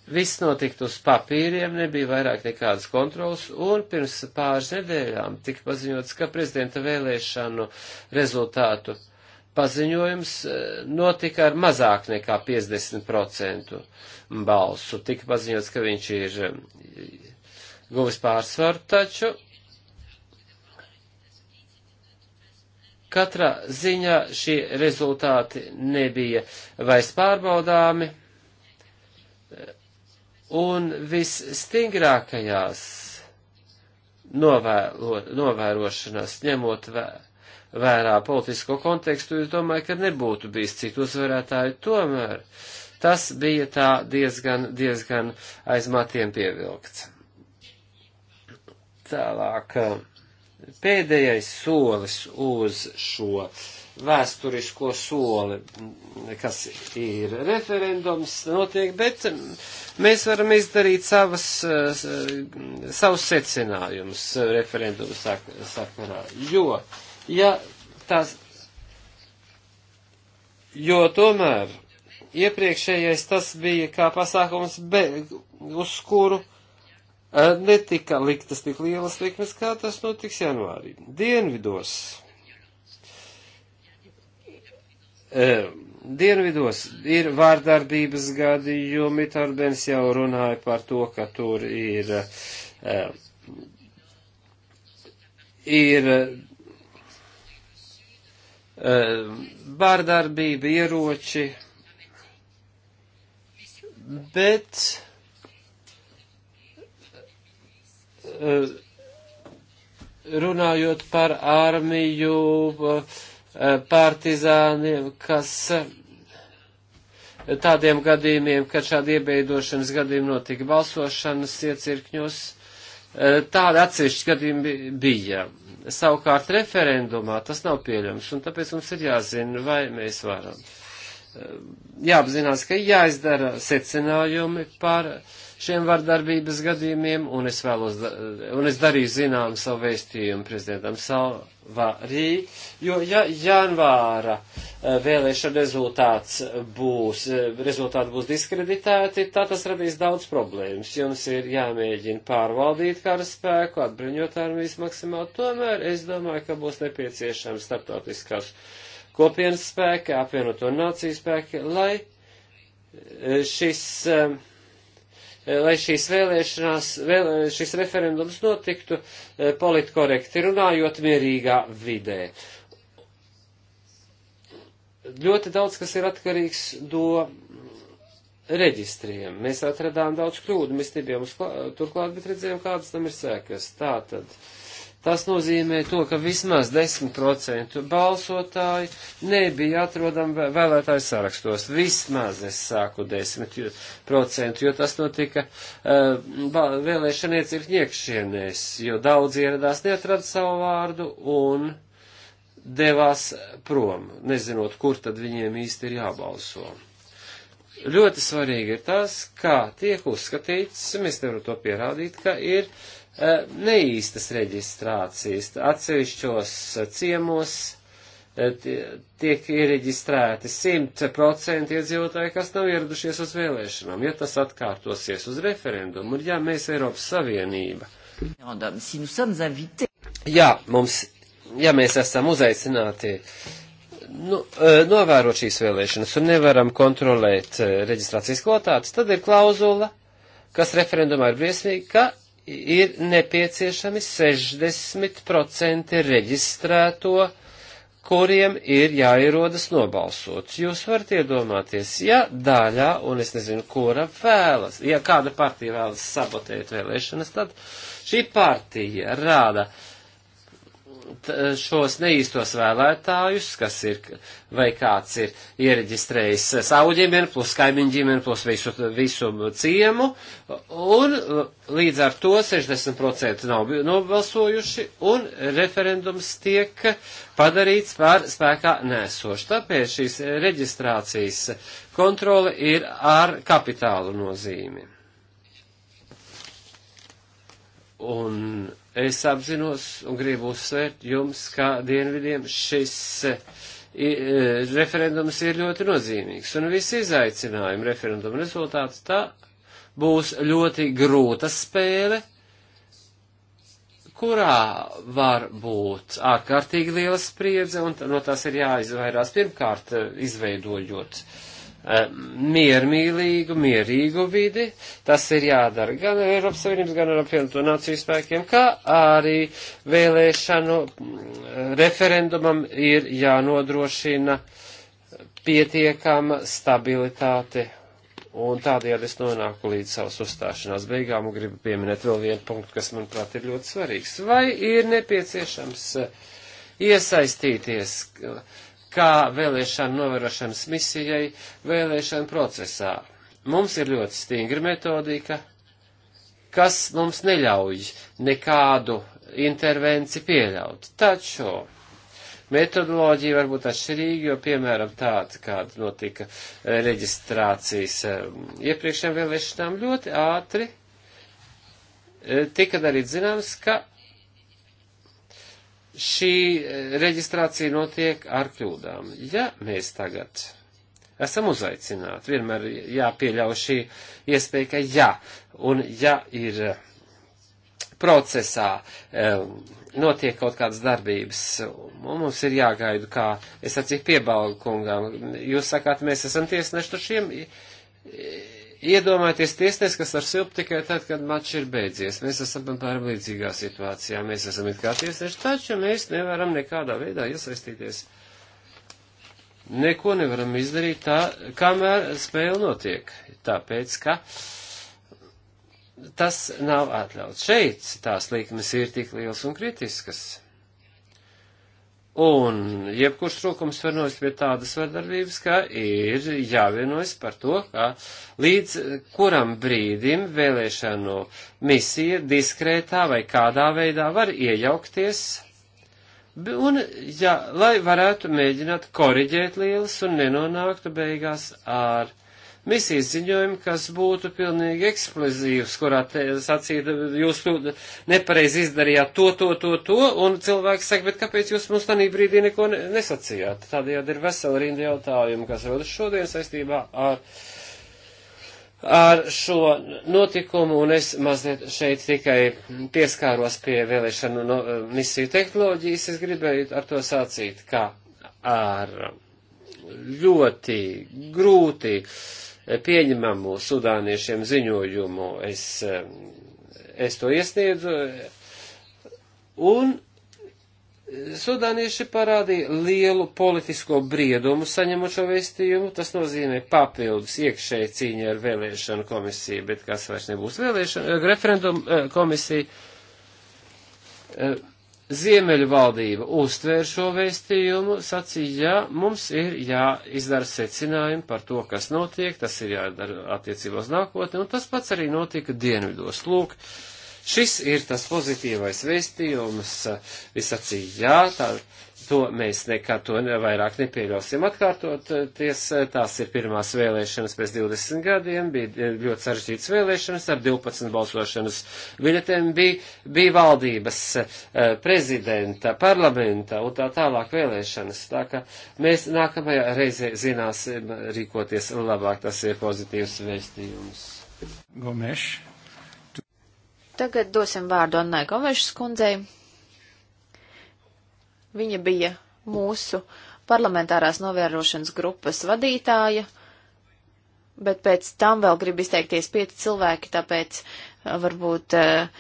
Viss notika uz papīriem, nebija vairāk nekādas kontrolas, un pirms pāris nedēļām tika paziņots, ka prezidenta vēlēšanu rezultātu paziņojums eh, notika ar mazāk nekā 50% balsu. Tika paziņots, ka viņš ir eh, guvis pārsvaru, taču katrā ziņā šie rezultāti nebija vairs pārbaudāmi. Un visstingrākajās novēlo, novērošanās, ņemot vē, vērā politisko kontekstu, es domāju, ka nebūtu bijis citu uzvarētāju tomēr. Tas bija tā diezgan, diezgan aiz matiem pievilkts. Tālāk, pēdējais solis uz šo uh, vēsturisko soli, kas ir referendums, notiek, bet mēs varam izdarīt savas, savus secinājumus referendumu sak sakarā. Jo, ja tās, jo tomēr iepriekšējais tas bija kā pasākums, be, uz kuru eh, netika liktas tik lielas likmes, kā tas notiks janvārī. Dienvidos Ehm, dienvidos ir vārdarbības gadījumi, Tarbens jau runāja par to, ka tur ir, ehm, ir ehm, vārdarbība, ieroči, bet runājot par armiju, Eh, partizāniem, kas eh, tādiem gadījumiem, kad šādi iebeidošanas gadījumi notika balsošanas iecirkņos, eh, tādi atsevišķi gadījumi bija. Savukārt referendumā tas nav pieļams, un tāpēc mums ir jāzina, vai mēs varam. Jāapzinās, ka jāizdara secinājumi par uh, šiem vardarbības gadījumiem, un es, vēlos, un es darīju zinām savu vēstījumu prezidentam Salvarī, jo ja janvāra eh, vēlēšana rezultāts būs, eh, rezultāti būs diskreditēti, tā tas radīs daudz problēmas. Jums ir jāmēģina pārvaldīt kara spēku, atbruņot armijas maksimāli, tomēr es domāju, ka būs nepieciešams starptautiskās kopienas spēki, apvienoto nāciju spēki, lai eh, šis uh, Eh, lai šīs vēlēšanās, vēl, šis referendums notiktu eh, politkorekti runājot mierīgā vidē. Ļoti daudz, kas ir atkarīgs no reģistriem. Mēs atradām daudz kļūdu, mēs nebijām turklāt, bet redzējām, kādas tam ir sēkas. Tā tad. Uh, Tas nozīmē to, ka vismaz 10% balsotāji nebija atrodami vēlētāju sarakstos. Vismaz es sāku 10%, jo tas notika uh, vēlēšana iecirkņiekšienēs, jo daudz ieradās neatrada savu vārdu un devās prom, nezinot, kur tad viņiem īsti ir jābalso. Ļoti svarīgi ir tas, kā tiek uzskatīts, mēs nevaram to pierādīt, ka ir uh, Eh, neīstas reģistrācijas. Atsevišķos eh, ciemos eh, tiek iereģistrēti 100% iedzīvotāji, kas nav ieradušies uz vēlēšanām, ja tas atkārtosies uz referendumu, un ja mēs Eiropas Savienība. Jā, mums, ja mēs esam uzaicināti nu, novērot šīs vēlēšanas un nevaram kontrolēt reģistrācijas kvotātus, tad ir klauzula, kas referendumā ir briesmīga, ka ir nepieciešami 60% reģistrēto, kuriem ir jāierodas nobalsot. Jūs varat iedomāties, ja daļā, un es nezinu, kura vēlas, ja kāda partija vēlas sabotēt vēlēšanas, tad šī partija rāda uh, šos neīstos vēlētājus, kas ir, vai kāds ir iereģistrējis savu ģimeni, plus kaimiņu ģimeni, plus visu, visu ciemu, un līdz ar to 60% nav nobalsojuši, un referendums tiek padarīts par spēkā nēsošu. Tāpēc šīs reģistrācijas kontrole ir ar kapitālu nozīmi. Un Es apzinos un gribu uzsvērt jums, kā dienvidiem šis e, referendums ir ļoti nozīmīgs, un visi izaicinājumi referenduma rezultāts tā būs ļoti grūta spēle, kurā var būt ārkārtīgi liela spriedze, un no tās ir jāizvairās pirmkārt e, izveidojot uh, Eh, miermīlīgu, mierīgu vidi. Tas ir jādara gan Eiropas Savienības, gan ar apvienoto nāciju spēkiem, kā arī vēlēšanu mm, referendumam ir jānodrošina pietiekama stabilitāte. Un tādējādi es nonāku līdz savas uzstāšanās beigām un gribu pieminēt vēl vienu punktu, kas, manuprāt, ir ļoti svarīgs. Vai ir nepieciešams eh, iesaistīties? Uh, kā vēlēšana novērošanas misijai vēlēšana procesā. Mums ir ļoti stingra metodika, kas mums neļauj nekādu intervenci pieļaut. Taču metodoloģija var būt atšķirīga, jo, piemēram, tāda, kāda notika e, reģistrācijas e, iepriekšējām vēlēšanām, ļoti ātri e, tika darīt zināms, ka šī eh, reģistrācija notiek ar kļūdām. Ja mēs tagad esam uzaicināti, vienmēr jāpieļauj šī iespēja, ka jā, un ja ir eh, procesā eh, notiek kaut kādas darbības, un mums ir jāgaida, kā es acīk piebalgu kungām, jūs sakāt, mēs esam tiesneši, tur šiem Iedomājieties tiesnes, kas ar silpu tikai tad, kad mačs ir beidzies. Mēs esam apmēram līdzīgā situācijā. Mēs esam it kā tiesneši, taču mēs nevaram nekādā veidā iesaistīties. Neko nevaram izdarīt tā, kamēr spēle notiek. Tāpēc, ka tas nav atļauts. Šeit tās likmes ir tik liels un kritiskas. Un jebkurš trūkums var novest pie tādas vardarbības, ka ir jāvienojas par to, ka līdz kuram brīdim vēlēšanu misija diskrētā vai kādā veidā var iejaukties, un ja, lai varētu mēģināt koriģēt lielas un nenonāktu beigās ar misijas ziņojumu, kas būtu pilnīgi eksplozīvs, kurā sacīja, jūs nepareiz izdarījāt to, to, to, to, un cilvēks saka, bet kāpēc jūs mums tanī brīdī neko nesacījāt? Tādējādi ir vesela rinda jautājumu, kas rodas šodien saistībā ar ar šo notikumu, un es mazliet šeit tikai pieskāros pie vēlēšanu no, misiju tehnoloģijas, es gribēju ar to sacīt, ka ar ļoti grūti pieņemamu sudāniešiem ziņojumu. Es, es to iesniedzu, un sudānieši parādīja lielu politisko briedumu saņemot šo vēstījumu. Tas nozīmē papildus iekšēji cīņa ar vēlēšanu komisiju, bet kas vairs nebūs vēlēšana, referendum eh, komisija eh, Ziemeļu valdība uztvēr šo vēstījumu, sacīja, jā, mums ir jāizdara secinājumi par to, kas notiek, tas ir jādara attiecībā uz nākotni, un tas pats arī notika dienvidos. Lūk, šis ir tas pozitīvais vēstījums, visacīja, jā, tā, to mēs nekad to vairāk nepieļausim atkārtoties. Eh, eh, tās ir pirmās vēlēšanas pēc 20 gadiem, bija eh, ļoti sarežģītas vēlēšanas, ar 12 balsošanas biļetēm bija, bija valdības, prezidenta, parlamenta un tā tālāk vēlēšanas. Tā ka mēs nākamajā reizē zināsim rīkoties labāk, tas ir pozitīvs vēstījums. Gomeš. Tu... Tagad dosim vārdu Annai Gomešas kundzei. Viņa bija mūsu parlamentārās novērošanas grupas vadītāja, bet pēc tam vēl grib izteikties pieci cilvēki, tāpēc uh, varbūt uh,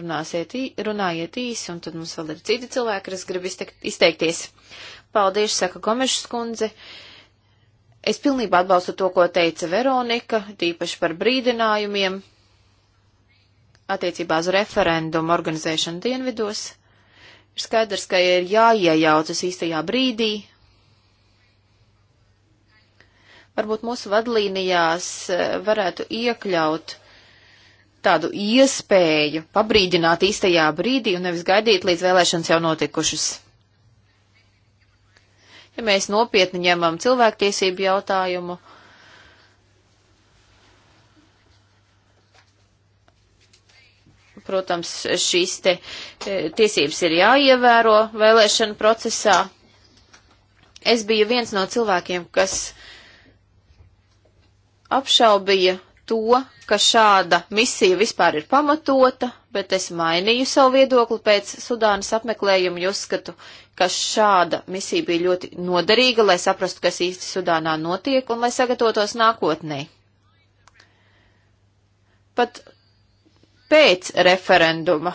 runāsiet, runājiet īsi, un tad mums vēl ir citi cilvēki, kas grib izteikties. Paldies, saka Gomešs kundze. Es pilnībā atbalstu to, ko teica Veronika, tīpaši par brīdinājumiem attiecībā uz referendumu organizēšanu dienvidos, ir skaidrs, ka ir jāiejaucas īstajā brīdī. Varbūt mūsu vadlīnijās eh, varētu iekļaut tādu iespēju pabrīdināt īstajā brīdī un nevis gaidīt līdz vēlēšanas jau notikušas. Ja mēs nopietni ņemam cilvēktiesību jautājumu, Protams, šīs te e, tiesības ir jāievēro vēlēšanu procesā. Es biju viens no cilvēkiem, kas apšaubīja to, ka šāda misija vispār ir pamatota, bet es mainīju savu viedokli pēc Sudānas apmeklējuma, jo uzskatu, ka šāda misija bija ļoti noderīga, lai saprastu, kas īsti Sudānā notiek un lai sagatavotos nākotnē. Pat pēc referenduma.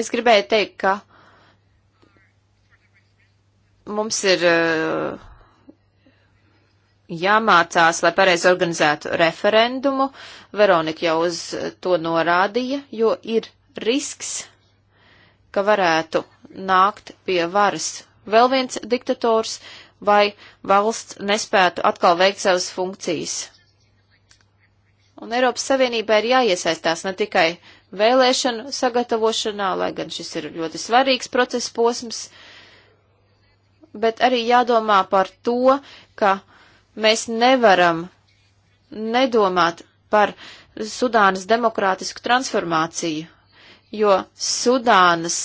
Es gribēju teikt, ka mums ir uh, jāmācās, lai pareizi organizētu referendumu. Veronika jau uz to norādīja, jo ir risks, ka varētu nākt pie varas vēl viens diktators vai valsts nespētu atkal veikt savas funkcijas. Un Eiropas Savienībai ir jāiesaistās ne tikai vēlēšanu sagatavošanā, lai gan šis ir ļoti svarīgs procesa posms, bet arī jādomā par to, ka mēs nevaram nedomāt par Sudānas demokrātisku transformāciju, jo Sudānas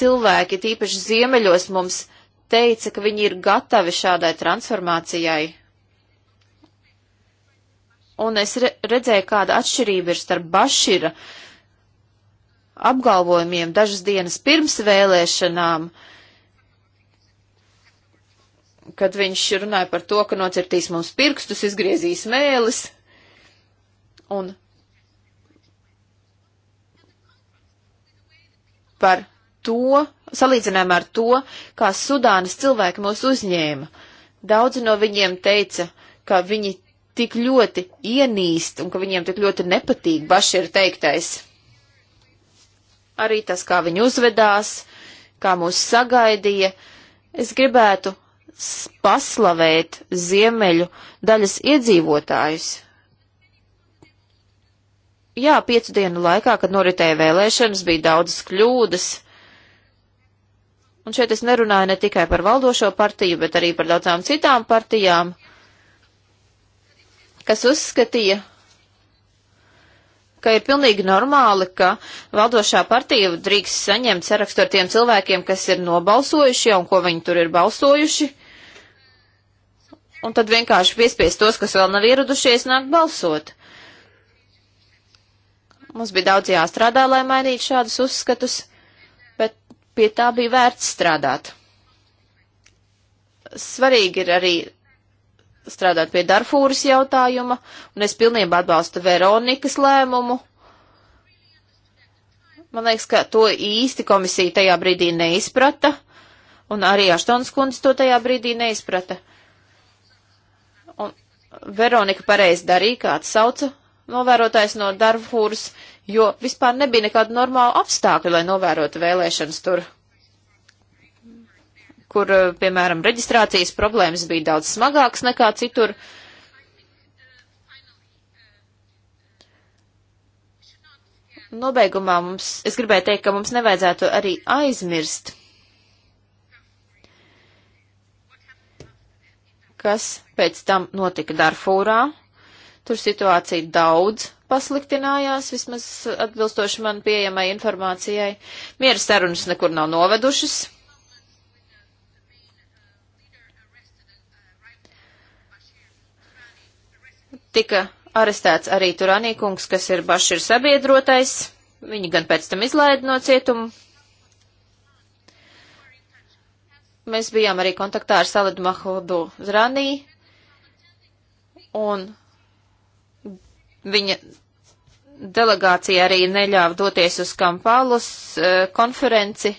cilvēki, tīpaši ziemeļos, mums teica, ka viņi ir gatavi šādai transformācijai un es re redzēju, kāda atšķirība ir starp Bašira apgalvojumiem dažas dienas pirms vēlēšanām, kad viņš runāja par to, ka nocirtīs mums pirkstus, izgriezīs mēlis, un par to, salīdzinājumā ar to, kā Sudānas cilvēki mūs uzņēma. Daudzi no viņiem teica, ka viņi tik ļoti ienīst un ka viņiem tik ļoti nepatīk Bašir teiktais. Arī tas, kā viņi uzvedās, kā mūs sagaidīja, es gribētu paslavēt ziemeļu daļas iedzīvotājus. Jā, piecu dienu laikā, kad noritēja vēlēšanas, bija daudzas kļūdas. Un šeit es nerunāju ne tikai par valdošo partiju, bet arī par daudzām citām partijām kas uzskatīja, ka ir pilnīgi normāli, ka valdošā partija drīkst saņemt sarakstu ar tiem cilvēkiem, kas ir nobalsojušie un ko viņi tur ir balsojuši. Un tad vienkārši piespiest tos, kas vēl nav ieradušies, nākt balsot. Mums bija daudz jāstrādā, lai mainītu šādus uzskatus, bet pie tā bija vērts strādāt. Svarīgi ir arī strādāt pie Darfūras jautājuma, un es pilnībā atbalstu Veronikas lēmumu. Man liekas, ka to īsti komisija tajā brīdī neizprata, un arī Aštons kundze to tajā brīdī neizprata. Un Veronika pareizi darīja, kā atsauca novērotājs no Darfūras, jo vispār nebija nekāda normāla apstākļa, lai novērotu vēlēšanas tur kur, eh, piemēram, reģistrācijas problēmas bija daudz smagākas nekā citur. Nobeigumā mums, es gribēju teikt, ka mums nevajadzētu arī aizmirst, kas pēc tam notika Darfūrā. Tur situācija daudz pasliktinājās, vismaz atbilstoši man pieejamai informācijai. Miera sarunas nekur nav novedušas. Tika arestēts arī Turanīkungs, kas ir Bašir sabiedrotais. Viņi gan pēc tam izlaida no cietuma. Mēs bijām arī kontaktā ar Salidu Mahudu Zranī, un viņa delegācija arī neļāva doties uz Kampalus e, eh, konferenci.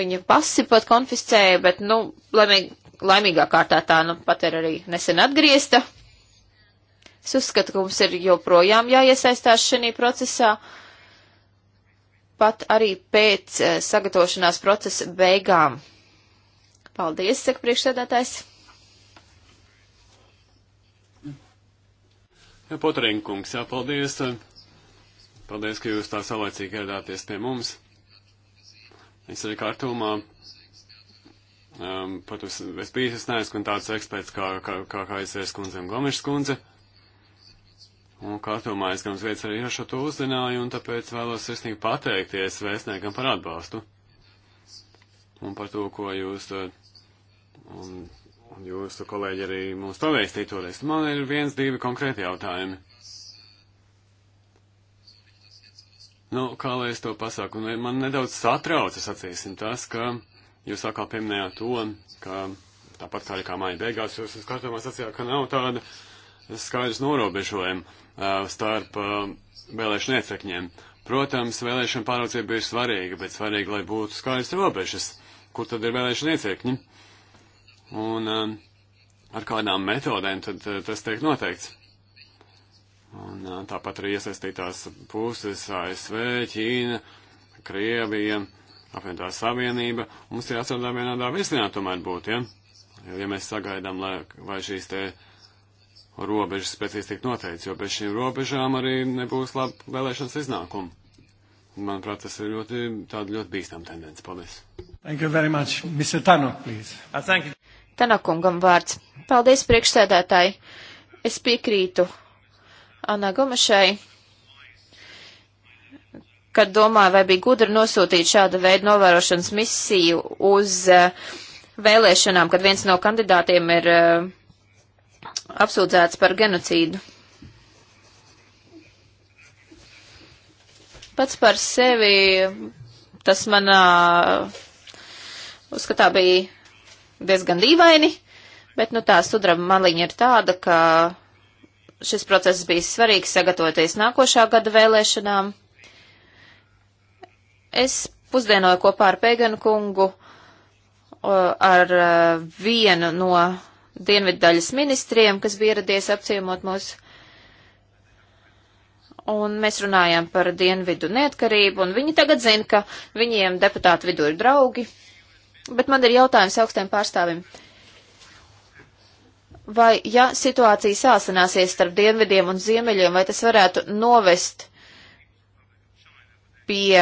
Viņa pasi pat konfiscēja, bet, nu, laimīgā kārtā tā, nu, pat ir arī nesen atgriezta. Es uzskatu, ka mums ir joprojām jāiesaistās šajā procesā, pat arī pēc eh, sagatavošanās procesa beigām. Paldies, saka priekšsēdētājs. Jā, Potrēnkungs, jā, paldies. Paldies, ka jūs tā saulēcīgi ieradāties pie mums. Es arī kārtumā um, pat uz, es biju, es neesmu tāds eksperts kā, kā, kā, kā es esmu kundzem Gomešs kundze. Un kārtumā es gan uzveicu arī ar šo to uzzināju, un tāpēc vēlos sirsnīgi pateikties vēstniekam par atbalstu. Un par to, ko jūs eh, un, un jūsu kolēģi arī mums pavēstīja toreiz. Man ir viens, divi konkrēti jautājumi. Nu, kā lai es to pasaku, un nu, man nedaudz satrauca, sacīsim, tas, ka jūs atkal pieminējāt to, ka tāpat kā arī kā māja beigās, jūs uz kārtumā sacījāt, ka nav tāda skaidrs norobežojuma. Uh, starp uh, vēlēšanu efekņiem. Protams, vēlēšana pāraudzība ir svarīga, bet svarīgi, lai būtu skaidrs robežas, kur tad ir vēlēšana efekņi un uh, ar kādām metodēm tad tas tiek noteikts. Un tāpat arī iesaistītās puses ASV, Ķīna, Krievija, apvienotā savienība. Mums ir jāstrādā vienādā virzienā tomēr būt, ja? Jo, ja mēs sagaidām, lai, vai šīs te uh, robežas precīzi tiek noteikts, jo bez šīm robežām arī nebūs labi vēlēšanas iznākumi. Manuprāt, tas ir ļoti, tāda ļoti bīstama tendence. Paldies. Thank you very much. Mr. Tano, please. Uh, thank you. Tanakungam vārds. Paldies, priekšsēdētāji. Es piekrītu Anā Gomešai, kad domāju, vai bija gudri nosūtīt šāda veida novērošanas misiju uz uh, vēlēšanām, kad viens no kandidātiem ir uh, apsūdzēts par genocīdu. Pats par sevi tas manā uzskatā bija diezgan dīvaini, bet nu tā sudraba maliņa ir tāda, ka šis process bija svarīgs sagatavoties nākošā gada vēlēšanām. Es pusdienoju kopā ar Pēganu kungu ar vienu no dienviddaļas ministriem, kas bija ieradies apciemot mūs. Un mēs runājām par dienvidu neatkarību, un viņi tagad zina, ka viņiem deputāti vidū ir draugi. Bet man ir jautājums augstiem pārstāvim. Vai, ja situācija sāsināsies starp dienvidiem un ziemeļiem, vai tas varētu novest pie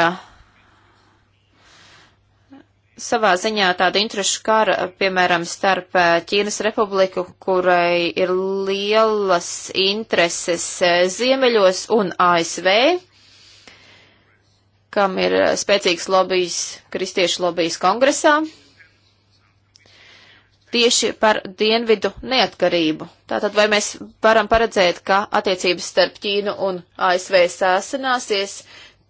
savā ziņā tāda interešu kara, piemēram, starp eh, Ķīnas republiku, kurai ir lielas intereses eh, ziemeļos un ASV, kam ir eh, spēcīgs lobijs, kristiešu lobijs kongresā, tieši par dienvidu neatkarību. Tātad vai mēs varam paredzēt, ka attiecības starp Ķīnu un ASV sāsināsies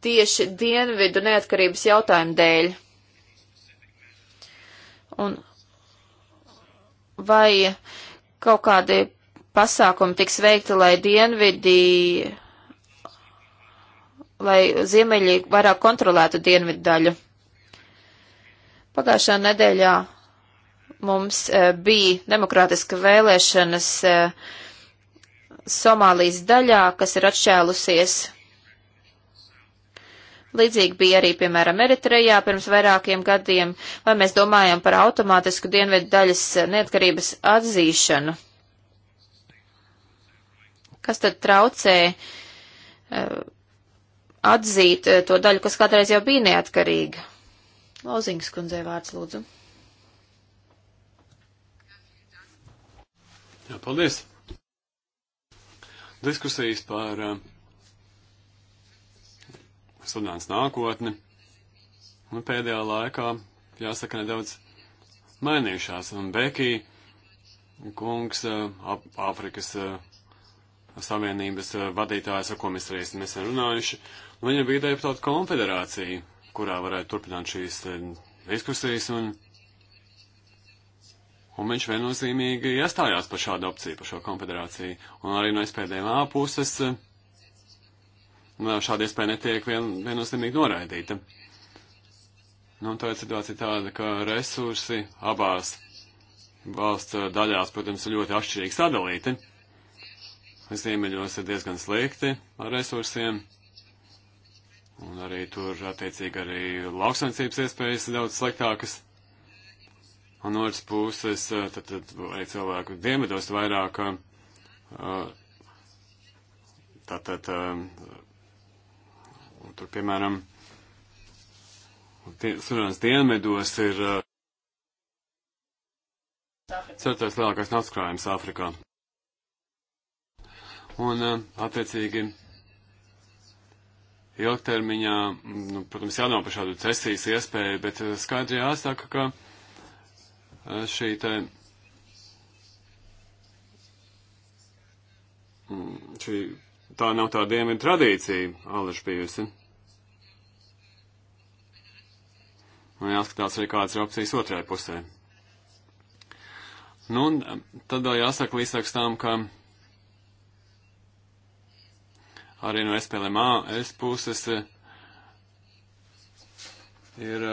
tieši dienvidu neatkarības jautājumu dēļ? Un vai kaut kādi pasākumi tiks veikti, lai dienvidī, lai ziemeļi vairāk kontrolētu dienvidu daļu? Pagājušā nedēļā mums e, bija demokrātiska vēlēšanas e, Somālijas daļā, kas ir atšķēlusies Līdzīgi bija arī, piemēram, Eritrejā pirms vairākiem gadiem, vai mēs domājam par automātisku dienvedu daļas neatkarības atzīšanu. Kas tad traucē uh, atzīt uh, to daļu, kas kādreiz jau bija neatkarīga? Loziņas kundzei vārds lūdzu. Jā, paldies! Diskusijas par uh, Sudānas nākotni. Un pēdējā laikā, jāsaka, nedaudz mainījušās. Un Bekī kungs, Āfrikas Savienības vadītājs, ar ko mēs arī esam runājuši, un viņam bija deputāta konfederācija, kurā varētu turpināt šīs diskusijas, un, un viņš viennozīmīgi iestājās par šādu opciju, par šo konfederāciju, un arī no SPDMA puses. Uh, šāda iespēja netiek vien, viennozīmīgi noraidīta. Nu, tā ir situācija tāda, ka resursi abās valsts daļās, protams, ir ļoti atšķirīgi sadalīti. Ziemeļos ir diezgan slikti ar resursiem, un arī tur, attiecīgi, arī lauksaimniecības iespējas ir daudz sliktākas. Un no otras puses, tad, tad arī cilvēku dienvidos vairāk tātad Tur, piemēram, dien, Sudānas dienmedos ir uh, ceturtais lielākais naftas krājums Āfrikā. Un, uh, attiecīgi, ilgtermiņā, nu, protams, jādomā par šādu cesijas iespēju, bet uh, skaidri jāsaka, ka uh, šī te, mm, šī, tā nav tā dienvidu tradīcija, Alaž bijusi. Un jāskatās arī kādas ir opcijas otrajā pusē. Nu, un tad vēl jāsaka līdzsaks tam, ka arī no SPLMA es puses eh, ir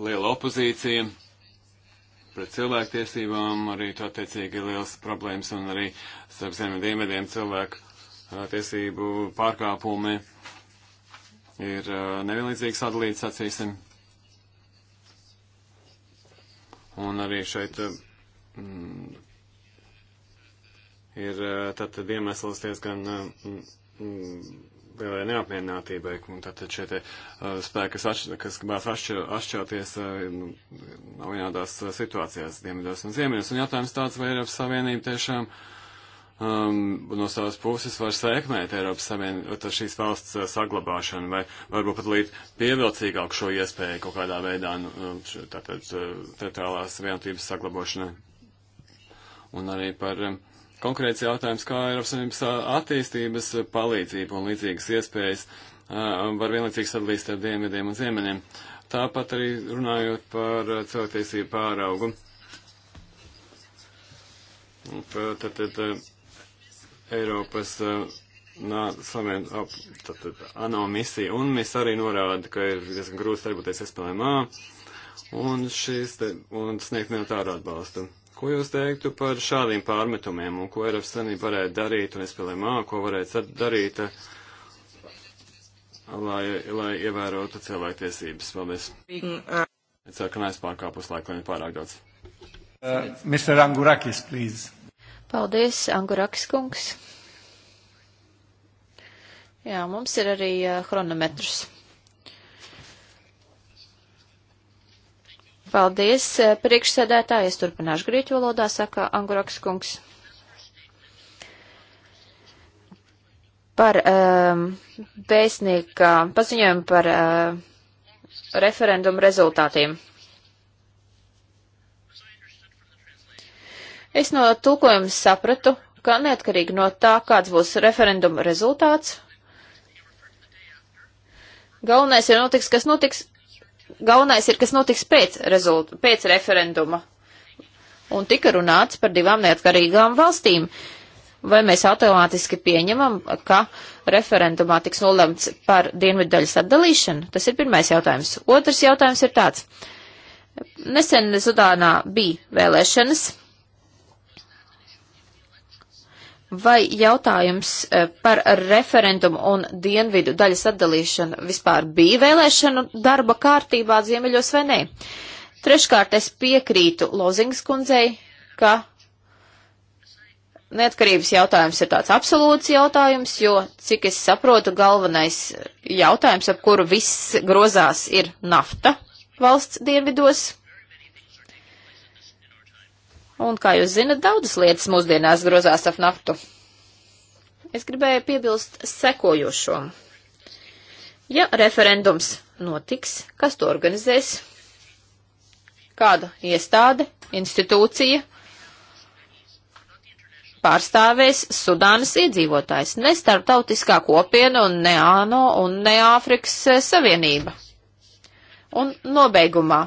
liela opozīcija pret cilvēktiesībām, arī to attiecīgi liels problēmas un arī starp zemi dienvediem cilvēku eh, tiesību pārkāpumi ir eh, nevienlīdzīgi sadalīts, sacīsim. Un arī šeit eh, mm, ir eh, tātad iemesls diezgan eh, mm, mm, lielai neapmierinātībai, un tātad šie te uh, spēki, kas, atš, kas gribās atšķir, atšķirties, uh, nav vienādās situācijās, dienvidos un ziemeļos. Un jautājums tāds, vai Eiropas Savienība tiešām uh, um, no savas puses var sekmēt Eiropas Savienības šīs valsts uh, saglabāšanu, vai varbūt pat līdz pievilcīgāk šo iespēju kaut kādā veidā, nu, um, tātad uh, teritoriālās vienotības saglabošanai. Un arī par um, konkrēts jautājums, kā Eiropas Savienības uh, attīstības palīdzība un līdzīgas iespējas uh, var vienlaicīgi sadalīt starp dienvidiem un ziemeņiem. Tāpat arī runājot par cilvēktiesību pāraugu. Tad, tad, tad Eiropas nā, savien, ap, tātad, ANO misija, un mēs arī norāda, ka ir diezgan grūti darboties SPLMA, un šīs, te, un sniegt militāru atbalstu. Ko jūs teiktu par šādiem pārmetumiem, un ko Eiropas Savienība varētu darīt, un SPLMA, ko varētu darīt, lai, lai ievērotu cilvēktiesības? Paldies. Es ceru, ka neesmu pārkāpus laiku, lai pārāk daudz. Uh, Mr. Angurakis, please. Paldies, Angurakis kungs. Jā, mums ir arī chronometrs. Paldies, priekšsēdētāji. Es turpināšu grieķu valodā, saka Anguraks kungs. Par um, pēcnieka paziņojumu par uh, referendumu rezultātiem. Es no tulkojuma sapratu, ka neatkarīgi no tā, kāds būs referenduma rezultāts, galvenais ir notiks, kas notiks, galvenais ir, kas notiks pēc, rezult, pēc referenduma. Un tika runāts par divām neatkarīgām valstīm. Vai mēs automātiski pieņemam, ka referendumā tiks nolemts par dienvidaļas atdalīšanu? Tas ir pirmais jautājums. Otrs jautājums ir tāds. Nesen Sudānā bija vēlēšanas Vai jautājums e, par referendumu un dienvidu daļas atdalīšanu vispār bija vēlēšanu darba kārtībā ziemeļos vai nē? Treškārt, es piekrītu Lozings kundzei, ka neatkarības jautājums ir tāds absolūts jautājums, jo, cik es saprotu, galvenais jautājums, ap kuru viss grozās, ir nafta valsts dienvidos. Un, kā jūs zinat, daudzas lietas mūsdienās grozās ap naktu. Es gribēju piebilst sekojošo. Ja referendums notiks, kas to organizēs? Kāda iestāde, institūcija pārstāvēs Sudānas iedzīvotājs, ne starptautiskā kopiena un ne ANO un ne Āfrikas eh, Savienība? Un nobeigumā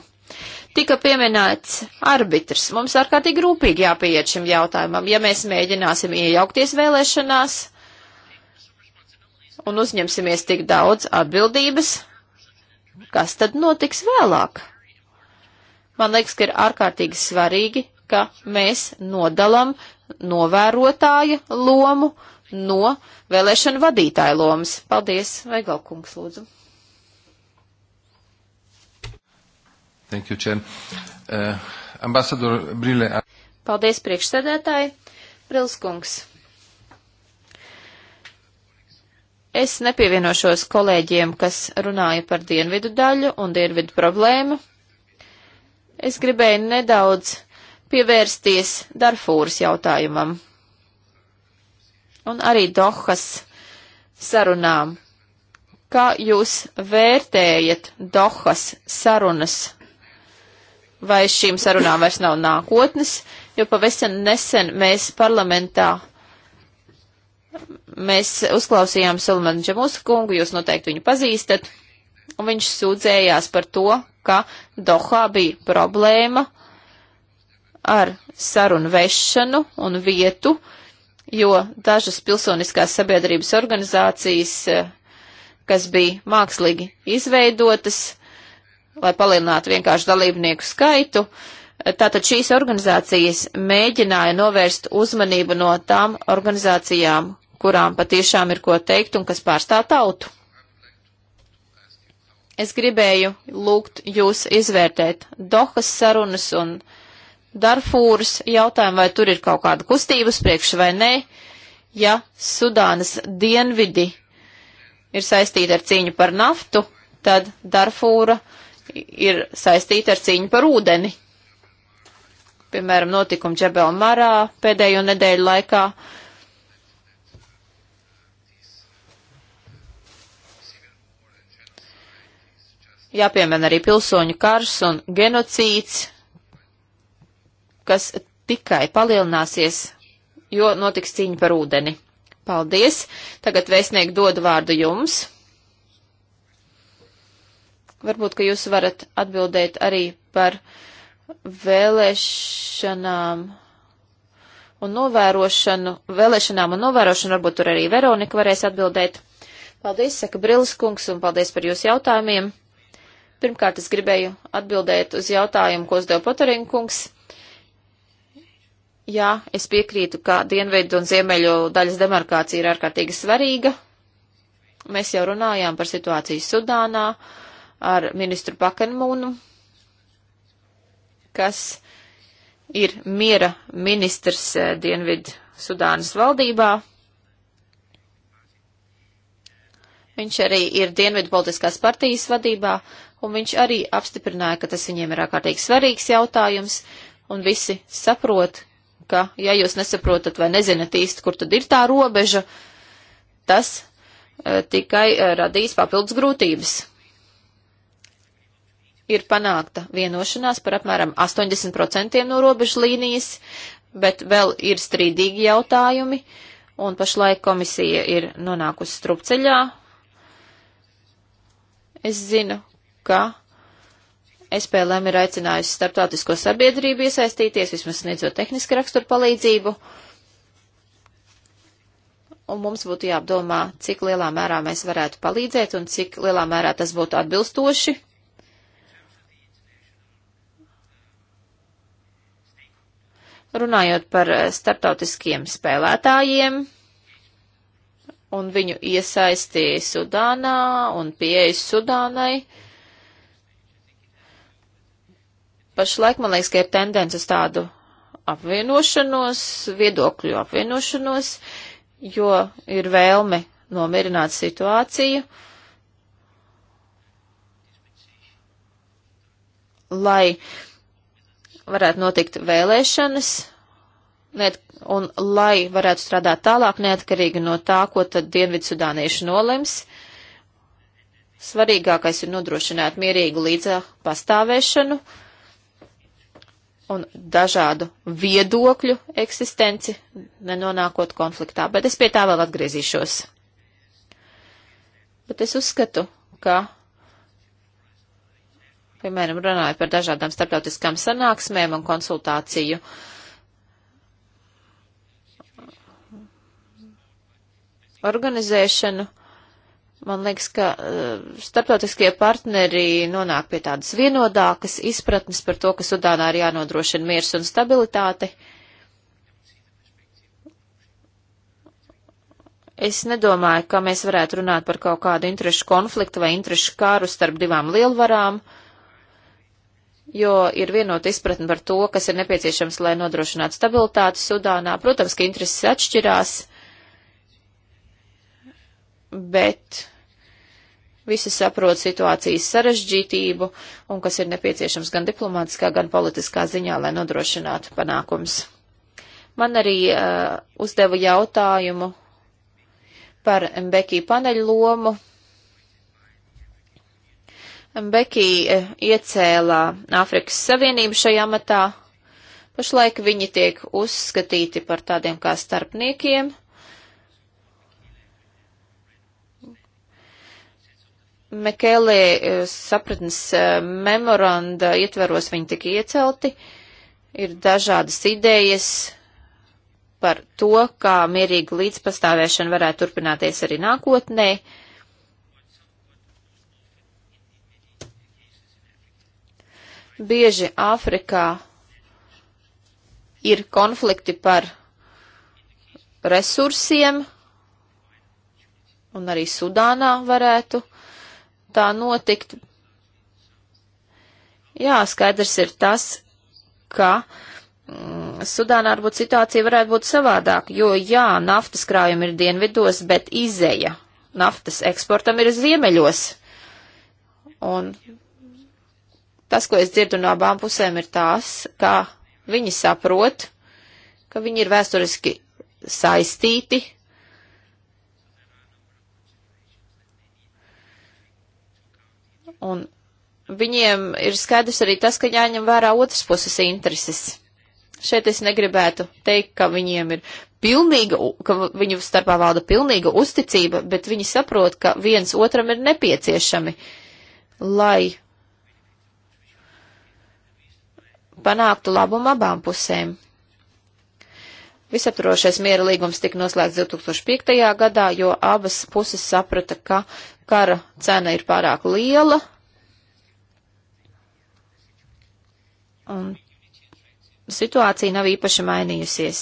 Tika pieminēts arbitrs. Mums ārkārtīgi rūpīgi jāpieiet šim jautājumam, ja mēs mēģināsim iejaukties vēlēšanās un uzņemsimies tik daudz atbildības, kas tad notiks vēlāk? Man liekas, ka ir ārkārtīgi svarīgi, ka mēs nodalam novērotāja lomu no vēlēšanu vadītāja lomas. Paldies, Vaigalkungs, lūdzu. Thank you, Chair. Uh, ambasador Brile. Uh, Paldies, priekšsēdētāji. Brilskungs. Es nepievienošos kolēģiem, kas runāja par dienvidu daļu un dienvidu problēmu. Es gribēju nedaudz pievērsties Darfūras jautājumam un arī Dohas sarunām. Kā jūs vērtējat Dohas sarunas vai šīm sarunām vairs nav nākotnes, jo pavisam nesen mēs parlamentā mēs uzklausījām Sulmanu Džemusu kungu, jūs noteikti viņu pazīstat, un viņš sūdzējās par to, ka Dohā bija problēma ar sarunu vešanu un vietu, jo dažas pilsoniskās sabiedrības organizācijas, eh, kas bija mākslīgi izveidotas, lai palielinātu vienkārši dalībnieku skaitu. Tātad šīs organizācijas mēģināja novērst uzmanību no tām organizācijām, kurām patiešām ir ko teikt un kas pārstāv tautu. Es gribēju lūgt jūs izvērtēt Dohas sarunas un Darfūras jautājumu, vai tur ir kaut kāda kustības priekš vai nē, ja Sudānas dienvidi ir saistīta ar cīņu par naftu, tad Darfūra uh, ir saistīta ar cīņu par ūdeni. Piemēram, notikumi Džebel Marā pēdējo nedēļu laikā. Jāpiemēr arī pilsoņu karš un genocīds, kas tikai palielināsies, jo notiks cīņa par ūdeni. Paldies! Tagad vēstnieku dodu vārdu jums. Varbūt, ka jūs varat atbildēt arī par vēlēšanām un novērošanu, vēlēšanām un novērošanu, varbūt tur arī Veronika varēs atbildēt. Paldies, saka Brilis kungs, un paldies par jūsu jautājumiem. Pirmkārt, es gribēju atbildēt uz jautājumu, ko uzdeva Potarina kungs. Jā, es piekrītu, ka dienveidu un ziemeļu daļas demarkācija ir ārkārtīgi svarīga. Mēs jau runājām par situāciju Sudānā. Uh, ar ministru Pakanmūnu, kas ir miera ministrs eh, Dienvidu Sudānas valdībā. Viņš arī ir Dienvidu politiskās partijas vadībā, un viņš arī apstiprināja, ka tas viņiem ir ārkārtīgi svarīgs jautājums, un visi saprot, ka, ja jūs nesaprotat vai nezinat īsti, kur tad ir tā robeža, tas e, tikai e, radīs papildus grūtības ir panākta vienošanās par apmēram 80% no robežu līnijas, bet vēl ir strīdīgi jautājumi, un pašlaik komisija ir nonākusi strupceļā. Es zinu, ka SPLM ir aicinājusi starptautisko sabiedrību iesaistīties, vismaz sniedzot tehniski raksturu palīdzību, un mums būtu jāapdomā, cik lielā mērā mēs varētu palīdzēt un cik lielā mērā tas būtu atbilstoši Runājot par eh, starptautiskiem spēlētājiem un viņu iesaistīja Sudānā un pieeja Sudānai, pašlaik man liekas, ka ir tendence uz tādu apvienošanos, viedokļu apvienošanos, jo ir vēlme nomierināt situāciju, lai varētu notikt vēlēšanas, net, un lai varētu strādāt tālāk neatkarīgi no tā, ko tad dienvidsudānieši nolems, svarīgākais ir nodrošināt mierīgu līdzā pastāvēšanu un dažādu viedokļu eksistenci, nenonākot konfliktā, bet es pie tā vēl atgriezīšos. Bet es uzskatu, ka piemēram, runājot par dažādām starptautiskām sanāksmēm un konsultāciju. Organizēšanu. Man liekas, ka eh, starptautiskie partneri nonāk pie tādas vienodākas izpratnes par to, ka Sudānā ir jānodrošina miers un stabilitāte. Es nedomāju, ka mēs varētu runāt par kaut kādu interešu konfliktu vai interešu kāru starp divām lielvarām. Uh, jo ir vienota izpratne par to, kas ir nepieciešams, lai nodrošinātu stabilitāti Sudānā. Protams, ka intereses atšķirās, bet visi saprot situācijas sarežģītību un kas ir nepieciešams gan diplomātiskā, gan politiskā ziņā, lai nodrošinātu panākums. Man arī uh, uzdeva jautājumu par Mbekī paneļu lomu Beki eh, iecēlā Āfrikas Savienību šajā matā. Pašlaik viņi tiek uzskatīti par tādiem kā starpniekiem. Mekēlē eh, sapratnes eh, memoranda ietveros viņi tika iecelti. Ir dažādas idejas par to, kā mierīga līdzpastāvēšana varētu turpināties arī nākotnē. Uh, Bieži Āfrikā ir konflikti par resursiem, un arī Sudānā varētu tā notikt. Jā, skaidrs ir tas, ka mm, Sudānā varbūt situācija varētu būt savādāka, jo jā, naftas krājumi ir dienvidos, bet izeja naftas eksportam ir ziemeļos. Un Tas, ko es dzirdu no abām pusēm, ir tās, ka viņi saprot, ka viņi ir vēsturiski saistīti. Un viņiem ir skaidrs arī tas, ka jāņem vērā otras puses intereses. Šeit es negribētu teikt, ka viņiem ir pilnīga, ka viņu starpā valda pilnīga uzticība, bet viņi saprot, ka viens otram ir nepieciešami, lai panāktu labumu abām pusēm. Visaptrošais miera līgums tika noslēgts 2005. gadā, jo abas puses saprata, ka kara cena ir pārāk liela. Un situācija nav īpaši mainījusies.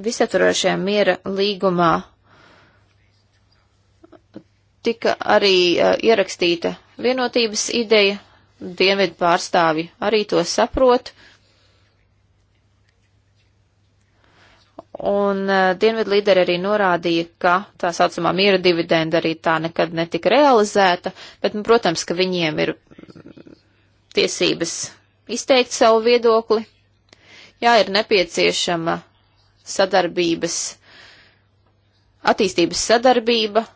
Visaturošajā miera līgumā tika arī uh, ierakstīta vienotības ideja, dienvidu pārstāvi arī to saprot. Un uh, dienvidu līderi arī norādīja, ka tā saucamā miera dividenda arī tā nekad netika realizēta, bet, nu, protams, ka viņiem ir tiesības izteikt savu viedokli. Jā, ir nepieciešama sadarbības, attīstības sadarbība,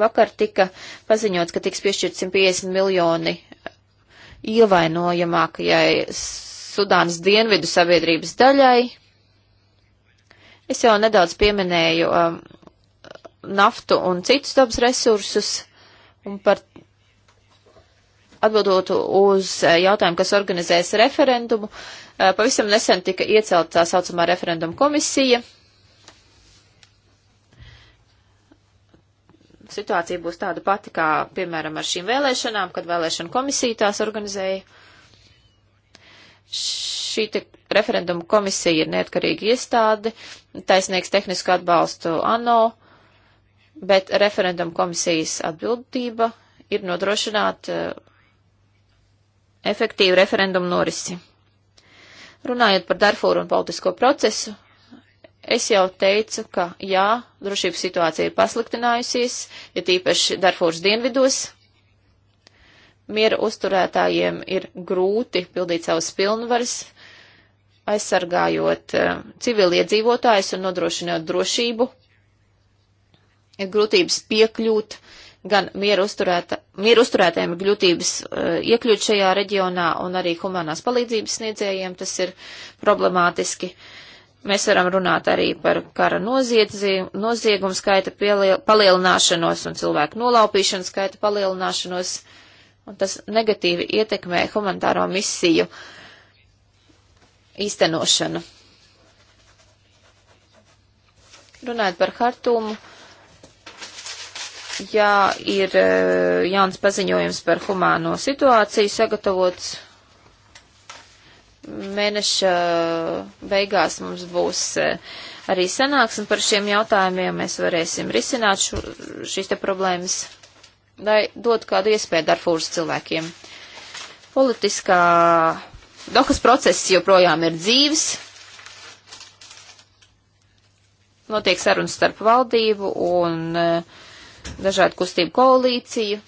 Vakar tika paziņots, ka tiks piešķirt 150 miljoni ievainojamākajai Sudānas dienvidu sabiedrības daļai. Es jau nedaudz pieminēju um, naftu un citus dabas resursus un par atbildot uz uh, jautājumu, kas organizēs referendumu. Uh, pavisam nesen tika iecelt tā saucamā referenduma komisija, situācija būs tāda pati, kā, piemēram, ar šīm vēlēšanām, kad vēlēšana komisija tās organizēja. Šī te referenduma komisija ir neatkarīga iestāde, taisnieks tehnisku atbalstu ANO, bet referenduma komisijas atbildība ir nodrošināt eh, efektīvu referendumu norisi. Runājot par Darfūru un politisko procesu, Es jau teicu, ka jā, drošības situācija ir pasliktinājusies, ja tīpaši Darfūras dienvidos. Miera uzturētājiem ir grūti pildīt savas pilnvaras, aizsargājot uh, civiliedzīvotājus un nodrošinot drošību. Ir grūtības piekļūt gan miera, uzturētā, miera uzturētājiem, ir grūtības uh, iekļūt šajā reģionā un arī humanās palīdzības sniedzējiem tas ir problemātiski. Uh, Mēs varam runāt arī par kara noziegumu skaita palielināšanos un cilvēku nolaupīšanu skaita palielināšanos, un tas negatīvi ietekmē humanitāro misiju īstenošanu. Runājot par Hartumu, jā, ir eh, jauns paziņojums par humāno situāciju sagatavots mēneša beigās mums būs eh, arī sanāksme par šiem jautājumiem. Mēs varēsim risināt šo, šīs te problēmas, lai dot kādu iespēju Darfūras cilvēkiem. Politiskā dokas process joprojām ir dzīves. Notiek sarunas starp valdību un eh, dažādu kustību koalīciju.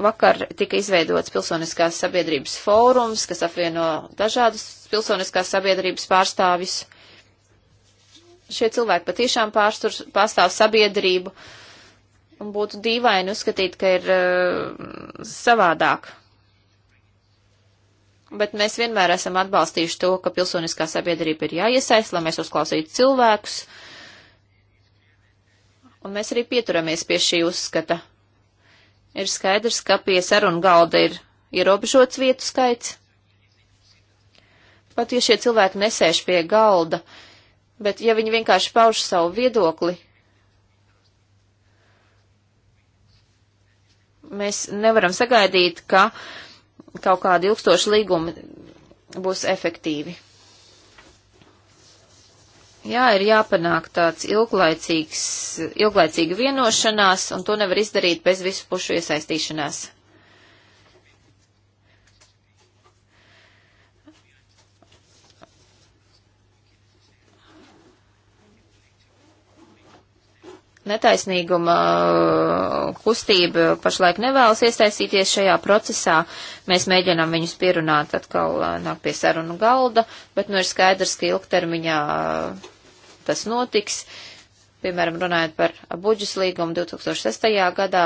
Vakar tika izveidots pilsoniskās sabiedrības fórums, kas apvieno dažādas pilsoniskās sabiedrības pārstāvis. Šie cilvēki patiešām pārstur, pārstāv sabiedrību, un būtu dīvaini uzskatīt, ka ir uh, savādāk. Bet mēs vienmēr esam atbalstījuši to, ka pilsoniskā sabiedrība ir jāiesaist, lai mēs uzklausītu cilvēkus, un mēs arī pieturamies pie šī uzskata ir skaidrs, ka pie sarunu galda ir ierobežots vietu skaits. Pat ja šie cilvēki nesēž pie galda, bet ja viņi vienkārši pauž savu viedokli, mēs nevaram sagaidīt, ka kaut kādi ilgstoši līgumi būs efektīvi. Jā, ir jāpanāk tāds ilglaicīgs, ilglaicīga vienošanās, un to nevar izdarīt bez visu pušu iesaistīšanās. netaisnīguma uh, kustība pašlaik nevēlas iesaistīties šajā procesā. Mēs mēģinām viņus pierunāt atkal uh, nāk pie sarunu galda, bet nu ir skaidrs, ka ilgtermiņā uh, kas notiks. Piemēram, runājot par budžas līgumu 2006. gadā.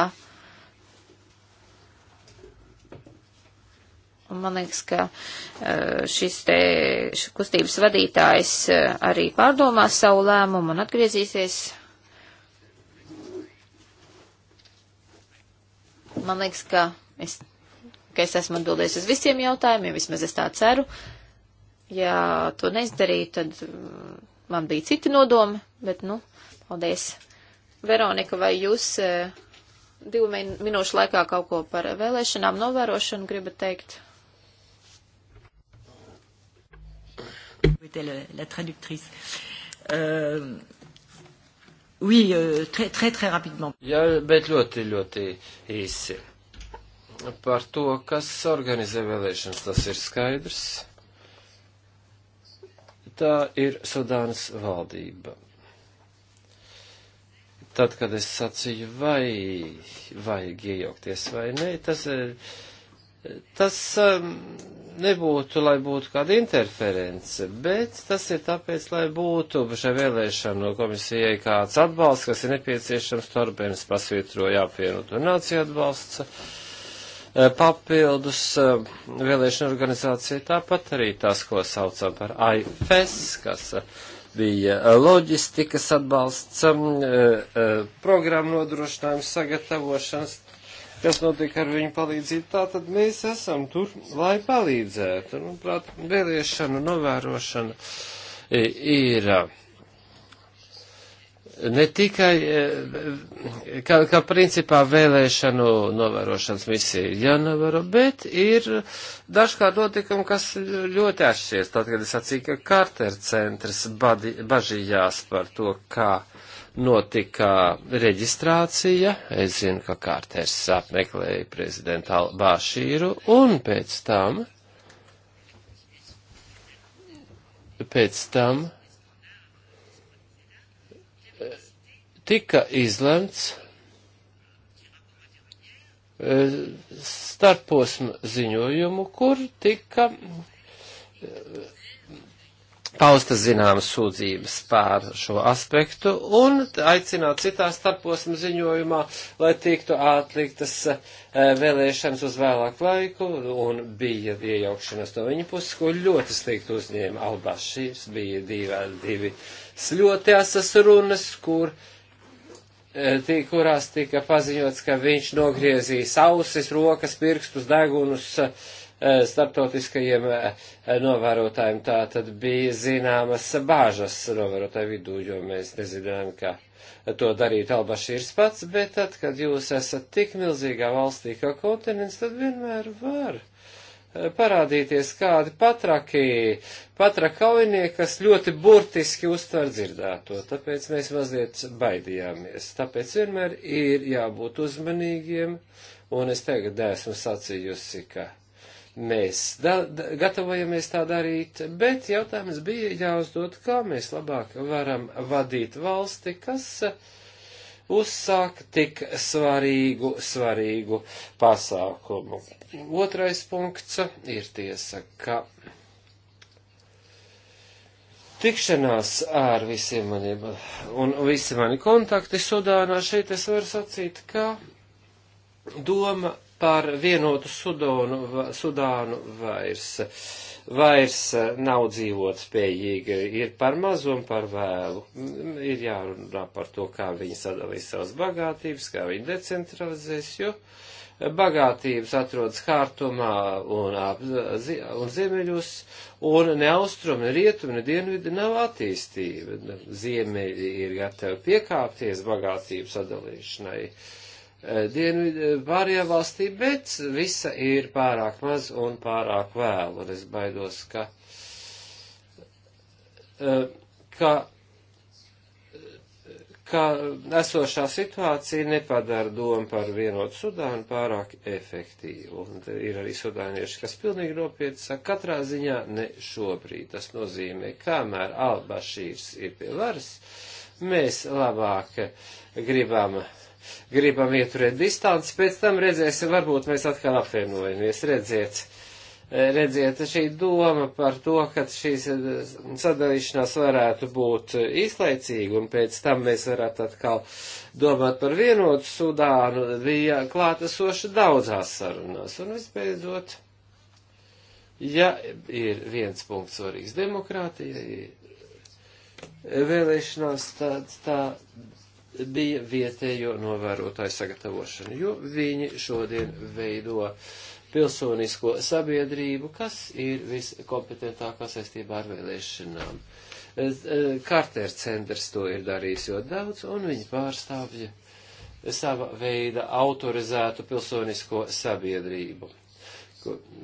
Un man liekas, ka e, šis te kustības vadītājs e, arī pārdomās savu lēmumu un atgriezīsies man liekas, ka es, ka es esmu atbildējis uz visiem jautājumiem, vismaz es tā ceru. Ja to neizdarīju, tad man bija citi nodomi, bet, nu, paldies. Veronika, vai jūs e, divu minūšu laikā kaut ko par vēlēšanām novērošanu gribat teikt? La traductrice. Euh, oui, euh, très, très, très rapidement. Jā, bet ļoti, ļoti īsi. Par to, kas organizē vēlēšanas, tas ir skaidrs tā ir Sudānas valdība. Tad, kad es sacīju, vai vajag iejaukties vai nē, tas, tas um, nebūtu, lai būtu kāda interference, bet tas ir tāpēc, lai būtu šai vēlēšanu komisijai kāds atbalsts, kas ir nepieciešams, Torbens pasvītroja apvienoto nāciju atbalsts Eh, papildus eh, vēlēšana organizācija, tāpat arī tas, ko saucam par IFS, e kas eh, bija loģistikas atbalsts, programmu nodrošinājums, sagatavošanas, kas notika ar viņu palīdzību. Tātad mēs esam tur, lai palīdzētu. Manuprāt, vēlēšanu novērošana ir. ir ne tikai, eh, kā, kā principā vēlēšanu novērošanas misija ir jānovēro, bet ir dažkārt notikumi, kas ļoti atšķies. Tad, kad es sacīju, ka Karter centrs badi, bažījās par to, kā notika reģistrācija, es zinu, ka Karters apmeklēja prezidentu Albāšīru, un pēc tam, pēc tam, tika izlemts e, starposma ziņojumu, kur tika e, paustas zināmas sūdzības pār šo aspektu un aicināt citā starposma ziņojumā, lai tiktu atliktas e, vēlēšanas uz vēlāku laiku, un bija iejaukšanas no viņa puses, ko ļoti slikti uzņēma Albašīs, bija divi, divi ļoti asas runas, kur uh, Eh, tī, kurās tika paziņots, ka viņš nogriezīs ausis, rokas, pirkstus, degunus eh, starptautiskajiem eh, novērotājiem. Tā tad bija zināmas bāžas novērotāju vidū, jo mēs nezinājām, ka to darītu Albašīrs pats, bet tad, kad jūs esat tik milzīgā valstī kā kontinents, tad vienmēr var Eh, parādīties kādi patraki, patrakaujnieki, kas ļoti burtiski uztver dzirdēto, tāpēc mēs mazliet baidījāmies. Tāpēc vienmēr ir jābūt uzmanīgiem, un es tagad esmu sacījusi, ka mēs da, da, gatavojamies tā darīt, bet jautājums bija jāuzdod, kā mēs labāk varam vadīt valsti, kas uh, uzsākt tik svarīgu, svarīgu pasākumu. Otrais punkts ir tiesa, ka tikšanās ar visiem maniem un visi mani kontakti Sudānā šeit es varu sacīt, ka doma par vienotu Sudonu, Sudānu vairs vairs eh, nav dzīvot spējīga, ir par mazu un par vēlu. Ir jārunā par to, kā viņi sadalīs savas bagātības, kā viņi decentralizēs, jo bagātības atrodas Hārtumā un, ap, un ziemeļos, un ne austrumi, ne rietumi, ne dienvidi nav attīstība. Ziemeļi ir gatavi piekāpties bagātību sadalīšanai. Uh, Eh, dienvidu pārējā eh, valstī, bet visa ir pārāk maz un pārāk vēlu, un es baidos, ka, eh, ka, ka esošā situācija nepadara domu par vienotu Sudānu pārāk efektīvu, un ir arī sudānieši, kas pilnīgi nopietni saka, katrā ziņā ne šobrīd, tas nozīmē, kamēr Albašīrs ir pie varas, mēs labāk gribam uh, gribam ieturēt distanci, pēc tam redzēsim, varbūt mēs atkal apvienojamies, redziet, redziet, šī doma par to, ka šīs sadalīšanās varētu būt izlaicīga un pēc tam mēs varētu atkal domāt par vienotu Sudānu, bija klātesoša daudzās sarunās. Un visbeidzot, ja ir viens punkts svarīgs demokrātijai, vēlēšanās, tad tā, tā bija vietējo novērotāju sagatavošana, jo viņi šodien veido pilsonisko sabiedrību, kas ir viskompetentākā saistībā ar vēlēšanām. Karter e, centrs to ir darījis ļoti daudz, un viņa pārstāvja sava veida autorizētu pilsonisko sabiedrību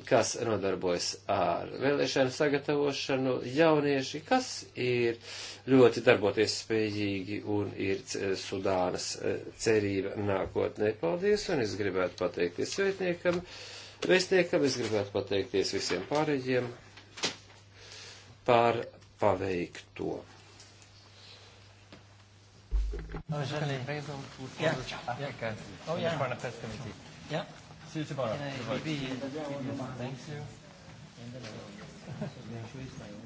kas nodarbojas ar vēlēšanu sagatavošanu, jaunieši, kas ir ļoti darboties spējīgi un ir Sudānas e, cerība nākotnē. Paldies, un es gribētu pateikties sveitniekam, vēstniekam, es gribētu pateikties visiem pārējiem par paveikto. Oh, yeah. Yeah. Oh, yeah. See you tomorrow. Bye-bye. Thank you.